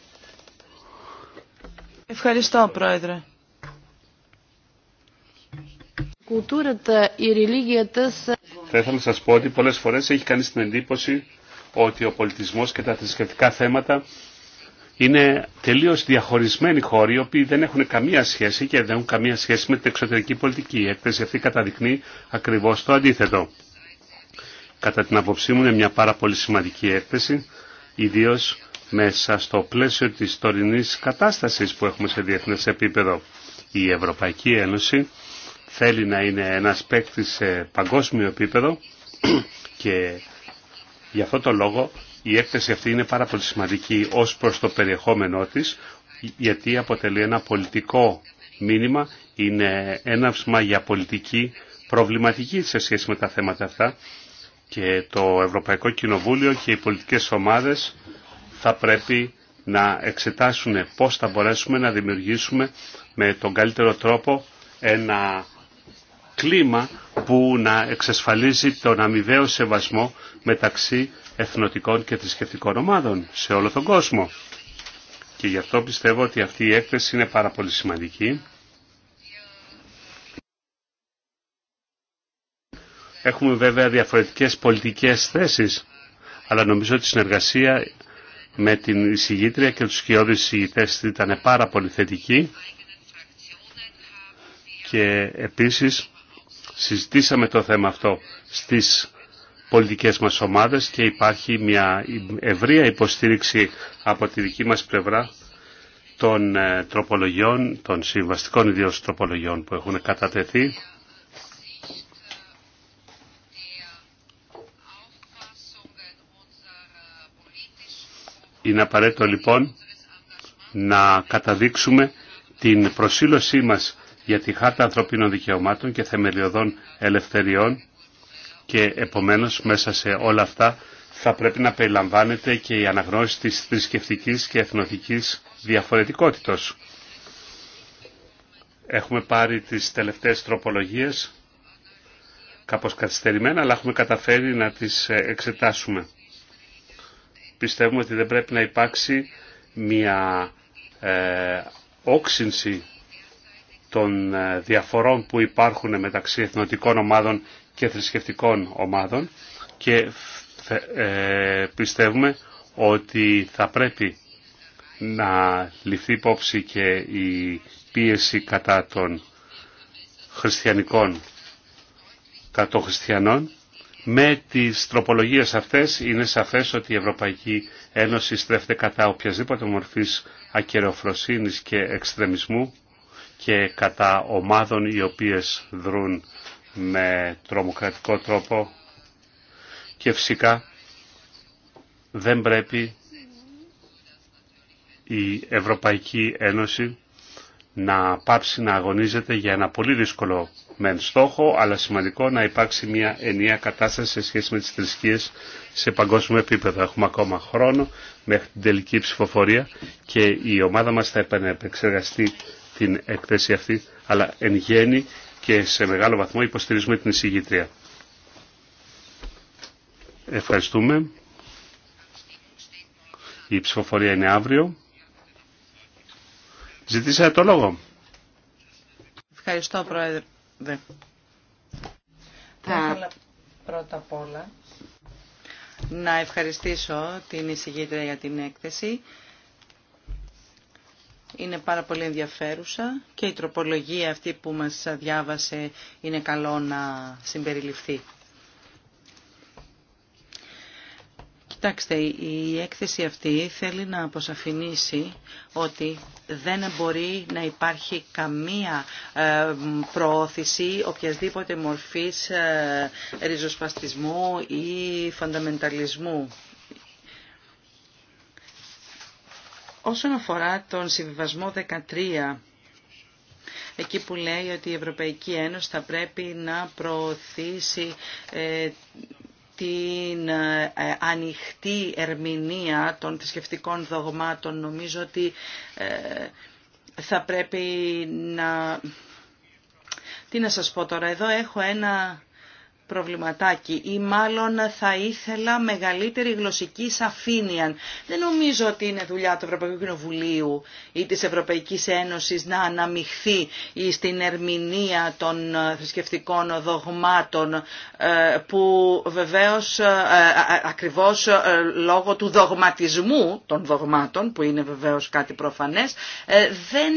Ευχαριστώ Πρόεδρε. Θα ήθελα να σας πω ότι πολλές φορές έχει κανείς την εντύπωση ότι ο πολιτισμός και τα θρησκευτικά θέματα είναι τελείως διαχωρισμένοι χώροι, οι οποίοι δεν έχουν καμία σχέση και δεν έχουν καμία σχέση με την εξωτερική πολιτική. Η έκθεση αυτή καταδεικνύει ακριβώς το αντίθετο. Κατά την απόψή μου είναι μια πάρα πολύ σημαντική έκθεση, ιδίως μέσα στο πλαίσιο της τωρινή κατάστασης που έχουμε σε διεθνές επίπεδο. Η Ευρωπαϊκή Ένωση θέλει να είναι ένα παίκτη σε παγκόσμιο επίπεδο και γι' αυτό το λόγο η έκθεση αυτή είναι πάρα πολύ σημαντική ως προς το περιεχόμενό της, γιατί αποτελεί ένα πολιτικό μήνυμα, είναι έναυσμα για πολιτική προβληματική σε σχέση με τα θέματα αυτά και το Ευρωπαϊκό Κοινοβούλιο και οι πολιτικές ομάδες θα πρέπει να εξετάσουν πώς θα μπορέσουμε να δημιουργήσουμε με τον καλύτερο τρόπο ένα κλίμα που να εξασφαλίζει τον αμοιβαίο σεβασμό μεταξύ εθνοτικών και θρησκευτικών ομάδων σε όλο τον κόσμο. Και γι' αυτό πιστεύω ότι αυτή η έκθεση είναι πάρα πολύ σημαντική. Έχουμε βέβαια διαφορετικές πολιτικές θέσεις, αλλά νομίζω ότι η συνεργασία με την εισηγήτρια και τους κοιόδης εισηγητές ήταν πάρα πολύ θετική και επίσης συζητήσαμε το θέμα αυτό στις πολιτικές μας ομάδες και υπάρχει μια ευρεία υποστήριξη από τη δική μας πλευρά των ε, τροπολογιών, των συμβαστικών ιδίω τροπολογιών που έχουν κατατεθεί. Είναι απαραίτητο λοιπόν να καταδείξουμε την προσήλωσή μας για τη Χάρτα Ανθρωπίνων Δικαιωμάτων και Θεμελιωδών Ελευθεριών και επομένως μέσα σε όλα αυτά θα πρέπει να περιλαμβάνεται και η αναγνώριση της θρησκευτική και εθνοτικής διαφορετικότητος. Έχουμε πάρει τις τελευταίες τροπολογίες, κάπως καθυστερημένα, αλλά έχουμε καταφέρει να τις ε, εξετάσουμε. Πιστεύουμε ότι δεν πρέπει να υπάρξει μια ε, όξυνση των ε, διαφορών που υπάρχουν μεταξύ εθνοτικών ομάδων και θρησκευτικών ομάδων και ε, πιστεύουμε ότι θα πρέπει να ληφθεί υπόψη και η πίεση κατά των χριστιανικών, κατά των χριστιανών. Με τις τροπολογίες αυτές είναι σαφές ότι η Ευρωπαϊκή Ένωση στρέφεται κατά οποιασδήποτε μορφής ακεροφροσύνης και εξτρεμισμού και κατά ομάδων οι οποίες δρούν με τρομοκρατικό τρόπο και φυσικά δεν πρέπει η Ευρωπαϊκή Ένωση να πάψει να αγωνίζεται για ένα πολύ δύσκολο μεν στόχο, αλλά σημαντικό να υπάρξει μια ενιαία κατάσταση σε σχέση με τις θρησκείες σε παγκόσμιο επίπεδο. Έχουμε ακόμα χρόνο μέχρι την τελική ψηφοφορία και η ομάδα μας θα επανεπεξεργαστεί την έκθεση αυτή, αλλά εν γέννη και σε μεγάλο βαθμό υποστηρίζουμε την εισηγήτρια. Ευχαριστούμε. Η ψηφοφορία είναι αύριο. Ζητήσατε το λόγο. Ευχαριστώ, Πρόεδρε. Θα ήθελα πρώτα απ' όλα να ευχαριστήσω την εισηγήτρια για την έκθεση είναι πάρα πολύ ενδιαφέρουσα και η τροπολογία αυτή που μας διάβασε είναι καλό να συμπεριληφθεί. Κοιτάξτε, η έκθεση αυτή θέλει να αποσαφηνίσει ότι δεν μπορεί να υπάρχει καμία ε, προώθηση οποιασδήποτε μορφής ε, ριζοσπαστισμού ή φανταμενταλισμού. Όσον αφορά τον συμβιβασμό 13, εκεί που λέει ότι η Ευρωπαϊκή Ένωση θα πρέπει να προωθήσει ε, την ε, ανοιχτή ερμηνεία των θρησκευτικών δογμάτων, νομίζω ότι ε, θα πρέπει να... Τι να σας πω τώρα, εδώ έχω ένα προβληματάκι ή μάλλον θα ήθελα μεγαλύτερη γλωσσική σαφήνεια. Δεν νομίζω ότι είναι δουλειά του Ευρωπαϊκού Κοινοβουλίου ή της Ευρωπαϊκής Ένωσης να αναμειχθεί στην ερμηνεία των ε, θρησκευτικών δογμάτων ε, που βεβαίως ε, ακριβώς λόγω του δογματισμού των δογμάτων που είναι βεβαίως κάτι προφανές δεν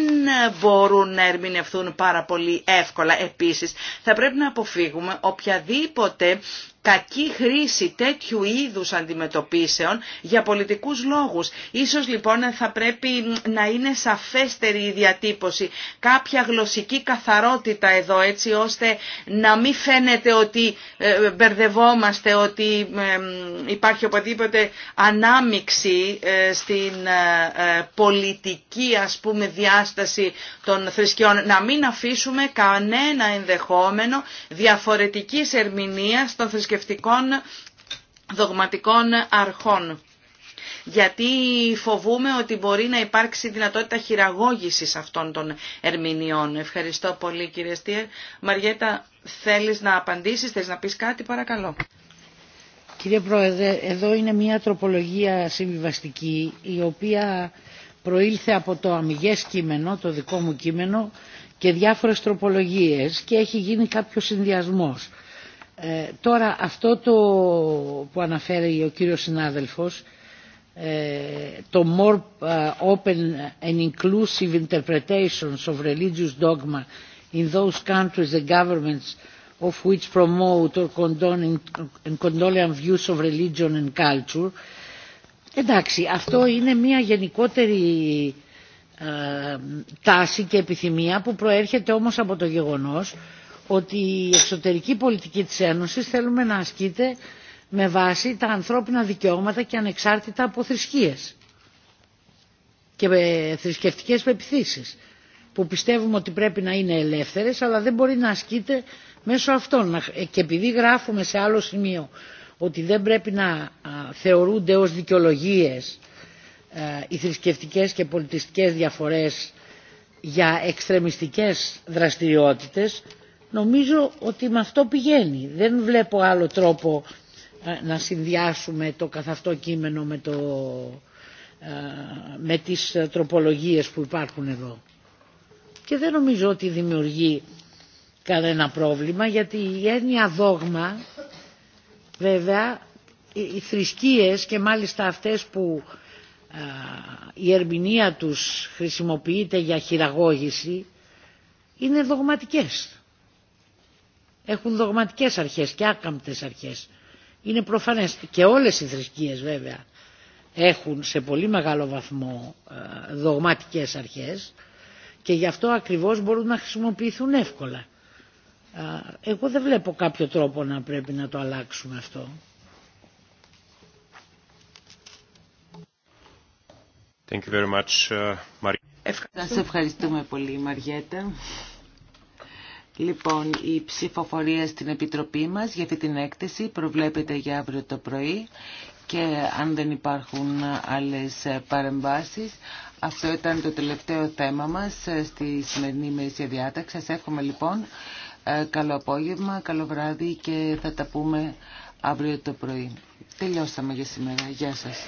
μπορούν να ερμηνευθούν πάρα πολύ εύκολα. Επίσης θα πρέπει να αποφύγουμε οποιαδήποτε οτιδήποτε κακή χρήση τέτοιου είδους αντιμετωπίσεων για πολιτικούς λόγους. Ίσως λοιπόν θα πρέπει να είναι σαφέστερη η διατύπωση, κάποια γλωσσική καθαρότητα εδώ έτσι ώστε να μην φαίνεται ότι ε, μπερδευόμαστε, ότι ε, υπάρχει οποτίποτε ανάμιξη ε, στην πολιτική ας πούμε διάσταση των θρησκειών. Να μην αφήσουμε κανένα ενδεχόμενο διαφορετικής ερμηνείας των θρησκευτικών δογματικών αρχών. Γιατί φοβούμε ότι μπορεί να υπάρξει δυνατότητα χειραγώγησης αυτών των ερμηνεών. Ευχαριστώ πολύ κύριε Στίερ. Μαριέτα, θέλεις να απαντήσεις, θέλεις να πεις κάτι, παρακαλώ. Κύριε Πρόεδρε, εδώ είναι μια τροπολογία συμβιβαστική η οποία προήλθε από το αμυγές κείμενο, το δικό μου κείμενο και διάφορες τροπολογίες και έχει γίνει κάποιος συνδυασμός. Ε, τώρα αυτό το που αναφέρει ο κύριος συνάδελφος ε, το more open and inclusive interpretations of religious dogma in those countries and governments of which promote or condone and views of religion and culture εντάξει αυτό είναι μια γενικότερη τάση και επιθυμία που προέρχεται όμως από το γεγονός ότι η εξωτερική πολιτική της Ένωσης θέλουμε να ασκείται με βάση τα ανθρώπινα δικαιώματα και ανεξάρτητα από θρησκείες και θρησκευτικές πεπιθήσεις που πιστεύουμε ότι πρέπει να είναι ελεύθερες αλλά δεν μπορεί να ασκείται μέσω αυτών ε, και επειδή γράφουμε σε άλλο σημείο ότι δεν πρέπει να θεωρούνται ως δικαιολογίε ε, οι θρησκευτικές και πολιτιστικές διαφορές για εξτρεμιστικές δραστηριότητες νομίζω ότι με αυτό πηγαίνει. Δεν βλέπω άλλο τρόπο ε, να συνδυάσουμε το καθαυτό κείμενο με, το, ε, με τις ε, τροπολογίες που υπάρχουν εδώ. Και δεν νομίζω ότι δημιουργεί κανένα πρόβλημα γιατί η έννοια δόγμα βέβαια οι θρησκείες και μάλιστα αυτές που η ερμηνεία τους χρησιμοποιείται για χειραγώγηση είναι δογματικές έχουν δογματικές αρχές και άκαμπτες αρχές. Είναι προφανές και όλες οι θρησκείες βέβαια έχουν σε πολύ μεγάλο βαθμό ε, δογματικές αρχές και γι' αυτό ακριβώς μπορούν να χρησιμοποιηθούν εύκολα. Εγώ δεν βλέπω κάποιο τρόπο να πρέπει να το αλλάξουμε αυτό. Thank you very much, ε, ευχαριστούμε πολύ Μαριέτα. Λοιπόν, η ψηφοφορία στην Επιτροπή μας για αυτή την έκθεση προβλέπεται για αύριο το πρωί και αν δεν υπάρχουν άλλες παρεμβάσεις, αυτό ήταν το τελευταίο θέμα μας στη σημερινή ημερήσια διάταξη. Σας εύχομαι λοιπόν ε, καλό απόγευμα, καλό βράδυ και θα τα πούμε αύριο το πρωί. Τελειώσαμε για σήμερα. Γεια σας.